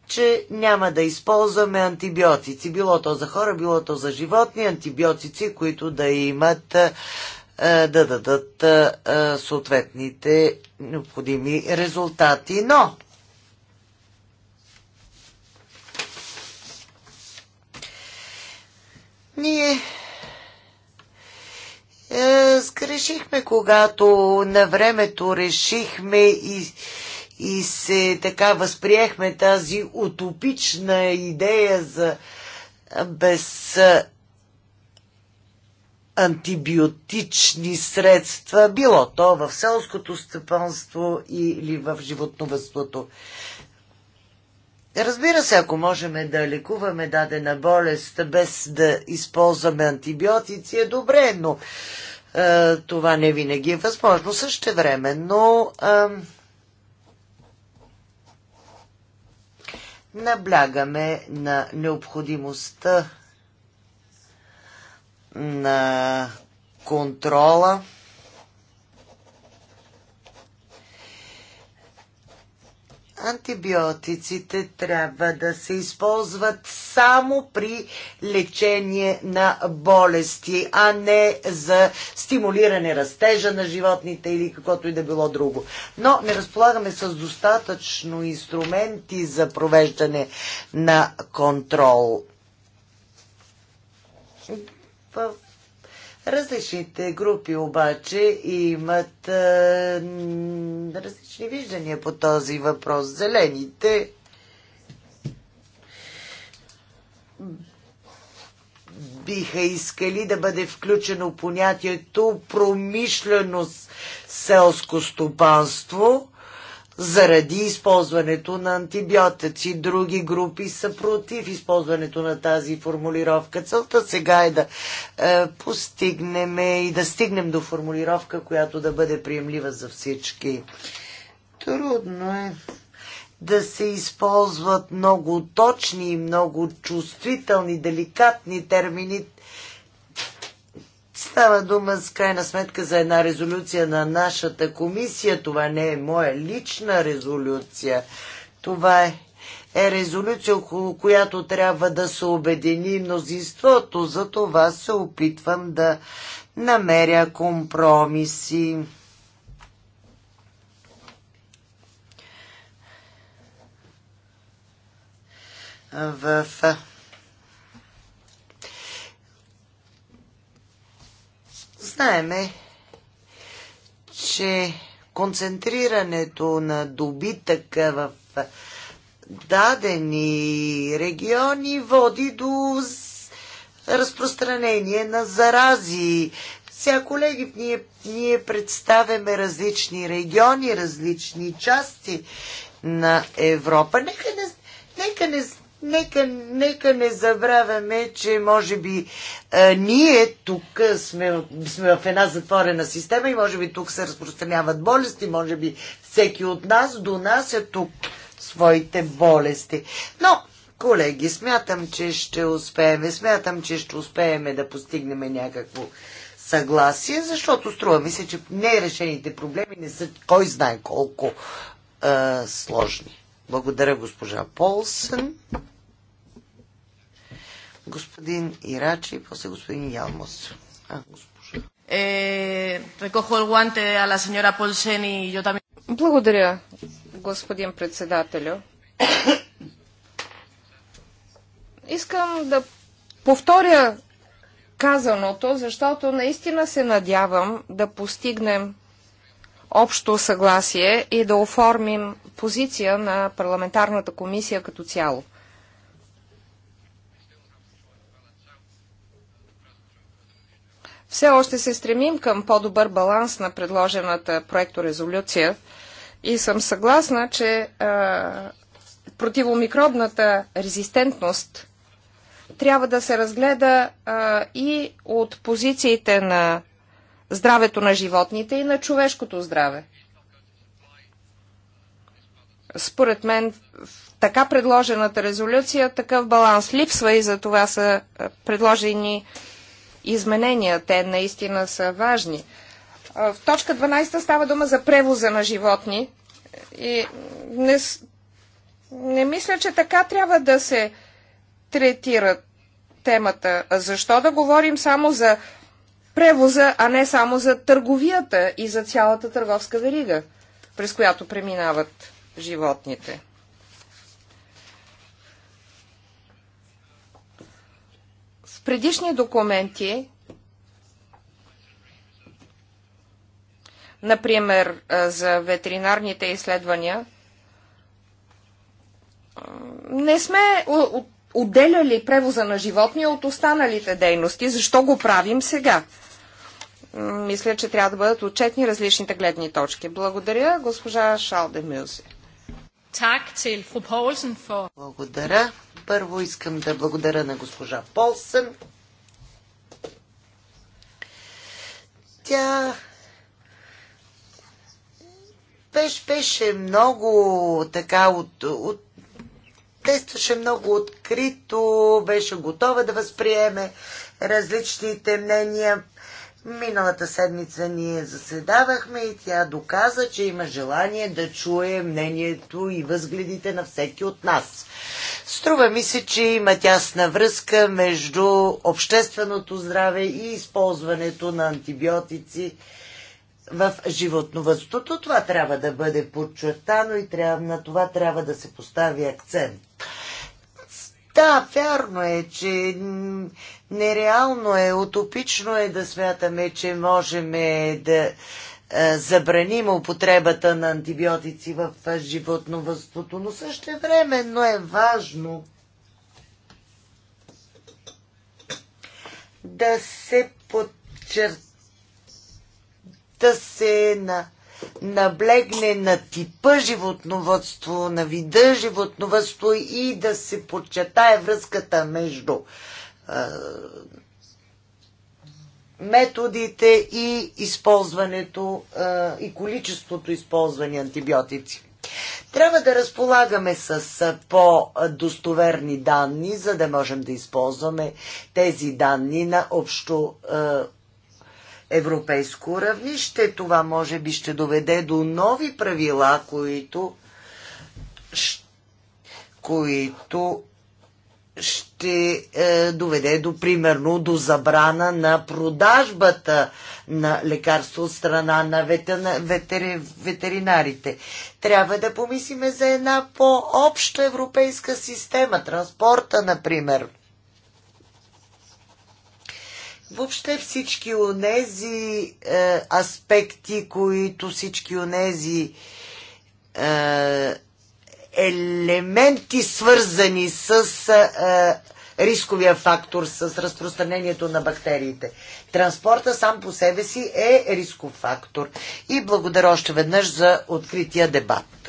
че няма да използваме антибиотици. Било то за хора, било то за животни, антибиотици, които да имат е, да дадат е, е, съответните необходими резултати. Но ние е, сгрешихме, когато на времето решихме и и се така възприехме тази утопична идея за без антибиотични средства, било то в селското степанство или в животновътството. Разбира се, ако можем да лекуваме дадена болест без да използваме антибиотици, е добре, но е, това не винаги е възможно. Също време, но е, наблягаме на необходимостта на контрола антибиотиците трябва да се използват само при лечение на болести, а не за стимулиране растежа на животните или каквото и да било друго. Но не разполагаме с достатъчно инструменти за провеждане на контрол. В Различните групи обаче имат а, е, различни виждания по този въпрос. Зелените биха искали да бъде включено понятието промишленост селско стопанство заради използването на антибиотици. Други групи са против използването на тази формулировка. Целта сега е да е, постигнем и да стигнем до формулировка, която да бъде приемлива за всички. Трудно е да се използват много точни и много чувствителни, деликатни термини, Става дума с крайна сметка за една резолюция на нашата комисия. Това не е моя лична резолюция. Това е, е резолюция, около която трябва да се обедини мнозинството. За това се опитвам да намеря компромиси. В Знаеме, че концентрирането на добитъка в дадени региони води до разпространение на зарази. Сега, колеги, ние, ние представяме различни региони, различни части на Европа. Нека не, нека не, Нека, нека не забравяме, че може би а, е, ние тук сме, сме в една затворена система и може би тук се разпространяват болести, може би всеки от нас донася тук своите болести. Но, колеги, смятам, че ще успеем. Смятам, че ще успеем да постигнем някакво съгласие, защото струва ми се, че нерешените проблеми не са кой знае колко а, е, сложни. Благодаря, госпожа Полсен. Господин Ирачи, после господин Ялмос. А, госпожа. Е, рекохо el guante a Полсен и йо también. Благодаря, господин председателю. Искам да повторя казаното, защото наистина се надявам да постигнем общо съгласие и да оформим позиция на парламентарната комисия като цяло. Все още се стремим към по-добър баланс на предложената проекторезолюция и съм съгласна, че а, противомикробната резистентност трябва да се разгледа а, и от позициите на здравето на животните и на човешкото здраве. Според мен в така предложената резолюция такъв баланс липсва и за това са е, предложени изменения. Те наистина са важни. Е, в точка 12 става дума за превоза на животни и не, не мисля, че така трябва да се третира темата. Защо да говорим само за превоза, а не само за търговията и за цялата търговска верига, през която преминават животните. В предишни документи, например за ветеринарните изследвания, не сме отделяли превоза на животни от останалите дейности. Защо го правим сега? мисля, че трябва да бъдат отчетни различните гледни точки. Благодаря, госпожа Шалде Мюзе. Благодаря. Първо искам да благодаря на госпожа Полсън. Тя беше, беше много така от, от тестваше много открито, беше готова да възприеме различните мнения, Миналата седмица ние заседавахме и тя доказа, че има желание да чуе мнението и възгледите на всеки от нас. Струва ми се, че има тясна връзка между общественото здраве и използването на антибиотици в животновътството. Това трябва да бъде подчертано и трябва, на това трябва да се постави акцент. Да, вярно е, че Нереално е, утопично е да смятаме, че можем е, да е, забраним употребата на антибиотици в е, животновъзството, но също но е важно да се подчерта да се на, наблегне на типа животновътство, на вида животновътство и да се подчертае връзката между е, методите и използването е, и количеството използвани антибиотици. Трябва да разполагаме с е, по-достоверни данни, за да можем да използваме тези данни на общо европейско равнище. Това може би ще доведе до нови правила, които, които ще е, доведе до, примерно, до забрана на продажбата на лекарство от страна на ветена, ветери, ветеринарите. Трябва да помислиме за една по-обща европейска система, транспорта, например. Въобще всички онези е, аспекти, които всички онези е, елементи, свързани с а, рисковия фактор, с разпространението на бактериите. Транспорта сам по себе си е рисков фактор. И благодаря още веднъж за открития дебат.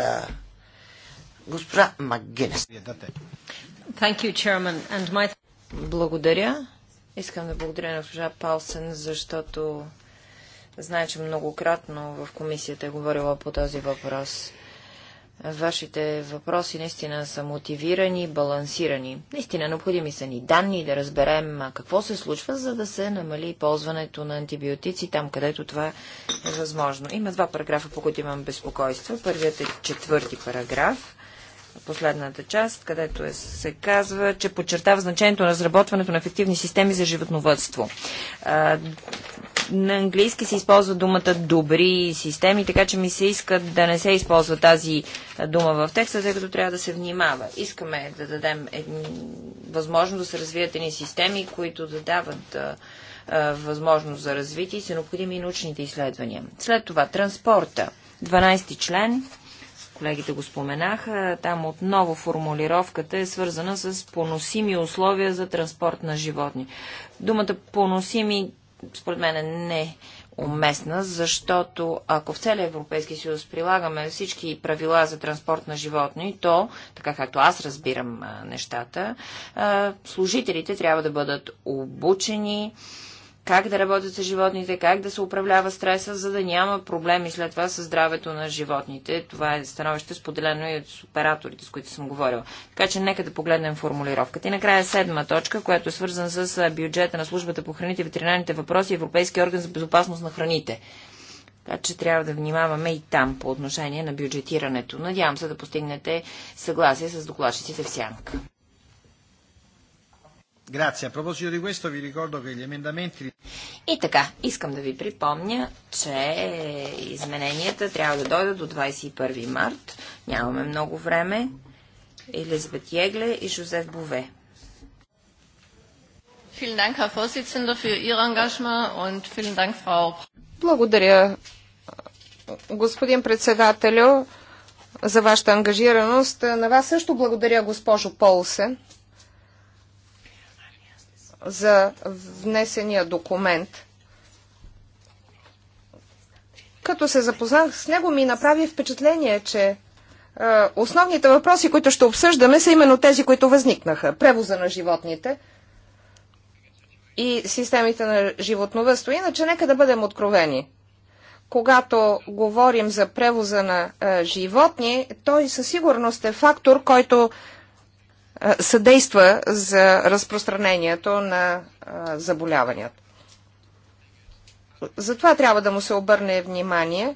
Госпожа Магинес. My... Благодаря. Искам да благодаря на госпожа Палсен, защото знае, че многократно в комисията е говорила по този въпрос. Вашите въпроси наистина са мотивирани, балансирани. Наистина необходими са ни данни да разберем какво се случва, за да се намали ползването на антибиотици там, където това е възможно. Има два параграфа, по които имам безпокойство. Първият е четвърти параграф последната част, където е, се казва, че подчертава значението на разработването на ефективни системи за животновътство. На английски се използва думата добри системи, така че ми се иска да не се използва тази дума в текста, тъй като трябва да се внимава. Искаме да дадем едни, възможност да се развият едни системи, които да дават а, а, възможност за развитие и са необходими и научните изследвания. След това транспорта. 12 ти член колегите го споменаха, там отново формулировката е свързана с поносими условия за транспорт на животни. Думата поносими според мен е не уместна, защото ако в целия Европейски съюз прилагаме всички правила за транспорт на животни, то, така както аз разбирам нещата, служителите трябва да бъдат обучени, как да работят с животните, как да се управлява стреса, за да няма проблеми след това с здравето на животните. Това е становище споделено и от операторите, с които съм говорила. Така че нека да погледнем формулировката. И накрая седма точка, която е свързана с бюджета на службата по храните, ветеринарните въпроси и Европейския орган за безопасност на храните. Така че трябва да внимаваме и там по отношение на бюджетирането. Надявам се да постигнете съгласие с докладчиците в сянка. И така, искам да ви припомня, че измененията трябва да дойдат до 21 март. Нямаме много време. Елизабет Егле и Жозеф Бове. Благодаря, господин председателю, за вашата ангажираност. На вас също благодаря, госпожо Полсен за внесения документ. Като се запознах с него, ми направи впечатление, че е, основните въпроси, които ще обсъждаме, са именно тези, които възникнаха. Превоза на животните и системите на животновъдство. Иначе нека да бъдем откровени. Когато говорим за превоза на е, животни, той със сигурност е фактор, който съдейства за разпространението на заболяванията. Затова трябва да му се обърне внимание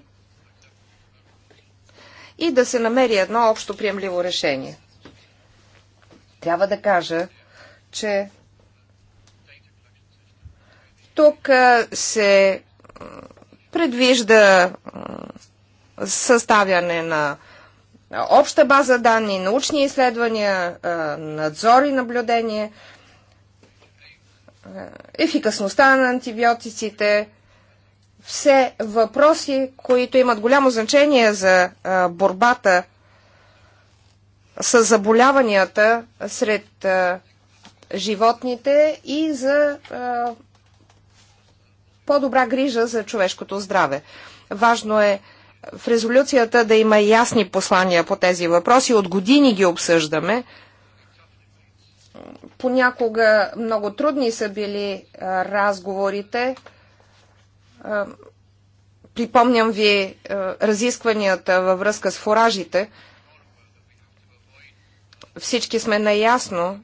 и да се намери едно общо приемливо решение. Трябва да кажа, че тук се предвижда съставяне на обща база данни, научни изследвания, надзор и наблюдение, ефикасността на антибиотиците, все въпроси, които имат голямо значение за борбата с заболяванията сред животните и за по-добра грижа за човешкото здраве. Важно е в резолюцията да има ясни послания по тези въпроси. От години ги обсъждаме. Понякога много трудни са били разговорите. Припомням ви разискванията във връзка с фуражите. Всички сме наясно,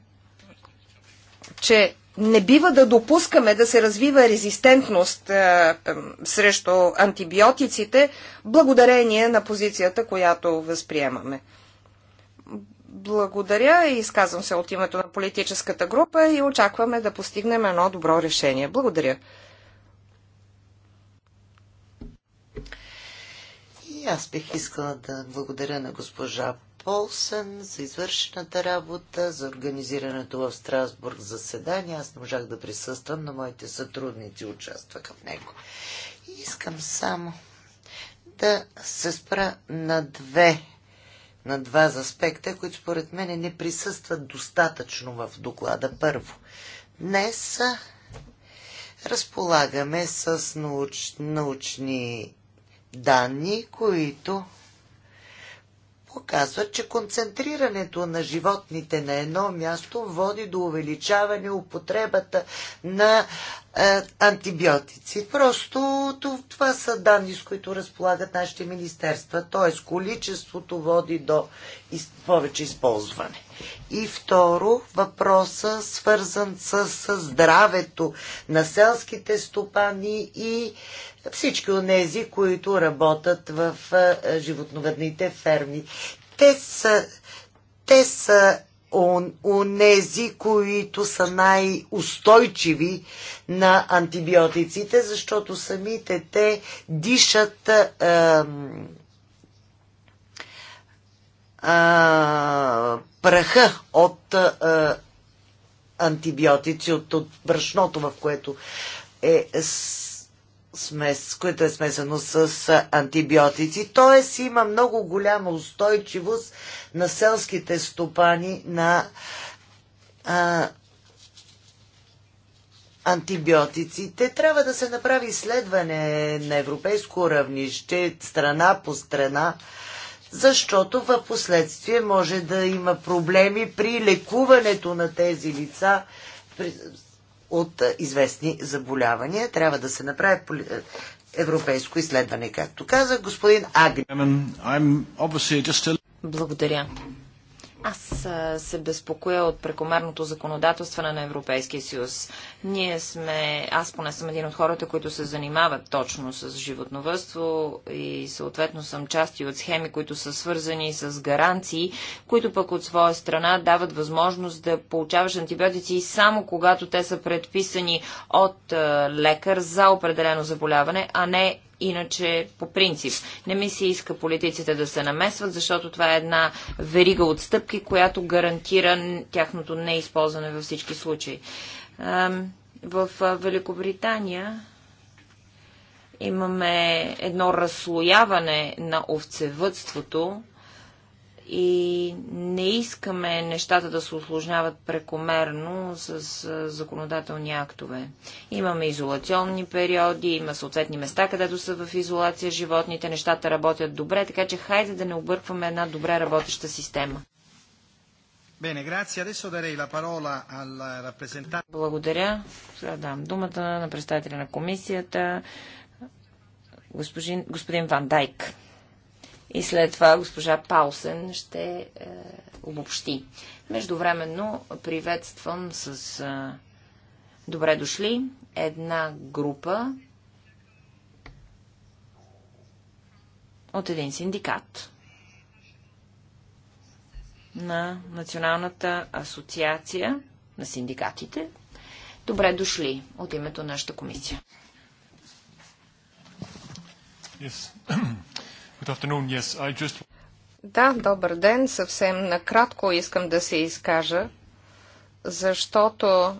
че не бива да допускаме да се развива резистентност е, е, срещу антибиотиците, благодарение на позицията, която възприемаме. Благодаря и изказвам се от името на политическата група и очакваме да постигнем едно добро решение. Благодаря. И аз бих искала да благодаря на госпожа Полсън за извършената работа, за организирането в Страсбург заседание. Аз не можах да присъствам, но моите сътрудници участваха в него. И искам само да се спра на две на два аспекта, които според мен не присъстват достатъчно в доклада. Първо, днес разполагаме с науч, научни данни, които показват, че концентрирането на животните на едно място води до увеличаване употребата на е, антибиотици. Просто това са данни, с които разполагат нашите министерства. Т.е. количеството води до повече използване. И второ, въпроса свързан с, с здравето на селските стопани и всички от тези, които работят в е, животновъдните ферми. Те са, те са онези, които са най-устойчиви на антибиотиците, защото самите те дишат а, а, праха от а, антибиотици, от, от брашното, в което е смес, което е смесено с антибиотици. Тоест има много голяма устойчивост на селските стопани на а, антибиотиците. Трябва да се направи изследване на европейско равнище, страна по страна, защото в последствие може да има проблеми при лекуването на тези лица от известни заболявания. Трябва да се направи европейско изследване, както каза господин Агни. Благодаря. Аз се безпокоя от прекомерното законодателство на Европейския съюз. Ние сме, аз поне съм един от хората, които се занимават точно с животновътство и съответно съм части от схеми, които са свързани с гаранции, които пък от своя страна дават възможност да получаваш антибиотици само когато те са предписани от лекар за определено заболяване, а не иначе по принцип. Не ми се иска политиците да се намесват, защото това е една верига от стъпки, която гарантира тяхното неизползване във всички случаи. В Великобритания имаме едно разслояване на овцевътството и не искаме нещата да се осложняват прекомерно с законодателни актове. Имаме изолационни периоди, има съответни места, където са в изолация животните, нещата работят добре, така че хайде да не объркваме една добре работеща система. Благодаря. Сега дам думата на представителя на комисията, господин, господин Ван Дайк. И след това госпожа Паусен ще е, обобщи. Междувременно приветствам с е, добре дошли една група от един синдикат на Националната асоциация на синдикатите. Добре дошли от името на нашата комисия. Yes. Да, добър ден. Съвсем накратко искам да се изкажа, защото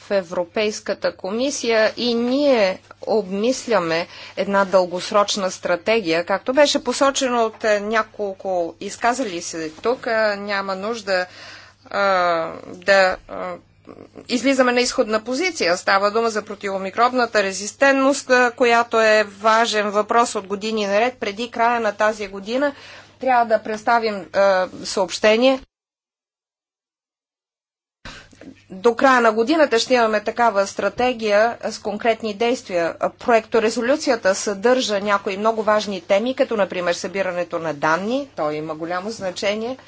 в Европейската комисия и ние обмисляме една дългосрочна стратегия, както беше посочено от няколко изказали се тук, няма нужда да излизаме на изходна позиция. Става дума за противомикробната резистентност, която е важен въпрос от години наред. Преди края на тази година трябва да представим е, съобщение. До края на годината ще имаме такава стратегия с конкретни действия. Проекторезолюцията съдържа някои много важни теми, като например събирането на данни. То има голямо значение –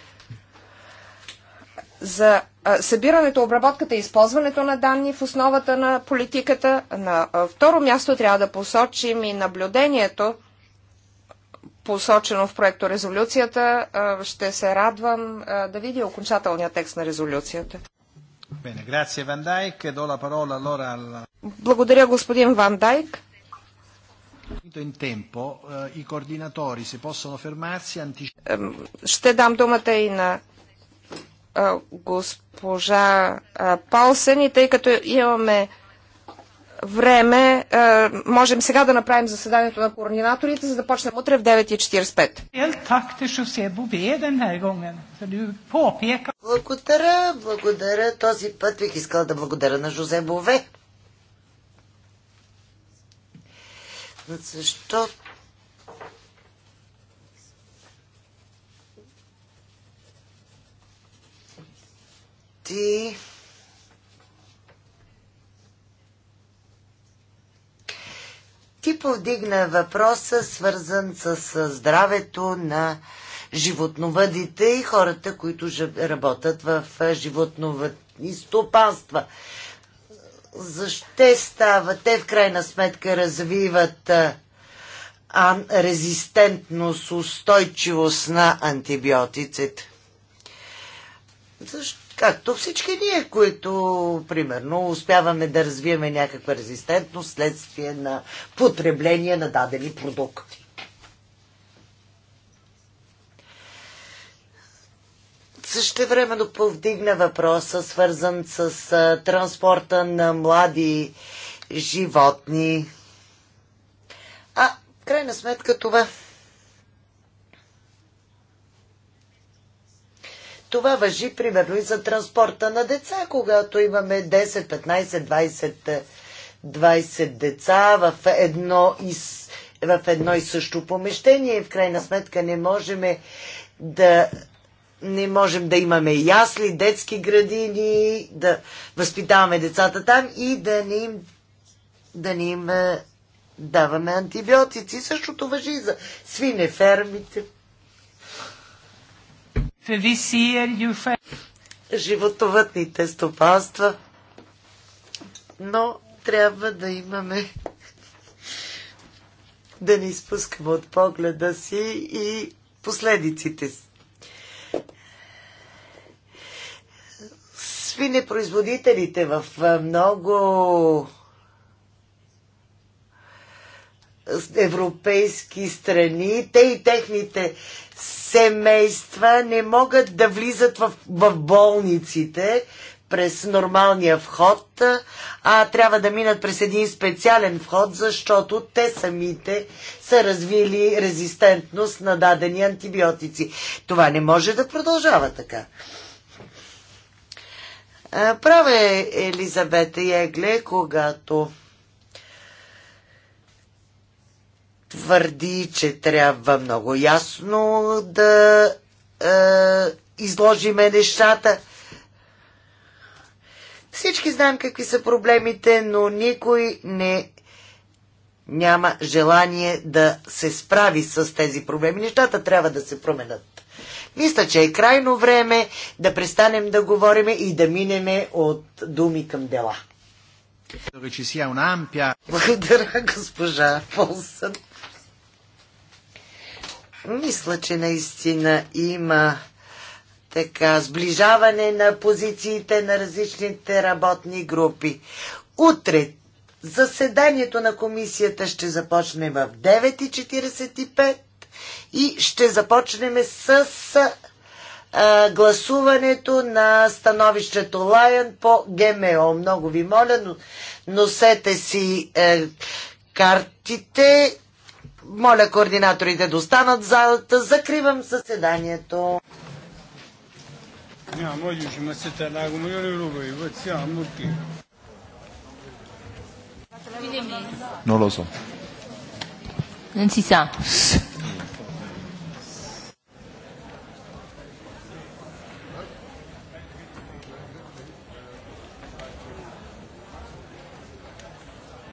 за събирането, обработката и използването на данни в основата на политиката. На второ място трябва да посочим и наблюдението, посочено в проекто резолюцията. Ще се радвам да видя окончателния текст на резолюцията. Благодаря, господин Ван Дайк. Eh, ще дам думата и на госпожа Полсен и тъй като имаме време, можем сега да направим заседанието на координаторите, за да почнем утре в 9.45. Благодаря, благодаря. Този път бих искала да благодаря на Жозе Бове. Защото Ти ти повдигна въпроса, свързан с здравето на животновъдите и хората, които работят в животновъдни стопанства. Защо те стават? Те в крайна сметка развиват резистентност, устойчивост на антибиотиците. Защо? Както всички ние, които, примерно, успяваме да развиеме някаква резистентност следствие на потребление на дадени продукти. Също времено повдигна въпроса, свързан с транспорта на млади животни. А, крайна сметка това Това въжи примерно и за транспорта на деца, когато имаме 10, 15, 20, 20 деца в едно и, в едно и също помещение. В крайна сметка не можем да не можем да имаме ясли, детски градини, да възпитаваме децата там и да не им, да не им даваме антибиотици. Същото въжи за свинефермите животовътните стопанства. Но трябва да имаме да не изпускаме от погледа си и последиците си. свинепроизводителите в много европейски страни, те и техните семейства не могат да влизат в, в болниците през нормалния вход, а трябва да минат през един специален вход, защото те самите са развили резистентност на дадени антибиотици. Това не може да продължава така. Права е Елизабета Егле, когато твърди, че трябва много ясно да е, изложиме нещата. Всички знаем какви са проблемите, но никой не няма желание да се справи с тези проблеми. Нещата трябва да се променят. Мисля, че е крайно време да престанем да говориме и да минеме от думи към дела. Благодаря, госпожа Полсън. Мисля, че наистина има така сближаване на позициите на различните работни групи. Утре заседанието на комисията ще започне в 9.45 и ще започнем с а, гласуването на становището Лайън по ГМО. Много ви моля, носете си е, картите моля координаторите да останат в залата. Закривам съседанието. Няма, се мурки. Non lo so. Non si sa.